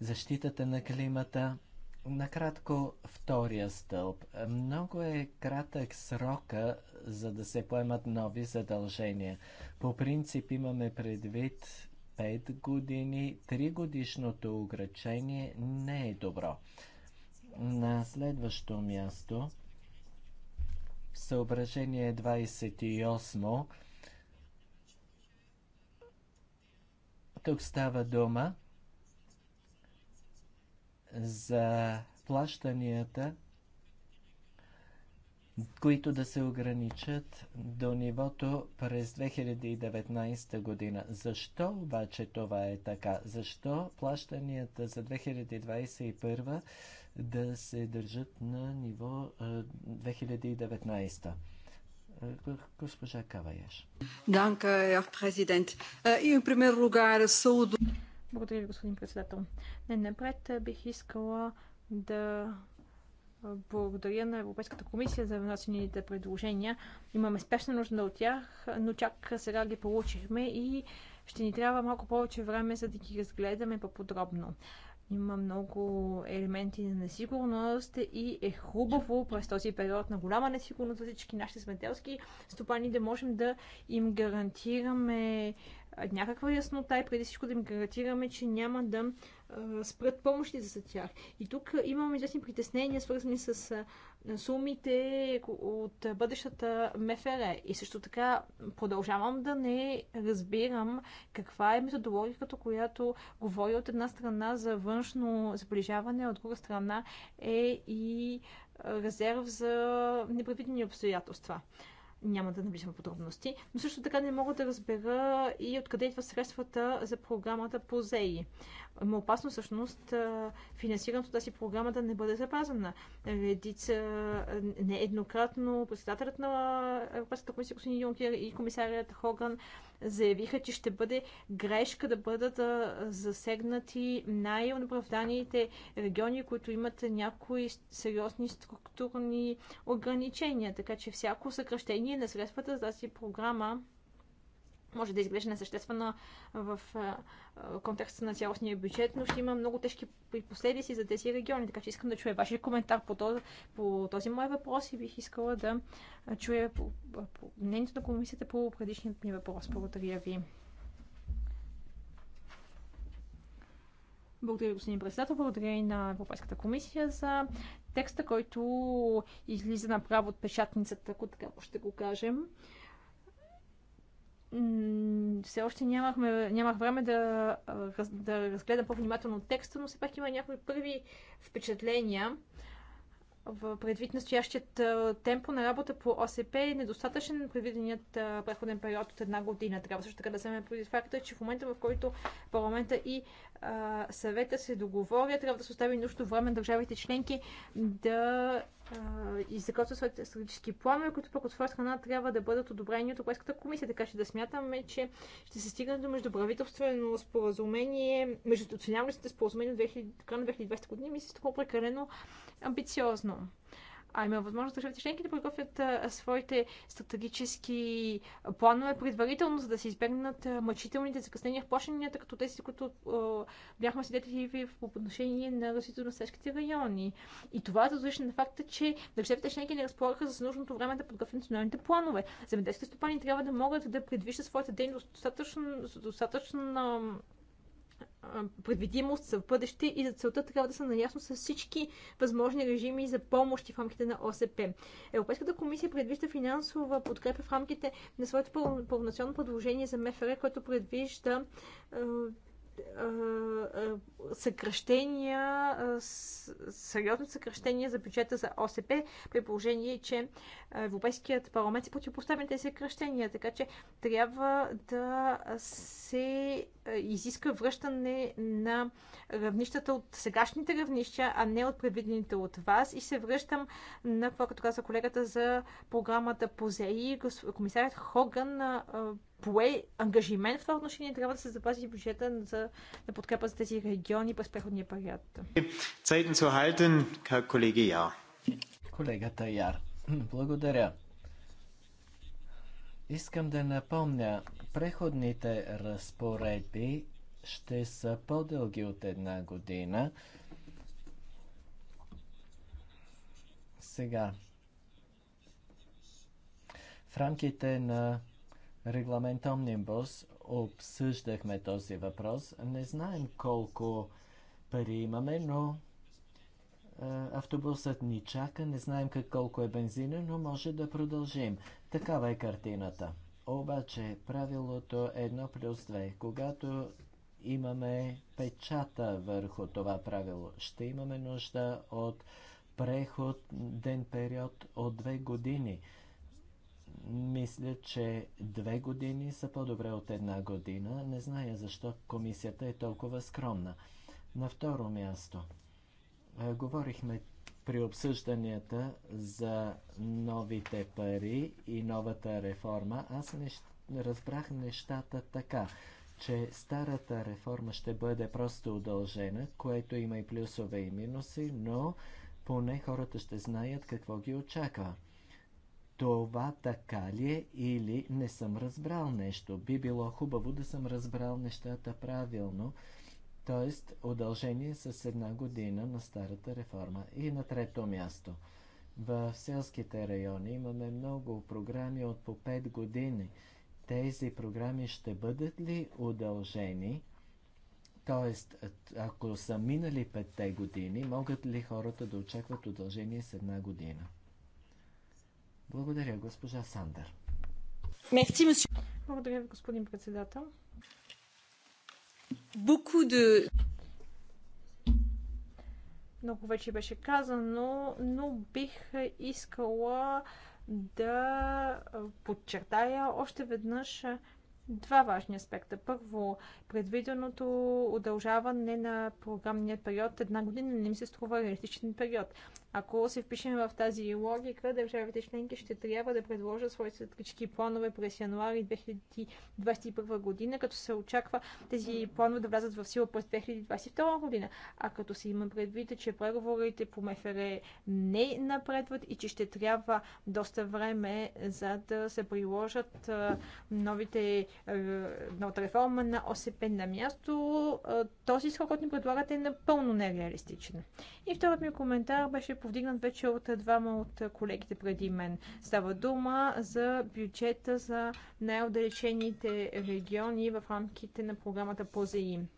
Speaker 1: защитата на климата. Накратко, втория стълб. Много е кратък срока, за да се поемат нови задължения. По принцип имаме предвид 5 години, 3 годишното ограничение не е добро. На следващо място съображение 28. Тук става дума за плащанията, които да се ограничат до нивото през 2019 година. Защо обаче това е така? Защо плащанията за 2021 да се държат на ниво 2019. Госпожа Каваяш.
Speaker 3: Данка, президент. И, пример, лугар, Благодаря ви, господин председател. Не, напред бих искала да благодаря на Европейската комисия за внасените предложения. Имаме спешна нужда от тях, но чак сега ги получихме и ще ни трябва малко повече време, за да ги разгледаме по-подробно. Има много елементи на несигурност и е хубаво през този период на голяма несигурност за всички наши земеделски стопани да можем да им гарантираме някаква яснота и преди всичко да им гарантираме, че няма да спрат помощи за тях. И тук имаме известни притеснения, свързани с сумите от бъдещата МФР. И също така продължавам да не разбирам каква е методологията, която говори от една страна за външно сближаване, а от друга страна е и резерв за непредвидени обстоятелства няма да навлизам подробности, но също така не мога да разбера и откъде идва средствата за програмата по ЗЕИ. Ма опасно всъщност финансирането тази програма да не бъде запазена. Редица нееднократно председателят на Европейската комисия господин Юнкер и комисарят Хоган заявиха, че ще бъде грешка да бъдат засегнати най-оправданите региони, които имат някои сериозни структурни ограничения. Така че всяко съкръщение на средствата за тази програма може да изглежда несъществена в контекста на цялостния бюджет, но ще има много тежки последици за тези региони. Така че искам да чуя вашия коментар по този, по този мой въпрос и бих искала да чуя мнението на комисията по предишният ми въпрос. Благодаря ви. Благодаря, господин председател. Благодаря и на Европейската комисия за текста, който излиза направо от печатницата, ако така ще го кажем все още нямахме, нямах време да, да разгледам по-внимателно текста, но все пак има някои първи впечатления. В предвид настоящият темпо на работа по ОСП е недостатъчен предвиденият преходен период от една година. Трябва също така да вземем предвид факта, че в момента, в който парламента и а, съвета се договорят, трябва да се остави нужно време държавите членки да и изработва своите стратегически планове, които пък от своя страна трябва да бъдат одобрени от Европейската комисия. Така че да смятаме, че ще се стигне до междуправителствено споразумение, между междунационалните споразумения от 2020 година ми се струва прекалено амбициозно а има възможност държавите членки да подготвят своите стратегически планове предварително, за да се избегнат мъчителните закъснения в плащанията, като тези, които а, бяхме свидетели в отношение на развитието на селските райони. И това е различно на факта, че държавите членки не разполагаха за нужното време да подготвят националните планове. Земеделските стопани трябва да могат да предвиждат своята дейност достатъчно, достатъчно предвидимост за бъдеще и за целта трябва да са наясно с всички възможни режими за помощи в рамките на ОСП. Европейската комисия предвижда финансова подкрепа в рамките на своето пълноценно предложение за МФР, което предвижда съкръщения, сериозно съкръщение за бюджета за ОСП, при положение, че Европейският парламент се противопоставя тези съкръщения, така че трябва да се изиска връщане на равнищата от сегашните равнища, а не от предвидените от вас. И се връщам на това, като каза колегата за програмата ПоЗЕИ, Комисарят Хоган пое ангажимент в това отношение, трябва да се запази бюджета за, на подкрепа за тези региони през преходния период.
Speaker 4: Цейтен zu halten, колеги Яр.
Speaker 1: Колегата Яр, благодаря. Искам да напомня, преходните разпоредби ще са по-дълги от една година. Сега, в рамките на регламент Омнибус обсъждахме този въпрос. Не знаем колко пари имаме, но е, автобусът ни чака, не знаем как колко е бензина, но може да продължим. Такава е картината. Обаче правилото е 1 плюс 2. Когато имаме печата върху това правило, ще имаме нужда от преходен период от две години – мисля, че две години са по-добре от една година. Не зная защо комисията е толкова скромна. На второ място, говорихме при обсъжданията за новите пари и новата реформа. Аз нещ... разбрах нещата така, че старата реформа ще бъде просто удължена, което има и плюсове и минуси, но поне хората ще знаят какво ги очаква това така ли е или не съм разбрал нещо? Би било хубаво да съм разбрал нещата правилно, т.е. удължение с една година на старата реформа. И на трето място. В селските райони имаме много програми от по 5 години. Тези програми ще бъдат ли удължени? Тоест, ако са минали 5 години, могат ли хората да очакват удължение с една година? Благодаря, госпожа Сандър.
Speaker 3: Благодаря ви, господин председател. Много вече беше казано, но бих искала да подчертая още веднъж два важни аспекта. Първо, предвиденото удължаване на програмния период една година не ми се струва реалистичен период. Ако се впишем в тази логика, държавите членки ще трябва да предложат своите стратегически планове през януари 2021 година, като се очаква тези планове да влязат в сила през 2022 година. А като се има предвид, че преговорите по МФР не напредват и че ще трябва доста време за да се приложат новите на е, реформа на ОСП на място, е, този изход, който ни предлагате, е напълно нереалистичен. И вторият ми коментар беше повдигнат вече от двама от колегите преди мен. Става дума за бюджета за най-отдалечените региони в рамките на програмата по ЗАИМ.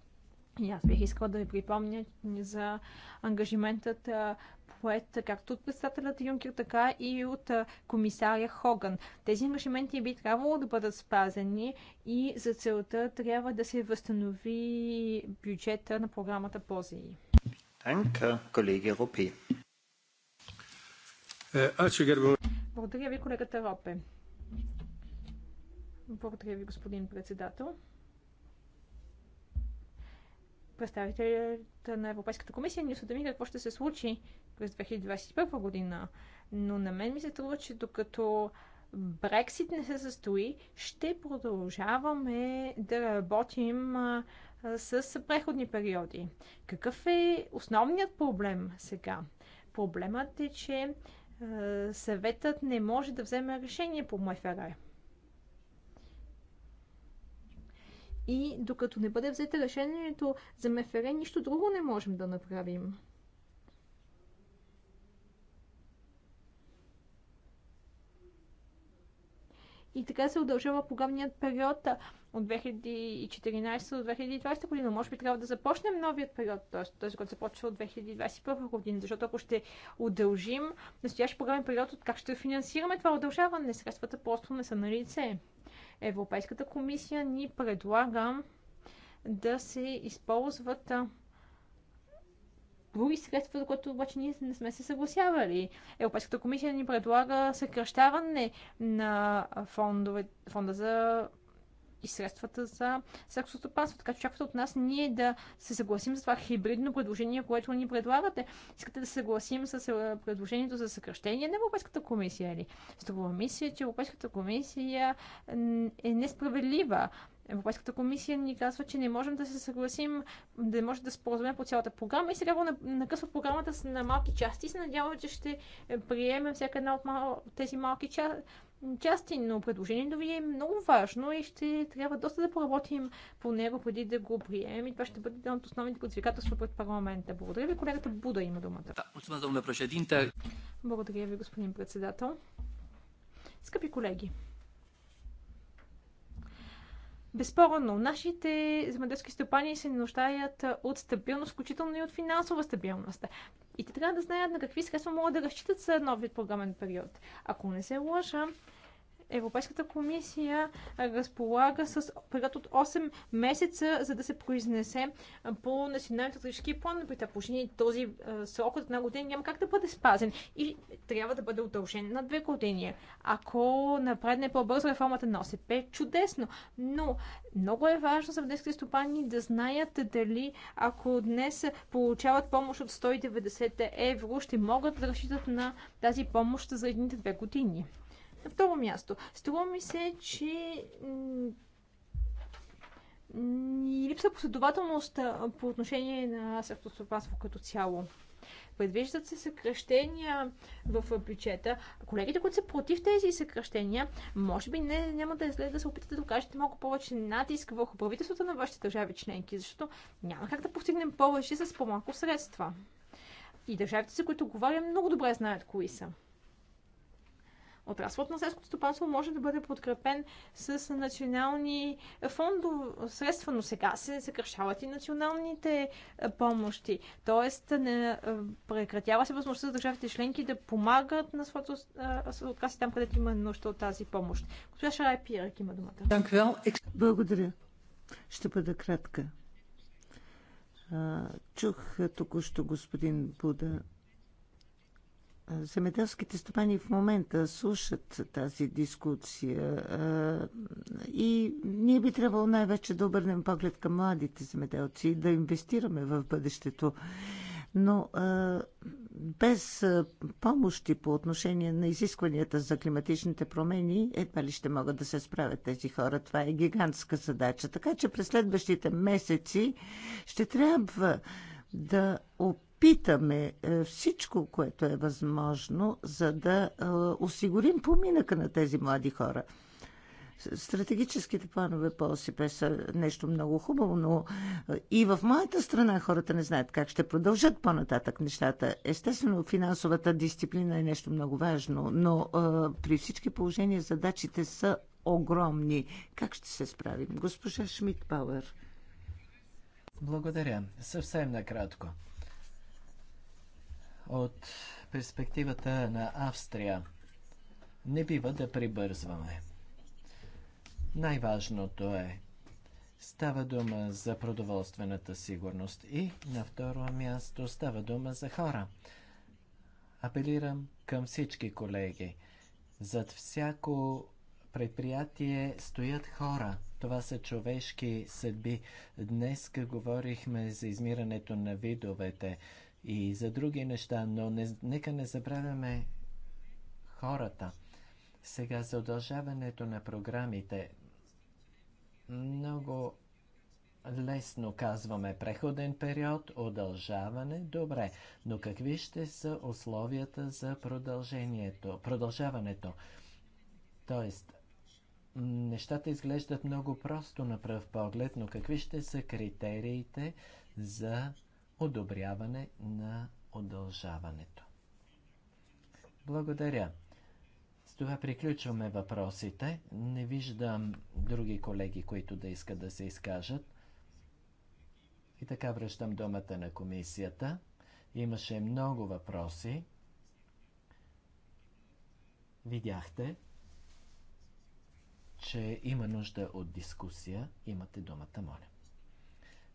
Speaker 3: И аз бих искала да ви припомня за ангажиментът поет както от председателят Юнкер, така и от комисаря Хоган. Тези ангажименти би трябвало да бъдат спазени и за целта трябва да се възстанови бюджета на програмата ПОЗИ.
Speaker 4: Танка, колеги Ропи. Е,
Speaker 3: Благодаря ви, колегата Ропе. Благодаря ви, господин председател представителите на Европейската комисия ни осведоми какво ще се случи през 2021 година. Но на мен ми се трува, че докато Брексит не се състои, ще продължаваме да работим с преходни периоди. Какъв е основният проблем сега? Проблемът е, че съветът не може да вземе решение по МФРА. И докато не бъде взето решението за МФР, нищо друго не можем да направим. И така се удължава програмният период от 2014 до 2020 година. Може би трябва да започнем новият период, т.е. този, който започва от 2021 година, защото ако ще удължим настоящ програмен период, от как ще финансираме това удължаване? Средствата просто не са на лице. Европейската комисия ни предлага да се използват други средства, за които обаче ние не сме се съгласявали. Европейската комисия ни предлага съкръщаване на фондове, фонда за и средствата за сексостопанство. Така че очаквате от нас ние да се съгласим с това хибридно предложение, което ни предлагате. Искате да се съгласим с е, предложението за съкръщение на Европейската комисия или Струва ми че Европейската комисия е несправедлива. Европейската комисия ни казва, че не можем да се съгласим, да не може да споразумеем по цялата програма и сега го накъсва програмата на малки части и се надяваме, че ще е, приемем всяка една от тези малки части части, но предложението ви е много важно и ще трябва доста да поработим по него преди да го приемем и това ще бъде едно от основните предизвикателства пред парламента. Благодаря ви, колегата Буда има
Speaker 1: думата.
Speaker 3: Благодаря ви, господин председател. Скъпи колеги, Безспорно, нашите земеделски стопани се нуждаят от стабилност, включително и от финансова стабилност. И те трябва да знаят на какви средства могат да разчитат за вид програмен период. Ако не се лъжа, Европейската комисия разполага с период от 8 месеца, за да се произнесе по националните стратегически план. При това положение този срок от една година няма как да бъде спазен и трябва да бъде удължен на две години. Ако напредне по-бързо реформата на ОСП, чудесно, но много е важно за днеските стопани да знаят дали ако днес получават помощ от 190 евро, ще могат да разчитат на тази помощ за едните две години. На второ място, струва ми се, че ни липса последователност по отношение на сектостопанство като цяло. Предвиждат се съкръщения в бюджета. Колегите, които са против тези съкръщения, може би не, няма да излезе е да се опитате да окажете малко повече натиск върху правителството на вашите държави членки, защото няма как да постигнем повече с по-малко средства. И държавите, за които говоря, много добре знаят кои са. Отраслът на селското стопанство може да бъде подкрепен с национални фондове средства, но сега се съкръщават и националните е, помощи. Тоест, не, е, прекратява се възможността за държавите членки да помагат на своето е, отрасли там, където има нужда от тази помощ. Госпожа Шарай Пирък има думата.
Speaker 2: Благодаря. Ще бъда кратка. Чух току-що господин Буда Земеделските стопани в момента слушат тази дискусия и ние би трябвало най-вече да обърнем поглед към младите земеделци и да инвестираме в бъдещето. Но без помощи по отношение на изискванията за климатичните промени, едва ли ще могат да се справят тези хора. Това е гигантска задача. Така че през следващите месеци ще трябва да опитаме Питаме е, всичко, което е възможно, за да е, осигурим поминъка на тези млади хора. Стратегическите планове по ОСП са нещо много хубаво, но е, и в моята страна хората не знаят как ще продължат по-нататък нещата. Естествено, финансовата дисциплина е нещо много важно, но а, при всички положения задачите са огромни. Как ще се справим?
Speaker 1: Госпожа Шмидт Пауер. Благодаря. Съвсем накратко от перспективата на Австрия. Не бива да прибързваме. Най-важното е, става дума за продоволствената сигурност и на второ място става дума за хора. Апелирам към всички колеги. Зад всяко предприятие стоят хора. Това са човешки съдби. Днес говорихме за измирането на видовете и за други неща, но не, нека не забравяме хората. Сега за удължаването на програмите. Много лесно казваме преходен период, удължаване, добре, но какви ще са условията за продължението, продължаването? Тоест, нещата изглеждат много просто на пръв поглед, но какви ще са критериите за одобряване на удължаването. Благодаря. С това приключваме въпросите. Не виждам други колеги, които да искат да се изкажат. И така връщам думата на комисията. Имаше много въпроси. Видяхте, че има нужда от дискусия. Имате думата, моля.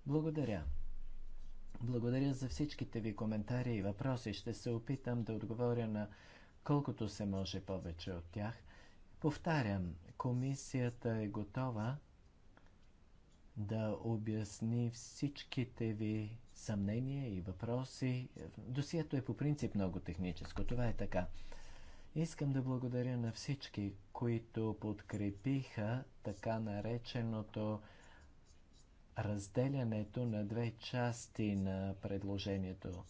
Speaker 1: Благодаря. Благодаря за всичките ви коментари и въпроси. Ще се опитам да отговоря на колкото се може повече от тях. Повтарям, комисията е готова да обясни всичките ви съмнения и въпроси. Досието е по принцип много техническо. Това е така. Искам да благодаря на всички, които подкрепиха така нареченото разделянето на две части на предложението.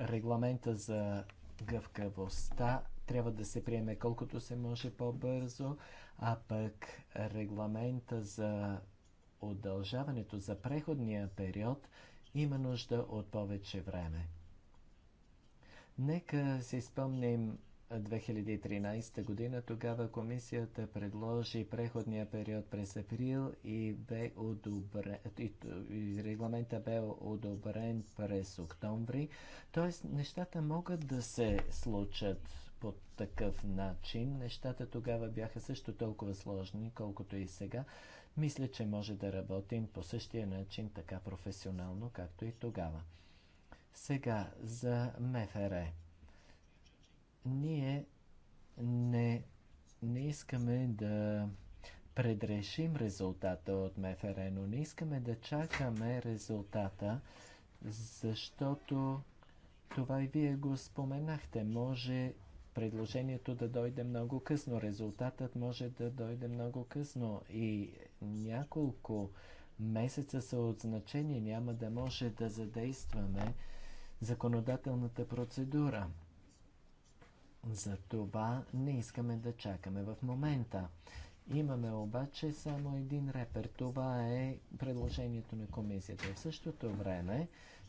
Speaker 1: Регламента за гъвкавостта трябва да се приеме колкото се може по-бързо, а пък регламента за удължаването за преходния период има нужда от повече време. Нека се спомним 2013 година. Тогава комисията предложи преходния период през април и, бе одобрен, и, и регламента бе одобрен през октомври. Тоест нещата могат да се случат по такъв начин. Нещата тогава бяха също толкова сложни, колкото и сега. Мисля, че може да работим по същия начин, така професионално, както и тогава. Сега за МФР. Ние не, не искаме да предрешим резултата от МФР, но не искаме да чакаме резултата, защото това и вие го споменахте. Може предложението да дойде много късно, резултатът може да дойде много късно и няколко месеца са от значение, няма да може да задействаме законодателната процедура. За това не искаме да чакаме в момента. Имаме обаче само един репер. Това е предложението на комисията. В същото време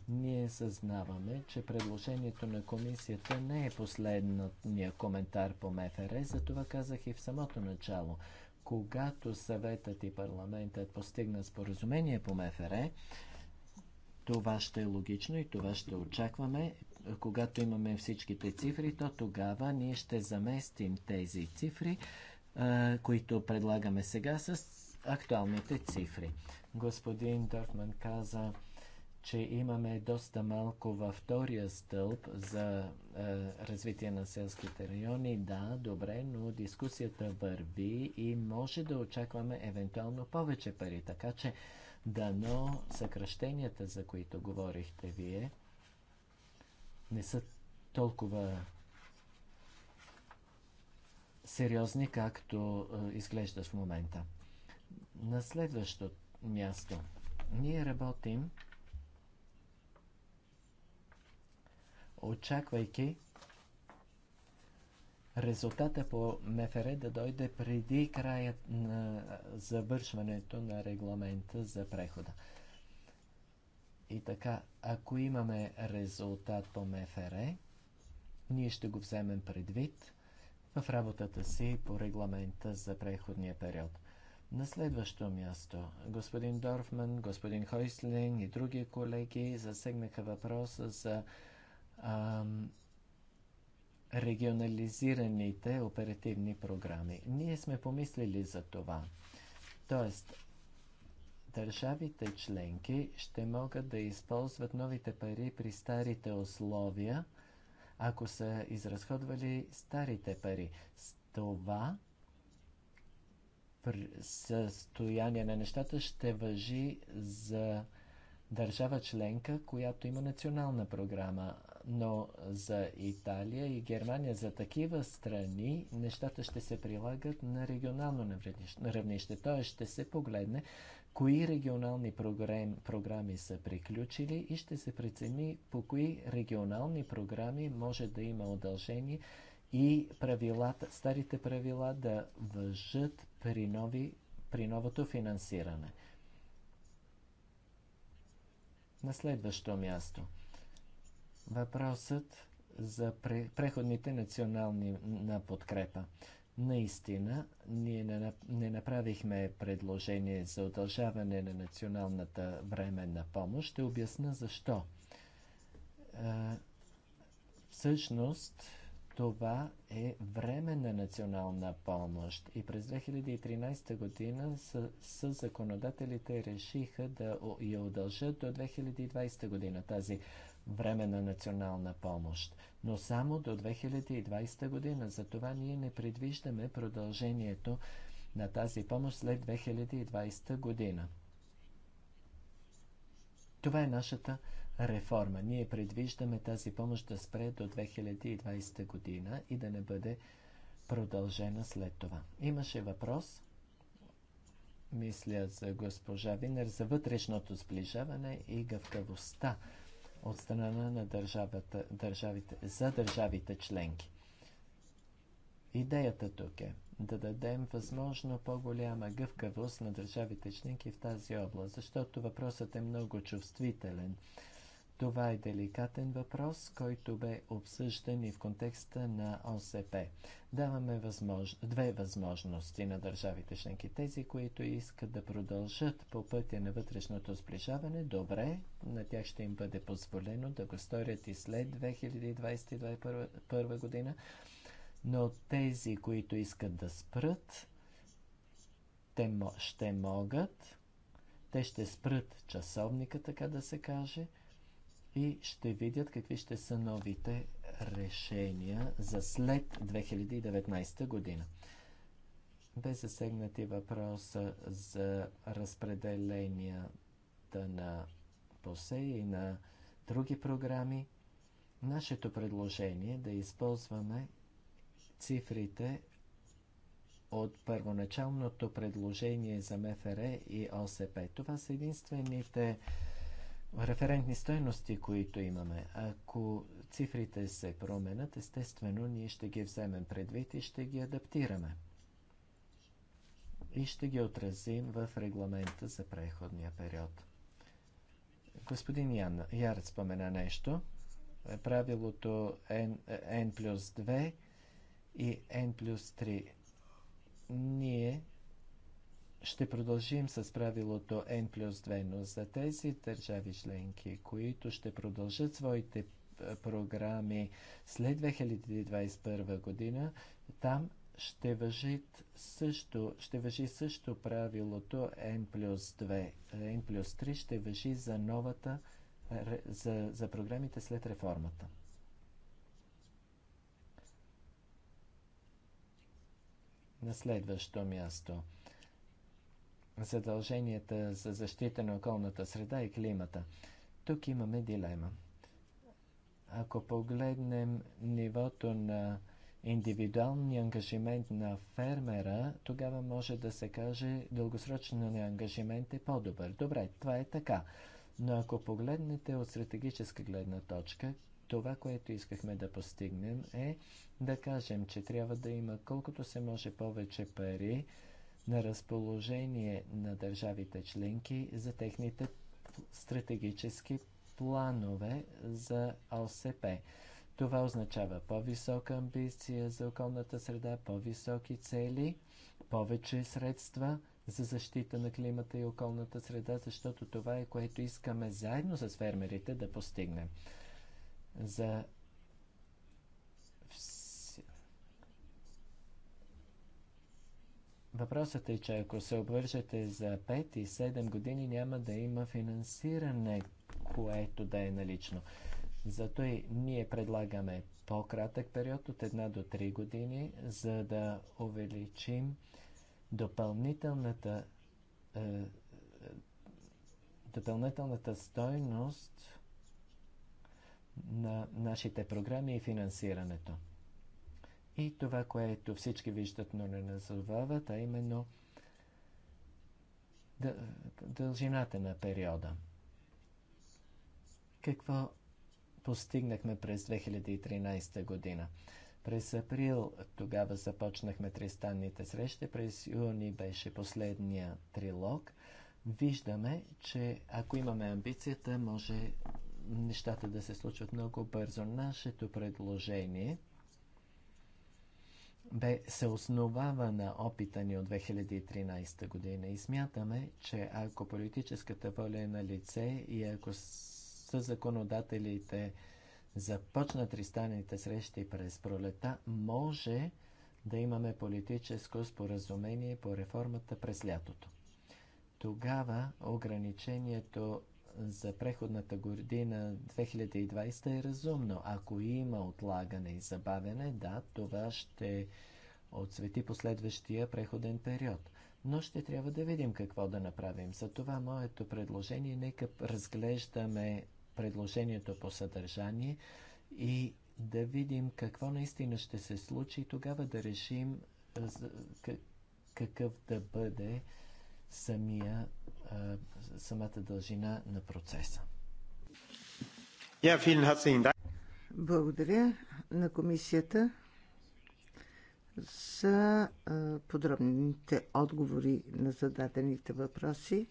Speaker 1: ние съзнаваме, че предложението на комисията не е последният коментар по МФР, затова казах и в самото начало. Когато съветът и парламентът постигнат споразумение по МФР, това ще е логично и това ще очакваме когато имаме всичките цифри, то тогава ние ще заместим тези цифри, които предлагаме сега с актуалните цифри. Господин Дорфман каза, че имаме доста малко във втория стълб за е, развитие на селските райони. Да, добре, но дискусията върви и може да очакваме евентуално повече пари. Така че дано съкръщенията, за които говорихте вие, не са толкова сериозни, както е, изглежда в момента. На следващото място. Ние работим очаквайки резултата по МФР да дойде преди края на завършването на регламента за прехода. И така, ако имаме резултат по МФР, ние ще го вземем предвид в работата си по регламента за преходния период. На следващо място, господин Дорфман, господин Хойслин и други колеги засегнаха въпроса за ам, регионализираните оперативни програми. Ние сме помислили за това. Тоест, държавите членки ще могат да използват новите пари при старите условия, ако са изразходвали старите пари. С това състояние на нещата ще въжи за държава членка, която има национална програма. Но за Италия и Германия, за такива страни, нещата ще се прилагат на регионално равнище. Тоест ще се погледне кои регионални програм, програми са приключили и ще се прецени по кои регионални програми може да има удължения и правилата, старите правила да въжат при, нови, при новото финансиране. На следващо място. Въпросът за преходните национални на подкрепа. Наистина, ние не, направихме предложение за удължаване на националната временна помощ. Ще обясна защо. всъщност, това е време на национална помощ. И през 2013 година с, с законодателите решиха да я удължат до 2020 година тази време на национална помощ, но само до 2020 година. Затова ние не предвиждаме продължението на тази помощ след 2020 година. Това е нашата реформа. Ние предвиждаме тази помощ да спре до 2020 година и да не бъде продължена след това. Имаше въпрос, мисля за госпожа Винер, за вътрешното сближаване и гъвкавостта от страна на държавата, държавите, за държавите членки. Идеята тук е да дадем възможно по-голяма гъвкавост на държавите членки в тази област, защото въпросът е много чувствителен. Това е деликатен въпрос, който бе обсъждан и в контекста на ОСП. Даваме възмож... две възможности на държавите членки. Тези, които искат да продължат по пътя на вътрешното сближаване, добре, на тях ще им бъде позволено да го сторят и след 2021 година. Но тези, които искат да спрат, те ще могат, те ще спрат часовника, така да се каже – и ще видят какви ще са новите решения за след 2019 година. Бе засегнати въпроса за разпределенията на ПОСЕ и на други програми. Нашето предложение е да използваме цифрите от първоначалното предложение за МФР и ОСП. Това са единствените референтни стойности, които имаме. Ако цифрите се променят, естествено, ние ще ги вземем предвид и ще ги адаптираме. И ще ги отразим в регламента за преходния период. Господин Ян, Ярд спомена нещо. Правилото N, N плюс 2 и N плюс 3. Ние ще продължим с правилото N плюс 2, но за тези държави членки, които ще продължат своите програми след 2021 година, там ще въжи също, ще въжи също правилото N плюс 2. N плюс 3 ще въжи за новата, за, за програмите след реформата. На следващо място – задълженията за защита на околната среда и климата. Тук имаме дилема. Ако погледнем нивото на индивидуалния ангажимент на фермера, тогава може да се каже дългосрочен ангажимент е по-добър. Добре, това е така. Но ако погледнете от стратегическа гледна точка, това, което искахме да постигнем е да кажем, че трябва да има колкото се може повече пари на разположение на държавите членки за техните стратегически планове за ОСП. Това означава по-висока амбиция за околната среда, по-високи цели, повече средства за защита на климата и околната среда, защото това е което искаме заедно с фермерите да постигнем. За Въпросът е, че ако се обвържете за 5 и 7 години, няма да има финансиране, което да е налично. Зато и ние предлагаме по-кратък период от 1 до 3 години, за да увеличим допълнителната, е, допълнителната стойност на нашите програми и финансирането и това, което всички виждат, но не назовават, а именно дължината на периода. Какво постигнахме през 2013 година? През април тогава започнахме тристанните срещи, през юни беше последния трилог. Виждаме, че ако имаме амбицията, може нещата да се случват много бързо. Нашето предложение бе се основава на опита ни от 2013 година и смятаме, че ако политическата воля е на лице и ако съзаконодателите законодателите започнат тристанните срещи през пролета, може да имаме политическо споразумение по реформата през лятото. Тогава ограничението за преходната година 2020 е разумно. Ако има отлагане и забавяне, да, това ще отсвети последващия преходен период. Но ще трябва да видим какво да направим. За това моето предложение, е нека разглеждаме предложението по съдържание и да видим какво наистина ще се случи и тогава да решим какъв да бъде самия самата дължина на процеса. Благодаря на комисията
Speaker 2: за подробните отговори на зададените въпроси.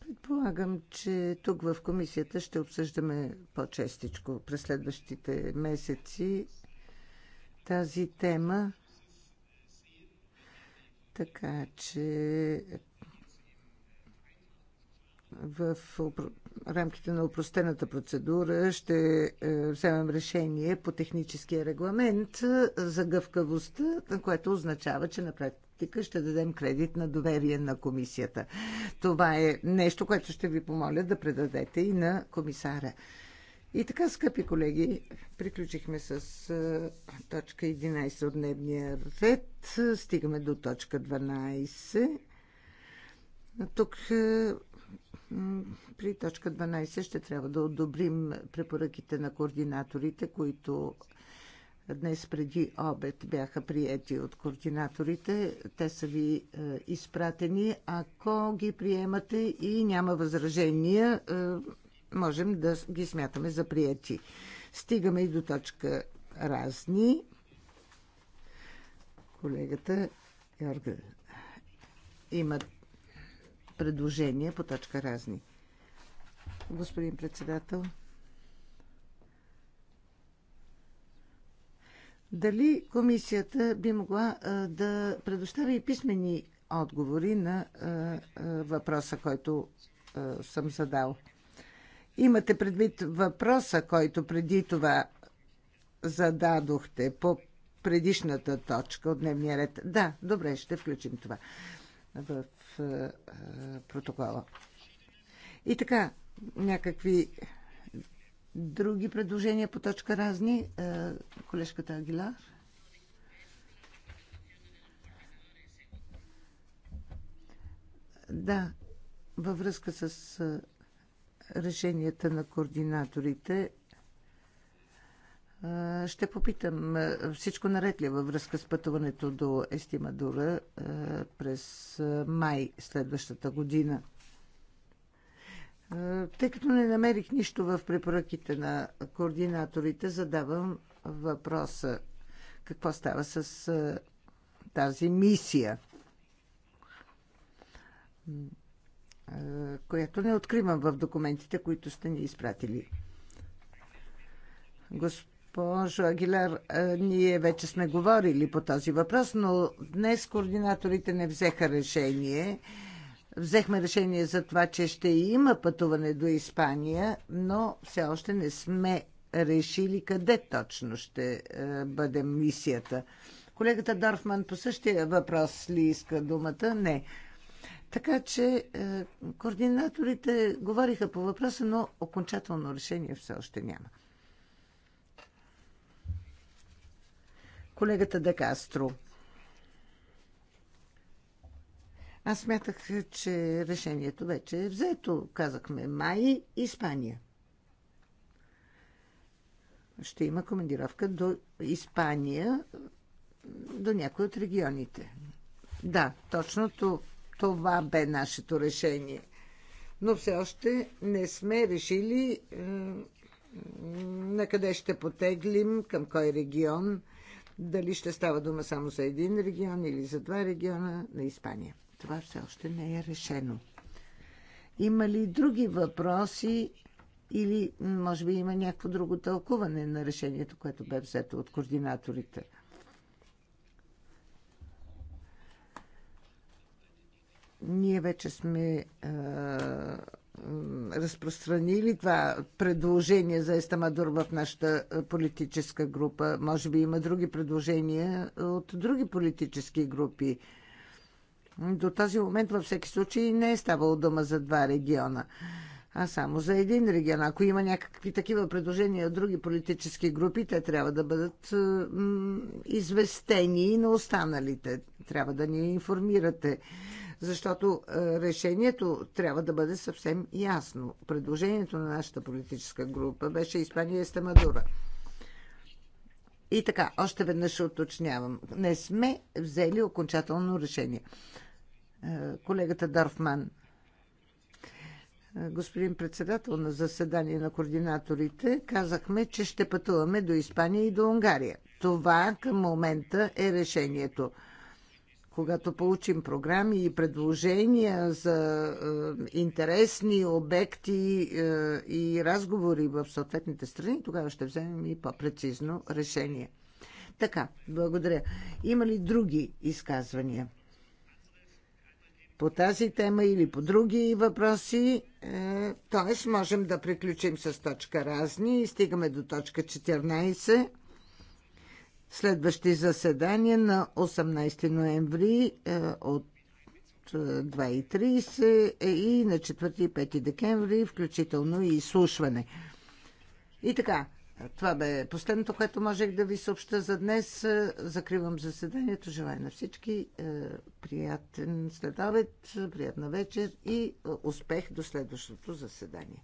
Speaker 2: Предполагам, че тук в комисията ще обсъждаме по-честичко през следващите месеци тази тема. Така че в рамките на упростената процедура ще е, вземем решение по техническия регламент за гъвкавостта, което означава, че на практика ще дадем кредит на доверие на комисията. Това е нещо, което ще ви помоля да предадете и на комисара. И така, скъпи колеги, приключихме с е, точка 11 от дневния ред. Стигаме до точка 12. Тук е, при точка 12 ще трябва да одобрим препоръките на координаторите, които днес преди обед бяха приети от координаторите. Те са ви е, изпратени. Ако ги приемате и няма възражения, е, можем да ги смятаме за приети. Стигаме и до точка разни. Колегата Йорга имат предложения по точка разни. Господин председател, дали комисията би могла да предостави и писмени отговори на въпроса, който съм задал? Имате предвид въпроса, който преди това зададохте по предишната точка от дневния ред. Да, добре, ще включим това в е, е, протокола. И така, някакви други предложения по точка разни. Е, колежката Агилар. Да, във връзка с решенията на координаторите ще попитам всичко наред ли е във връзка с пътуването до Естимадура през май следващата година. Тъй като не намерих нищо в препоръките на координаторите, задавам въпроса какво става с тази мисия, която не откривам в документите, които сте ни изпратили. Господин госпожо Агилер, ние вече сме говорили по този въпрос, но днес координаторите не взеха решение. Взехме решение за това, че ще има пътуване до Испания, но все още не сме решили къде точно ще бъде мисията. Колегата Дорфман по същия въпрос ли иска думата? Не. Така че координаторите говориха по въпроса, но окончателно решение все още няма. колегата Кастро. Аз смятах, че решението вече е взето. Казахме май Испания. Ще има командировка до Испания, до някои от регионите. Да, точно това бе нашето решение. Но все още не сме решили на къде ще потеглим, към кой регион – дали ще става дума само за един регион или за два региона на Испания. Това все още не е решено. Има ли други въпроси или може би има някакво друго тълкуване на решението, което бе взето от координаторите? Ние вече сме а, разпространили това предложение за Естамадур в нашата политическа група. Може би има други предложения от други политически групи. До този момент във всеки случай не е ставало дума за два региона, а само за един регион. Ако има някакви такива предложения от други политически групи, те трябва да бъдат известени и на останалите. Трябва да ни информирате защото е, решението трябва да бъде съвсем ясно. Предложението на нашата политическа група беше Испания и Стамадура. И така, още веднъж уточнявам. Не сме взели окончателно решение. Е, колегата Дорфман. Е, господин председател на заседание на координаторите, казахме, че ще пътуваме до Испания и до Унгария. Това към момента е решението когато получим програми и предложения за е, интересни обекти е, и разговори в съответните страни, тогава ще вземем и по-прецизно решение. Така, благодаря. Има ли други изказвания? По тази тема или по други въпроси, е, т.е. можем да приключим с точка разни и стигаме до точка 14 следващи заседания на 18 ноември е, от 2.30 е, е и на 4 и 5 декември, включително и изслушване. И така, това бе последното, което можех да ви съобща за днес. Закривам заседанието. Желая на всички приятен следобед, приятна вечер и успех до следващото заседание.